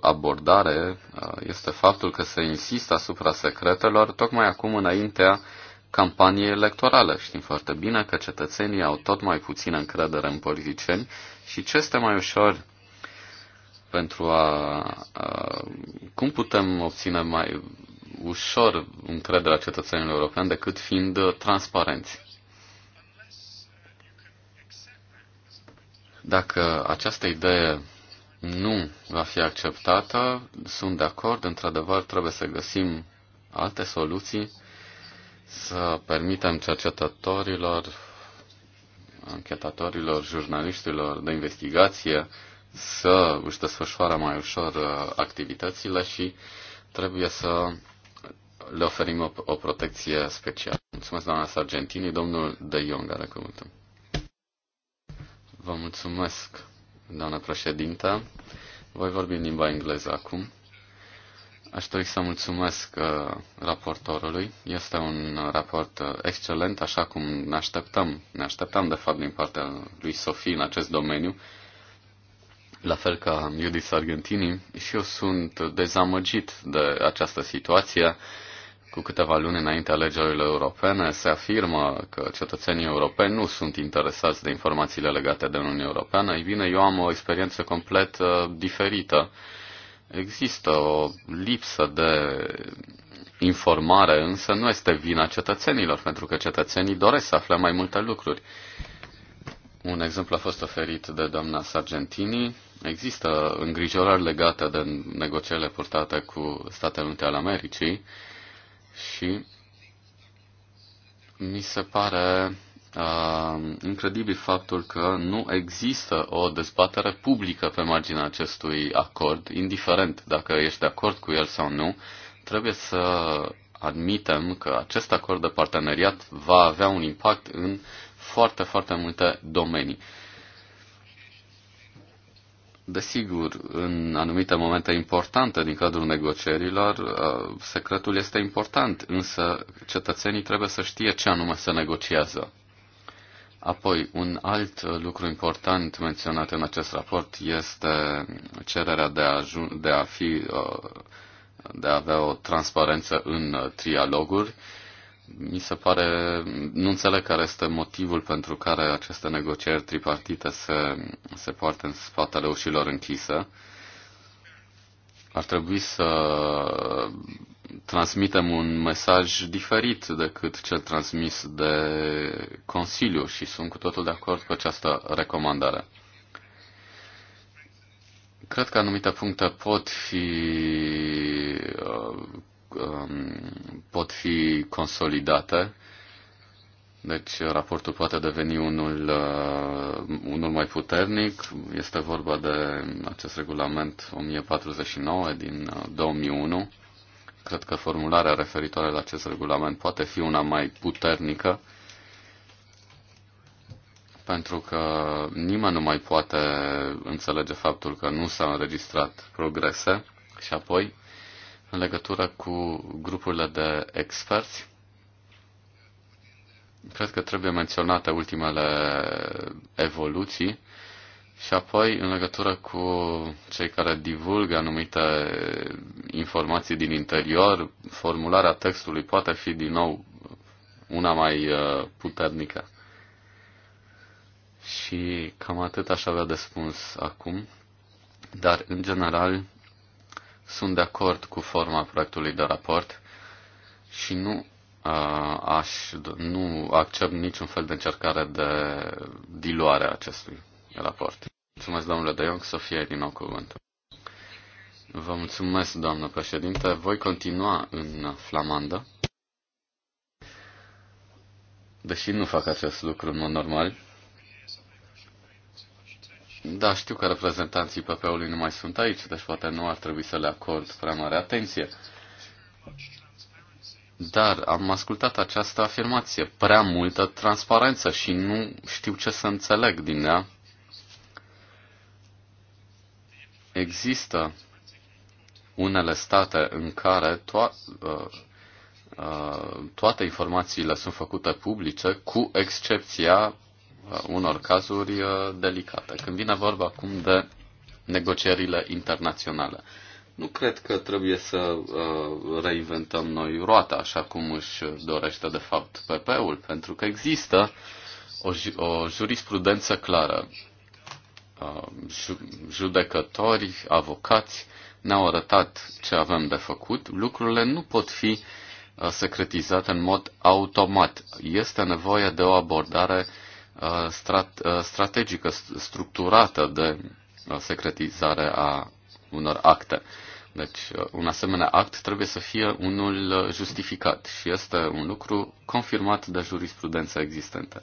abordare uh, este faptul că se insistă asupra secretelor tocmai acum înaintea campaniei electorale. Știm foarte bine că cetățenii au tot mai puțină încredere în politicieni și ce este mai ușor pentru a, a cum putem obține mai ușor încrederea cetățenilor europeni decât fiind transparenți. Dacă această idee nu va fi acceptată, sunt de acord, într-adevăr trebuie să găsim alte soluții, să permitem cercetătorilor, anchetatorilor, jurnaliștilor de investigație să își desfășoare mai ușor uh, activitățile și trebuie să le oferim o, o protecție specială. Mulțumesc, doamna Sargentini, domnul De Jong are cuvântul. Vă mulțumesc, doamnă președintă. Voi vorbi în limba engleză acum. Aș dori să mulțumesc uh, raportorului. Este un raport uh, excelent, așa cum ne așteptăm. Ne așteptam, de fapt, din partea lui Sofie în acest domeniu. La fel ca Judith Argentini, și eu sunt dezamăgit de această situație cu câteva luni înainte alegerilor europene, se afirmă că cetățenii europeni nu sunt interesați de informațiile legate de Uniunea Europeană. Ei bine, eu am o experiență complet uh, diferită. Există o lipsă de informare, însă nu este vina cetățenilor, pentru că cetățenii doresc să afle mai multe lucruri. Un exemplu a fost oferit de doamna Sargentini. Există îngrijorări legate de negocierile purtate cu Statele Unite ale Americii și mi se pare uh, incredibil faptul că nu există o dezbatere publică pe marginea acestui acord, indiferent dacă ești de acord cu el sau nu, trebuie să admitem că acest acord de parteneriat va avea un impact în foarte, foarte multe domenii. Desigur, în anumite momente importante din cadrul negocierilor, uh, secretul este important, însă cetățenii trebuie să știe ce anume se negociază. Apoi, un alt lucru important menționat în acest raport este cererea de a, de a, fi, uh, de a avea o transparență în trialoguri mi se pare, nu înțeleg care este motivul pentru care aceste negocieri tripartite se, se poartă în spatele ușilor închise. Ar trebui să transmitem un mesaj diferit decât cel transmis de Consiliu și sunt cu totul de acord cu această recomandare. Cred că anumite puncte pot fi uh, Um, pot fi consolidate. Deci raportul poate deveni unul, uh, unul mai puternic. Este vorba de acest regulament 1049 din 2001. Uh, Cred că formularea referitoare la acest regulament poate fi una mai puternică pentru că nimeni nu mai poate înțelege faptul că nu s-au înregistrat progrese și apoi în legătură cu grupurile de experți. Cred că trebuie menționate ultimele evoluții și apoi în legătură cu cei care divulgă anumite informații din interior, formularea textului poate fi din nou una mai uh, puternică. Și cam atât aș avea de spus acum, dar în general sunt de acord cu forma proiectului de raport și nu uh, aș, nu accept niciun fel de încercare de diluare a acestui raport. Mulțumesc, domnule De Jong, să fie din nou cuvântul. Vă mulțumesc, doamnă președinte. Voi continua în Flamandă. Deși nu fac acest lucru în mod normal, da, știu că reprezentanții PP-ului nu mai sunt aici, deci poate nu ar trebui să le acord prea mare atenție. Dar am ascultat această afirmație, prea multă transparență și nu știu ce să înțeleg din ea. Există unele state în care to- uh, uh, toate informațiile sunt făcute publice, cu excepția Uh, unor cazuri uh, delicate. Când vine vorba acum de negocierile internaționale, nu cred că trebuie să uh, reinventăm noi roata așa cum își dorește de fapt PP-ul, pentru că există o, o jurisprudență clară. Judecători, avocați ne-au arătat ce avem de făcut. Lucrurile nu pot fi secretizate în mod automat. Este nevoie de o abordare uh, Uh, uh, strategică, structurată de uh, secretizare a unor acte. Deci, un asemenea act trebuie să fie unul justificat și este un lucru confirmat de jurisprudența existentă.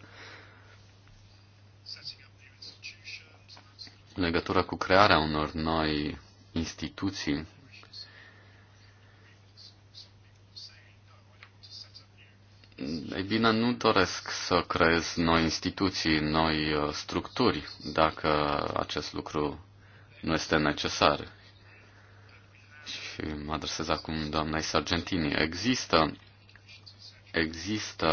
În legătură cu crearea unor noi instituții Ei bine, nu doresc să creez noi instituții, noi uh, structuri, dacă acest lucru nu este necesar. Și mă adresez acum doamnei Sargentini. Există, există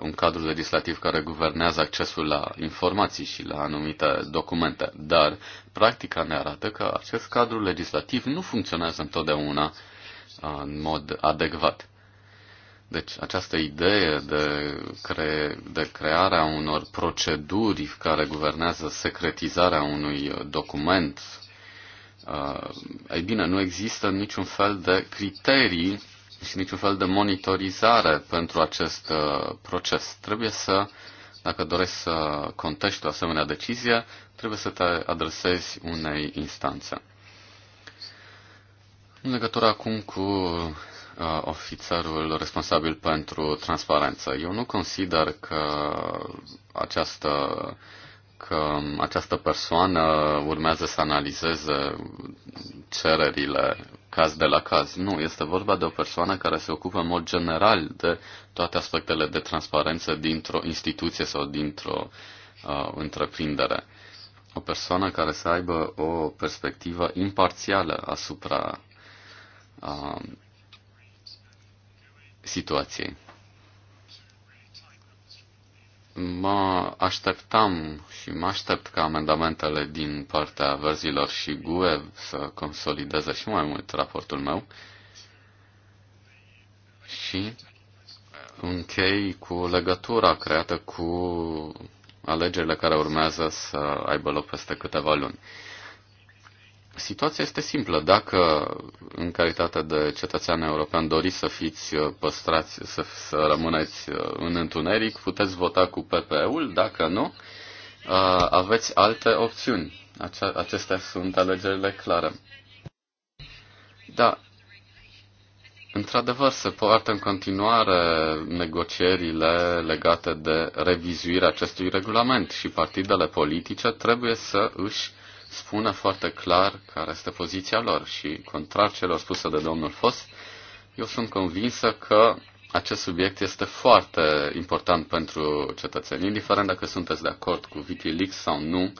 un cadru legislativ care guvernează accesul la informații și la anumite documente, dar practica ne arată că acest cadru legislativ nu funcționează întotdeauna uh, în mod adecvat. Deci această idee de, cre- de crearea unor proceduri care guvernează secretizarea unui document, uh, ei bine, nu există niciun fel de criterii și niciun fel de monitorizare pentru acest uh, proces. Trebuie să, dacă dorești să contești o asemenea decizie, trebuie să te adresezi unei instanțe. În legătură acum cu uh, ofițerul responsabil pentru transparență. Eu nu consider că această că această persoană urmează să analizeze cererile caz de la caz. Nu, este vorba de o persoană care se ocupă în mod general de toate aspectele de transparență dintr-o instituție sau dintr-o uh, întreprindere. O persoană care să aibă o perspectivă imparțială asupra uh, situației. Mă așteptam și mă aștept ca amendamentele din partea verzilor și GUE să consolideze și mai mult raportul meu și închei cu legătura creată cu alegerile care urmează să aibă loc peste câteva luni. Situația este simplă. Dacă, în calitate de cetățean european, doriți să fiți uh, păstrați, să, să rămâneți uh, în întuneric, puteți vota cu PPE-ul. Dacă nu, uh, aveți alte opțiuni. Acestea sunt alegerile clare. Da, Într-adevăr, se poartă în continuare negocierile legate de revizuirea acestui regulament și partidele politice trebuie să își spună foarte clar care este poziția lor și, contrar celor spuse de domnul Fost, eu sunt convinsă că acest subiect este foarte important pentru cetățenii. Indiferent dacă sunteți de acord cu Wikileaks sau nu,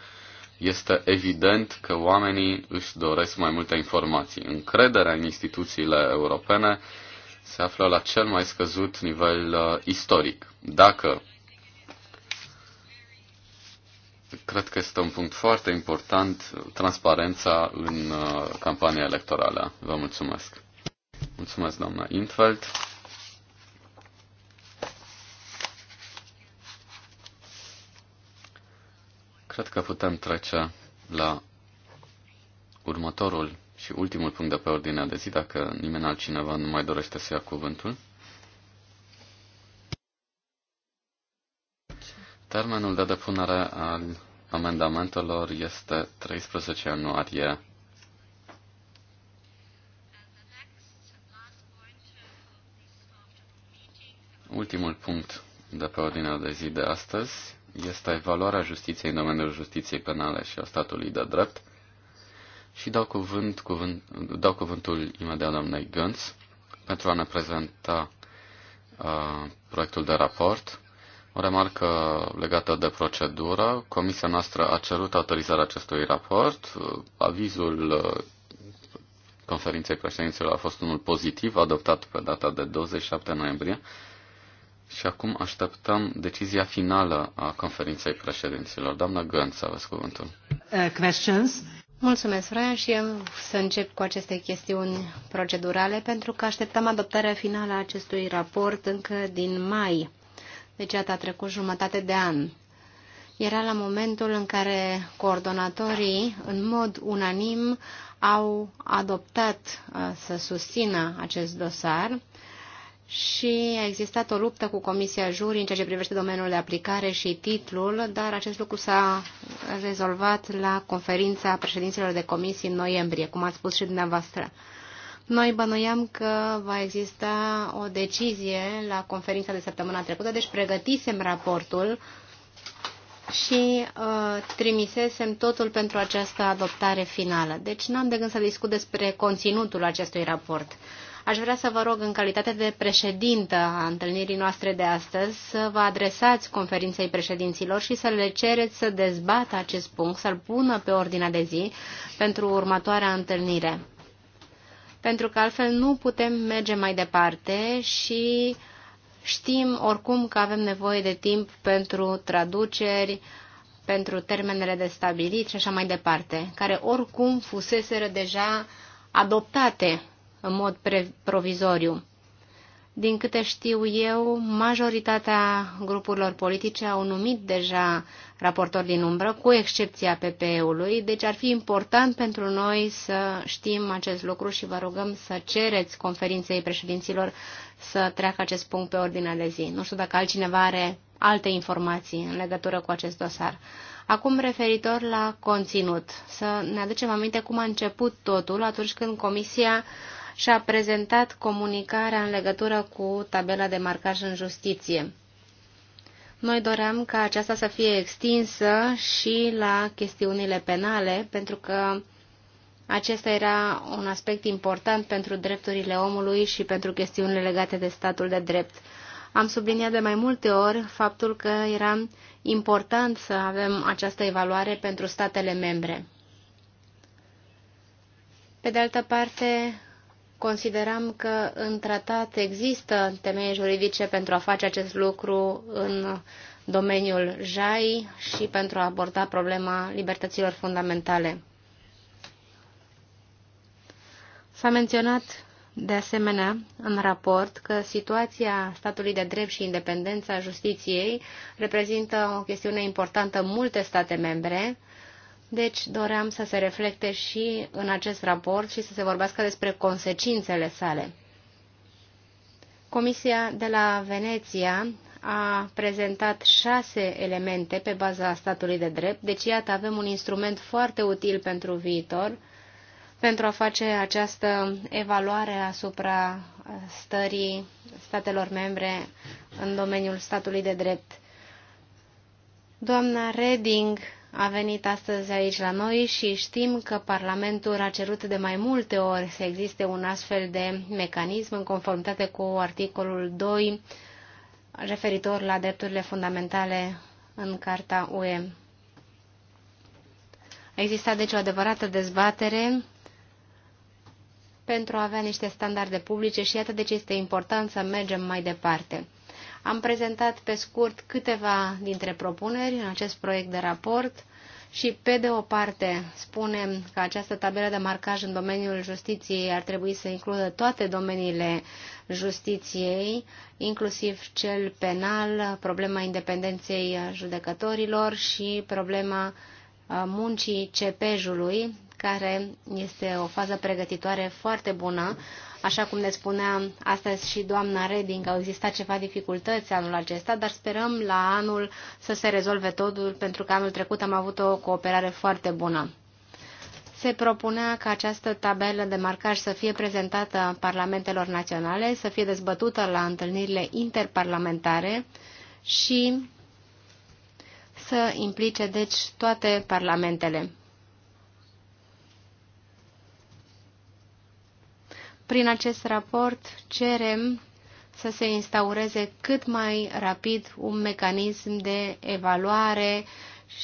este evident că oamenii își doresc mai multe informații. Încrederea în instituțiile europene se află la cel mai scăzut nivel uh, istoric. Dacă cred că este un punct foarte important, transparența în uh, campania electorală. Vă mulțumesc. Mulțumesc, doamna Intfeld. Cred că putem trece la următorul și ultimul punct de pe ordinea de zi, dacă nimeni altcineva nu mai dorește să ia cuvântul. Termenul de depunere al amendamentelor este 13 ianuarie. Ultimul punct de pe ordinea de zi de astăzi este evaluarea justiției în domeniul justiției penale și a statului de drept și dau, cuvânt, cuvânt, dau cuvântul imediat doamnei Gânț pentru a ne prezenta uh, proiectul de raport o remarcă legată de procedură. Comisia noastră a cerut autorizarea acestui raport. Avizul uh, conferinței președinților a fost unul pozitiv, adoptat pe data de 27 noiembrie. Și acum așteptăm decizia finală a conferinței președinților. Doamna Gând, să aveți cuvântul. Uh, questions? Mulțumesc, Ryan, și eu să încep cu aceste chestiuni procedurale, pentru că așteptăm adoptarea finală a acestui raport încă din mai. Deci, iată, a trecut jumătate de an. Era la momentul în care coordonatorii, în mod unanim, au adoptat uh, să susțină acest dosar și a existat o luptă cu Comisia Juri în ceea ce privește domeniul de aplicare și titlul, dar acest lucru s-a rezolvat la conferința președinților de comisii în noiembrie, cum ați spus și dumneavoastră. Noi bănuiam că va exista o decizie la conferința de săptămâna trecută, deci pregătisem raportul și uh, trimisesem totul pentru această adoptare finală. Deci n-am de gând să discut despre conținutul acestui raport. Aș vrea să vă rog, în calitate de președintă a întâlnirii noastre de astăzi, să vă adresați conferinței președinților și să le cereți să dezbată acest punct, să-l pună pe ordinea de zi pentru următoarea întâlnire pentru că altfel nu putem merge mai departe și știm oricum că avem nevoie de timp pentru traduceri, pentru termenele de stabilit și așa mai departe, care oricum fuseseră deja adoptate în mod provizoriu. Din câte știu eu, majoritatea grupurilor politice au numit deja raportor din umbră, cu excepția PPE-ului, deci ar fi important pentru noi să știm acest lucru și vă rugăm să cereți conferinței președinților să treacă acest punct pe ordinea de zi. Nu știu dacă altcineva are alte informații în legătură cu acest dosar. Acum, referitor la conținut, să ne aducem aminte cum a început totul atunci când Comisia și-a prezentat comunicarea în legătură cu tabela de marcaj în justiție. Noi doream ca aceasta să fie extinsă și la chestiunile penale, pentru că acesta era un aspect important pentru drepturile omului și pentru chestiunile legate de statul de drept. Am subliniat de mai multe ori faptul că era important să avem această evaluare pentru statele membre. Pe de altă parte, Considerăm că în tratat există temei juridice pentru a face acest lucru în domeniul JAI și pentru a aborda problema libertăților fundamentale. S-a menționat de asemenea în raport că situația statului de drept și independența justiției reprezintă o chestiune importantă în multe state membre, deci doream să se reflecte și în acest raport și să se vorbească despre consecințele sale. Comisia de la Veneția a prezentat șase elemente pe baza statului de drept, deci iată avem un instrument foarte util pentru viitor, pentru a face această evaluare asupra stării statelor membre în domeniul statului de drept. Doamna Reding a venit astăzi aici la noi și știm că Parlamentul a cerut de mai multe ori să existe un astfel de mecanism în conformitate cu articolul 2 referitor la drepturile fundamentale în Carta UE. A existat deci o adevărată dezbatere pentru a avea niște standarde publice și iată de ce este important să mergem mai departe. Am prezentat pe scurt câteva dintre propuneri în acest proiect de raport și, pe de o parte, spunem că această tabelă de marcaj în domeniul justiției ar trebui să includă toate domeniile justiției, inclusiv cel penal, problema independenței judecătorilor și problema uh, muncii CPJ-ului, care este o fază pregătitoare foarte bună Așa cum ne spunea astăzi și doamna Reding, au existat ceva dificultăți anul acesta, dar sperăm la anul să se rezolve totul, pentru că anul trecut am avut o cooperare foarte bună se propunea ca această tabelă de marcaj să fie prezentată parlamentelor naționale, să fie dezbătută la întâlnirile interparlamentare și să implice deci toate parlamentele. Prin acest raport cerem să se instaureze cât mai rapid un mecanism de evaluare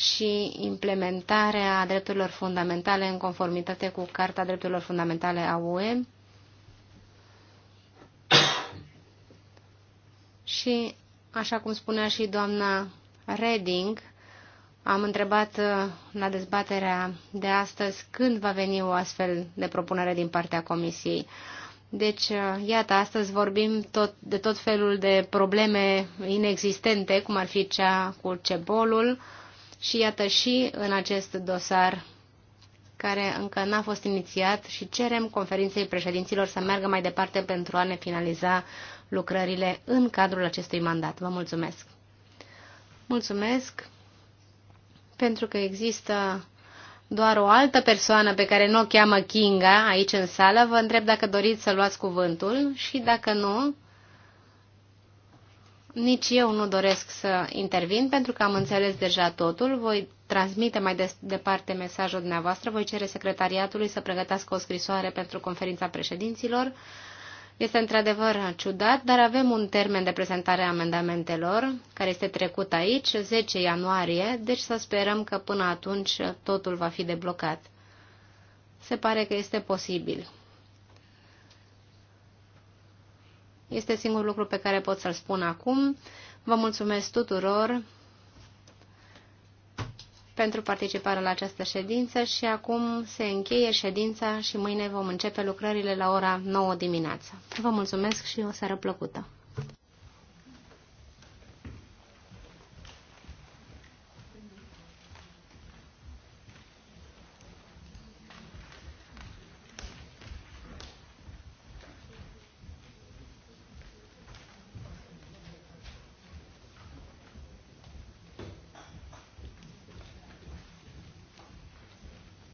și implementare a drepturilor fundamentale în conformitate cu Carta Drepturilor Fundamentale a UE și, așa cum spunea și doamna Reding, am întrebat uh, la dezbaterea de astăzi când va veni o astfel de propunere din partea Comisiei. Deci, uh, iată, astăzi vorbim tot, de tot felul de probleme inexistente, cum ar fi cea cu cebolul, și iată și în acest dosar care încă n-a fost inițiat și cerem conferinței președinților să meargă mai departe pentru a ne finaliza lucrările în cadrul acestui mandat. Vă mulțumesc! Mulțumesc pentru că există doar o altă persoană pe care nu o cheamă Kinga aici în sală, vă întreb dacă doriți să luați cuvântul și dacă nu, nici eu nu doresc să intervin pentru că am înțeles deja totul. Voi transmite mai de departe mesajul dumneavoastră, voi cere secretariatului să pregătească o scrisoare pentru conferința președinților este într-adevăr ciudat, dar avem un termen de prezentare a amendamentelor, care este trecut aici, 10 ianuarie, deci să sperăm că până atunci totul va fi deblocat. Se pare că este posibil. Este singurul lucru pe care pot să-l spun acum. Vă mulțumesc tuturor pentru participarea la această ședință și acum se încheie ședința și mâine vom începe lucrările la ora 9 dimineața. Vă mulțumesc și o seară plăcută!